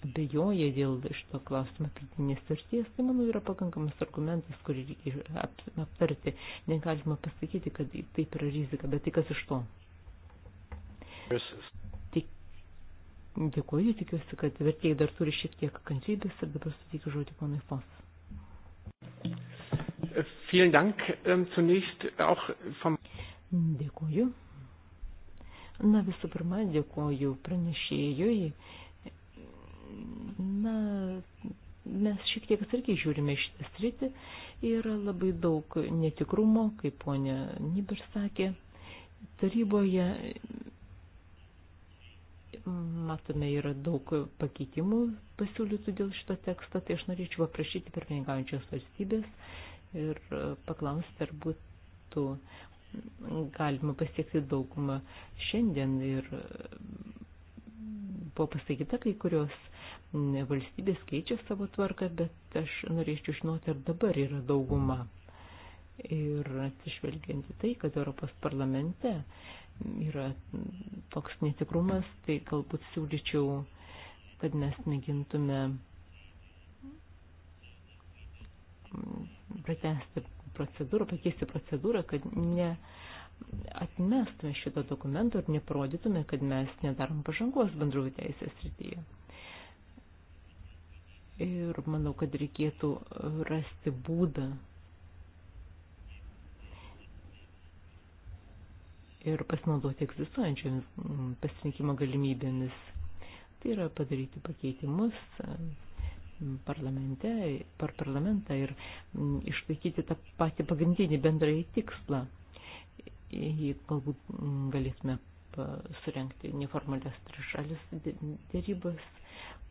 abejoja dėl šito klausimo pridinės vertės, tai manau yra pakankamas argumentas, kurį reikia aptarti. Negalima pasakyti, kad taip yra rizika, bet tai kas iš to? Tik, dėkuoju, tikiuosi, kad vertėjai dar turi šiek tiek kantrybės ir dabar suteikiu žodį ponui Fos. Vielen Dank ähm, zunächst auch vom. Dėkuoju. Na visų pirma, dėkuoju pranešėjui. Na, mes šiek tiek atsargiai žiūrime šitą sritį. Yra labai daug netikrumo, kaip ponė Nibir sakė. Taryboje Matome, yra daug pakeitimų pasiūlytų dėl šito teksto, tai aš norėčiau paprašyti pirmininkaujančios valstybės ir paklausti, ar būtų galima pasiekti daugumą šiandien ir buvo pasakyta kai kurios valstybės keičia savo tvarką, bet aš norėčiau žinoti, ar dabar yra dauguma. Ir atsižvelgiant į tai, kad Europos parlamente yra toks netikrumas, tai galbūt siūlyčiau, kad mes mėgintume pratesti procedūrą, pakeisti procedūrą, kad ne atmestume šito dokumento ir neparodytume, kad mes nedarom pažangos bendrųjų teisės srityje. Ir manau, kad reikėtų rasti būdą ir pasinaudoti egzistuojančiomis mm, pasirinkimo galimybėmis. Tai yra padaryti pakeitimus mm, parlamente, per parlamentą ir mm, išlaikyti tą patį pagrindinį bendrąjį tikslą. Jį galbūt galėsime surenkti neformalės trišalės dėrybas,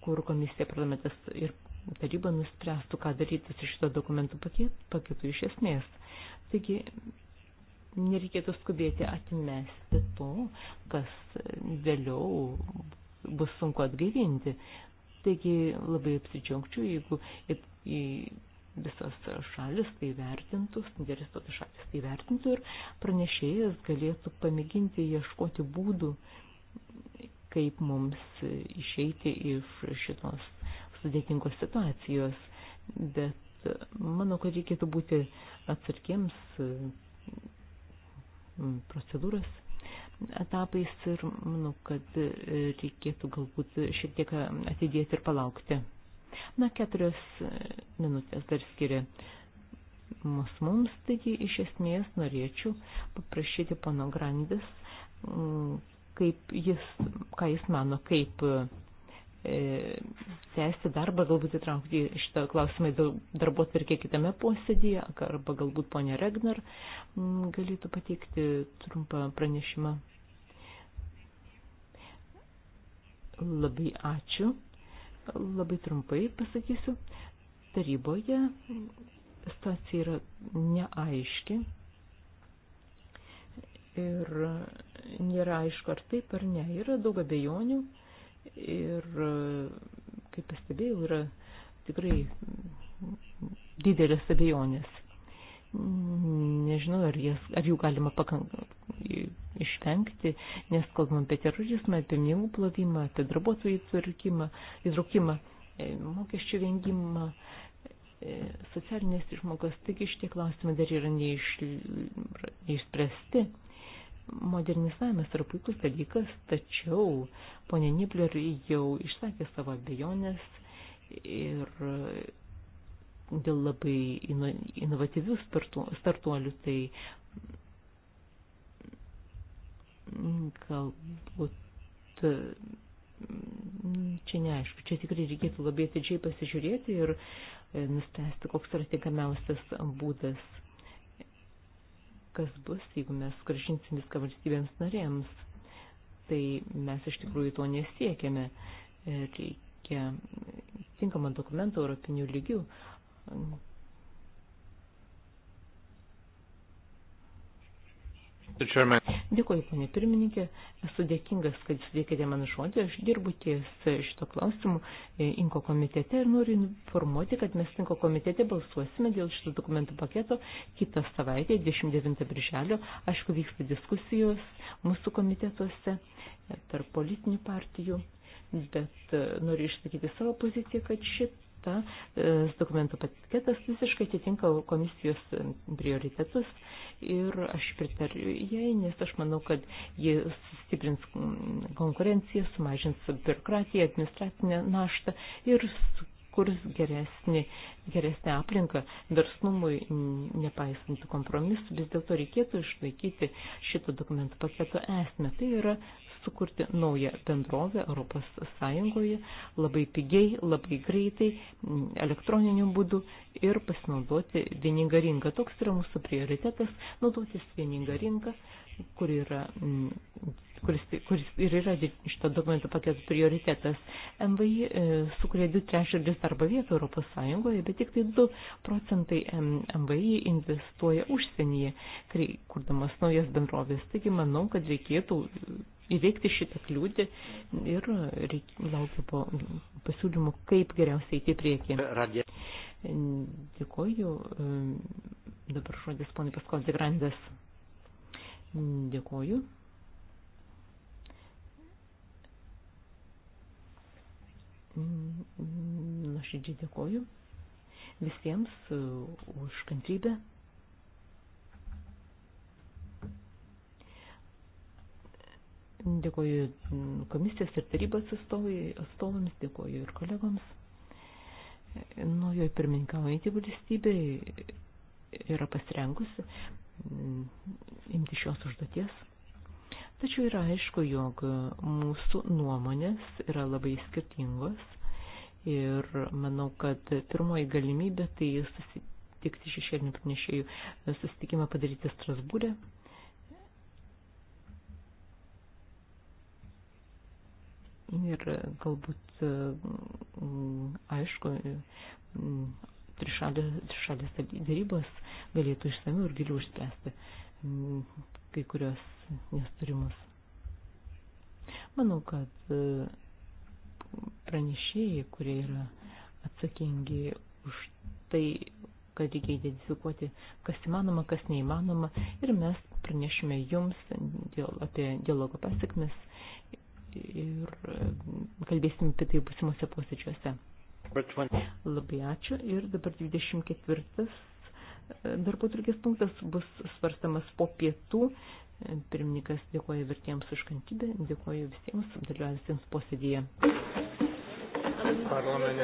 kur komisija parlamentas ir taryba nuspręstų, ką daryti su šito dokumentų paketu iš esmės. Taigi nereikėtų skubėti atmesti to, kas vėliau bus sunku atgaivinti. Taigi labai apsidžiaugčiau, jeigu į, į visas šalis tai vertintų, interesuotas šalis tai vertintų ir pranešėjas galėtų pamėginti ieškoti būdų, kaip mums išeiti iš šitos sudėtingos situacijos. Bet manau, kad reikėtų būti atsargiems Mm, procedūros etapais ir manau, kad e, reikėtų galbūt šiek tiek atidėti ir palaukti. Na, keturios e, minutės dar skiria mus mums, taigi iš esmės norėčiau paprašyti pono Grandis, mm, kaip jis, ką jis mano, kaip e, tęsti darbą, galbūt įtraukti šitą klausimą į darbo atvirkė kitame posėdėje, arba galbūt ponė Regner mm, galėtų pateikti trumpą pranešimą. Labai ačiū. Labai trumpai pasakysiu. Taryboje situacija yra neaiški ir nėra aišku, ar taip ar ne. Yra daug abejonių ir kaip pastebėjau, yra tikrai didelės abejonės. Nežinau, ar, jas, ar jų galima pakank, išvengti, nes kalbam apie terorizmą, apie pinigų plovimą, apie darbuotojų įtraukimą, e, mokesčių vengimą, e, socialinės išmokos, taigi šitie klausimai dar yra neiš, neišspręsti. Modernizavimas yra puikus dalykas, tačiau ponė Nibler jau išsakė savo abejonės ir dėl labai inovatyvių startuolių, tai galbūt čia neaišku, čia tikrai reikėtų labai atidžiai pasižiūrėti ir nustęsti, koks yra tinkamiausias būdas kas bus, jeigu mes grąžinsim viską valstybėms narėms. Tai mes iš tikrųjų to nesiekėme. E, reikia tinkamą dokumentą europinių lygių. Dėkuoju, ponė pirmininkė, esu dėkingas, kad sudėkite man žodį, aš dirbu ties šito klausimu e, Inko komitete ir noriu informuoti, kad mes Inko komitete balsuosime dėl šito dokumentų paketo kitą savaitę, 29 birželio, aišku, vyksta diskusijos mūsų komitetuose e, tarp politinių partijų bet e, noriu išsakyti savo poziciją, kad šit ta e, dokumento patiketas visiškai atitinka komisijos prioritetus ir aš pritariu jai, nes aš manau, kad ji sustiprins konkurenciją, sumažins biurokratiją, administracinę naštą ir kurs geresnį, geresnę aplinką verslumui, nepaisant kompromisų, vis dėlto reikėtų išlaikyti šito dokumento paketo esmę. Tai yra sukurti naują bendrovę Europos Sąjungoje labai pigiai, labai greitai, elektroniniu būdu ir pasinaudoti vieningą rinką. Toks yra mūsų prioritetas - naudotis vieningą rinką, kur yra, kuris, kuris ir yra šito dokumento paketo prioritetas. MVI e, sukuria 2 trečdalis darbo vietų Europos Sąjungoje, bet tik tai 2 procentai MVI investuoja užsienyje, kurdamas naujas bendrovės. Taigi manau, kad reikėtų įveikti šitą kliūtį ir laukiu po pasiūlymų, kaip geriausiai eiti priekį. Radė. Dėkoju. Dabar žodis ponai Paskos Degrandės. Dėkoju. Nuoširdžiai dėkoju visiems už kantrybę. Dėkoju mm, komisijos ir tarybos atstovams, dėkoju ir kolegoms. Naujoji pirmininkaujanti valstybė yra pasirengusi mm, imti šios užduoties. Tačiau yra aišku, jog mūsų nuomonės yra labai skirtingos ir manau, kad pirmoji galimybė tai susitikti šešėlinių pranešėjų susitikimą padaryti Strasbūrė. E Ir galbūt, e, mm, aišku, e, mm, trišalės darybos galėtų išsamiau ir giliau išspręsti mm, kai kurios nesturimus. Manau, kad e, pranešėjai, kurie yra atsakingi už tai, kad reikia identifikuoti, kas įmanoma, kas neįmanoma, ir mes pranešime jums apie dialogo pasiekmes ir e, kalbėsim apie tai būsimuose posėdžiuose. Labai ačiū ir dabar 24 e, darbo turkės punktas bus svarstamas po pietų. E, pirmininkas dėkoja vertėjams už kantybę, dėkoju visiems dalyvavusiems posėdėje. Parlamente.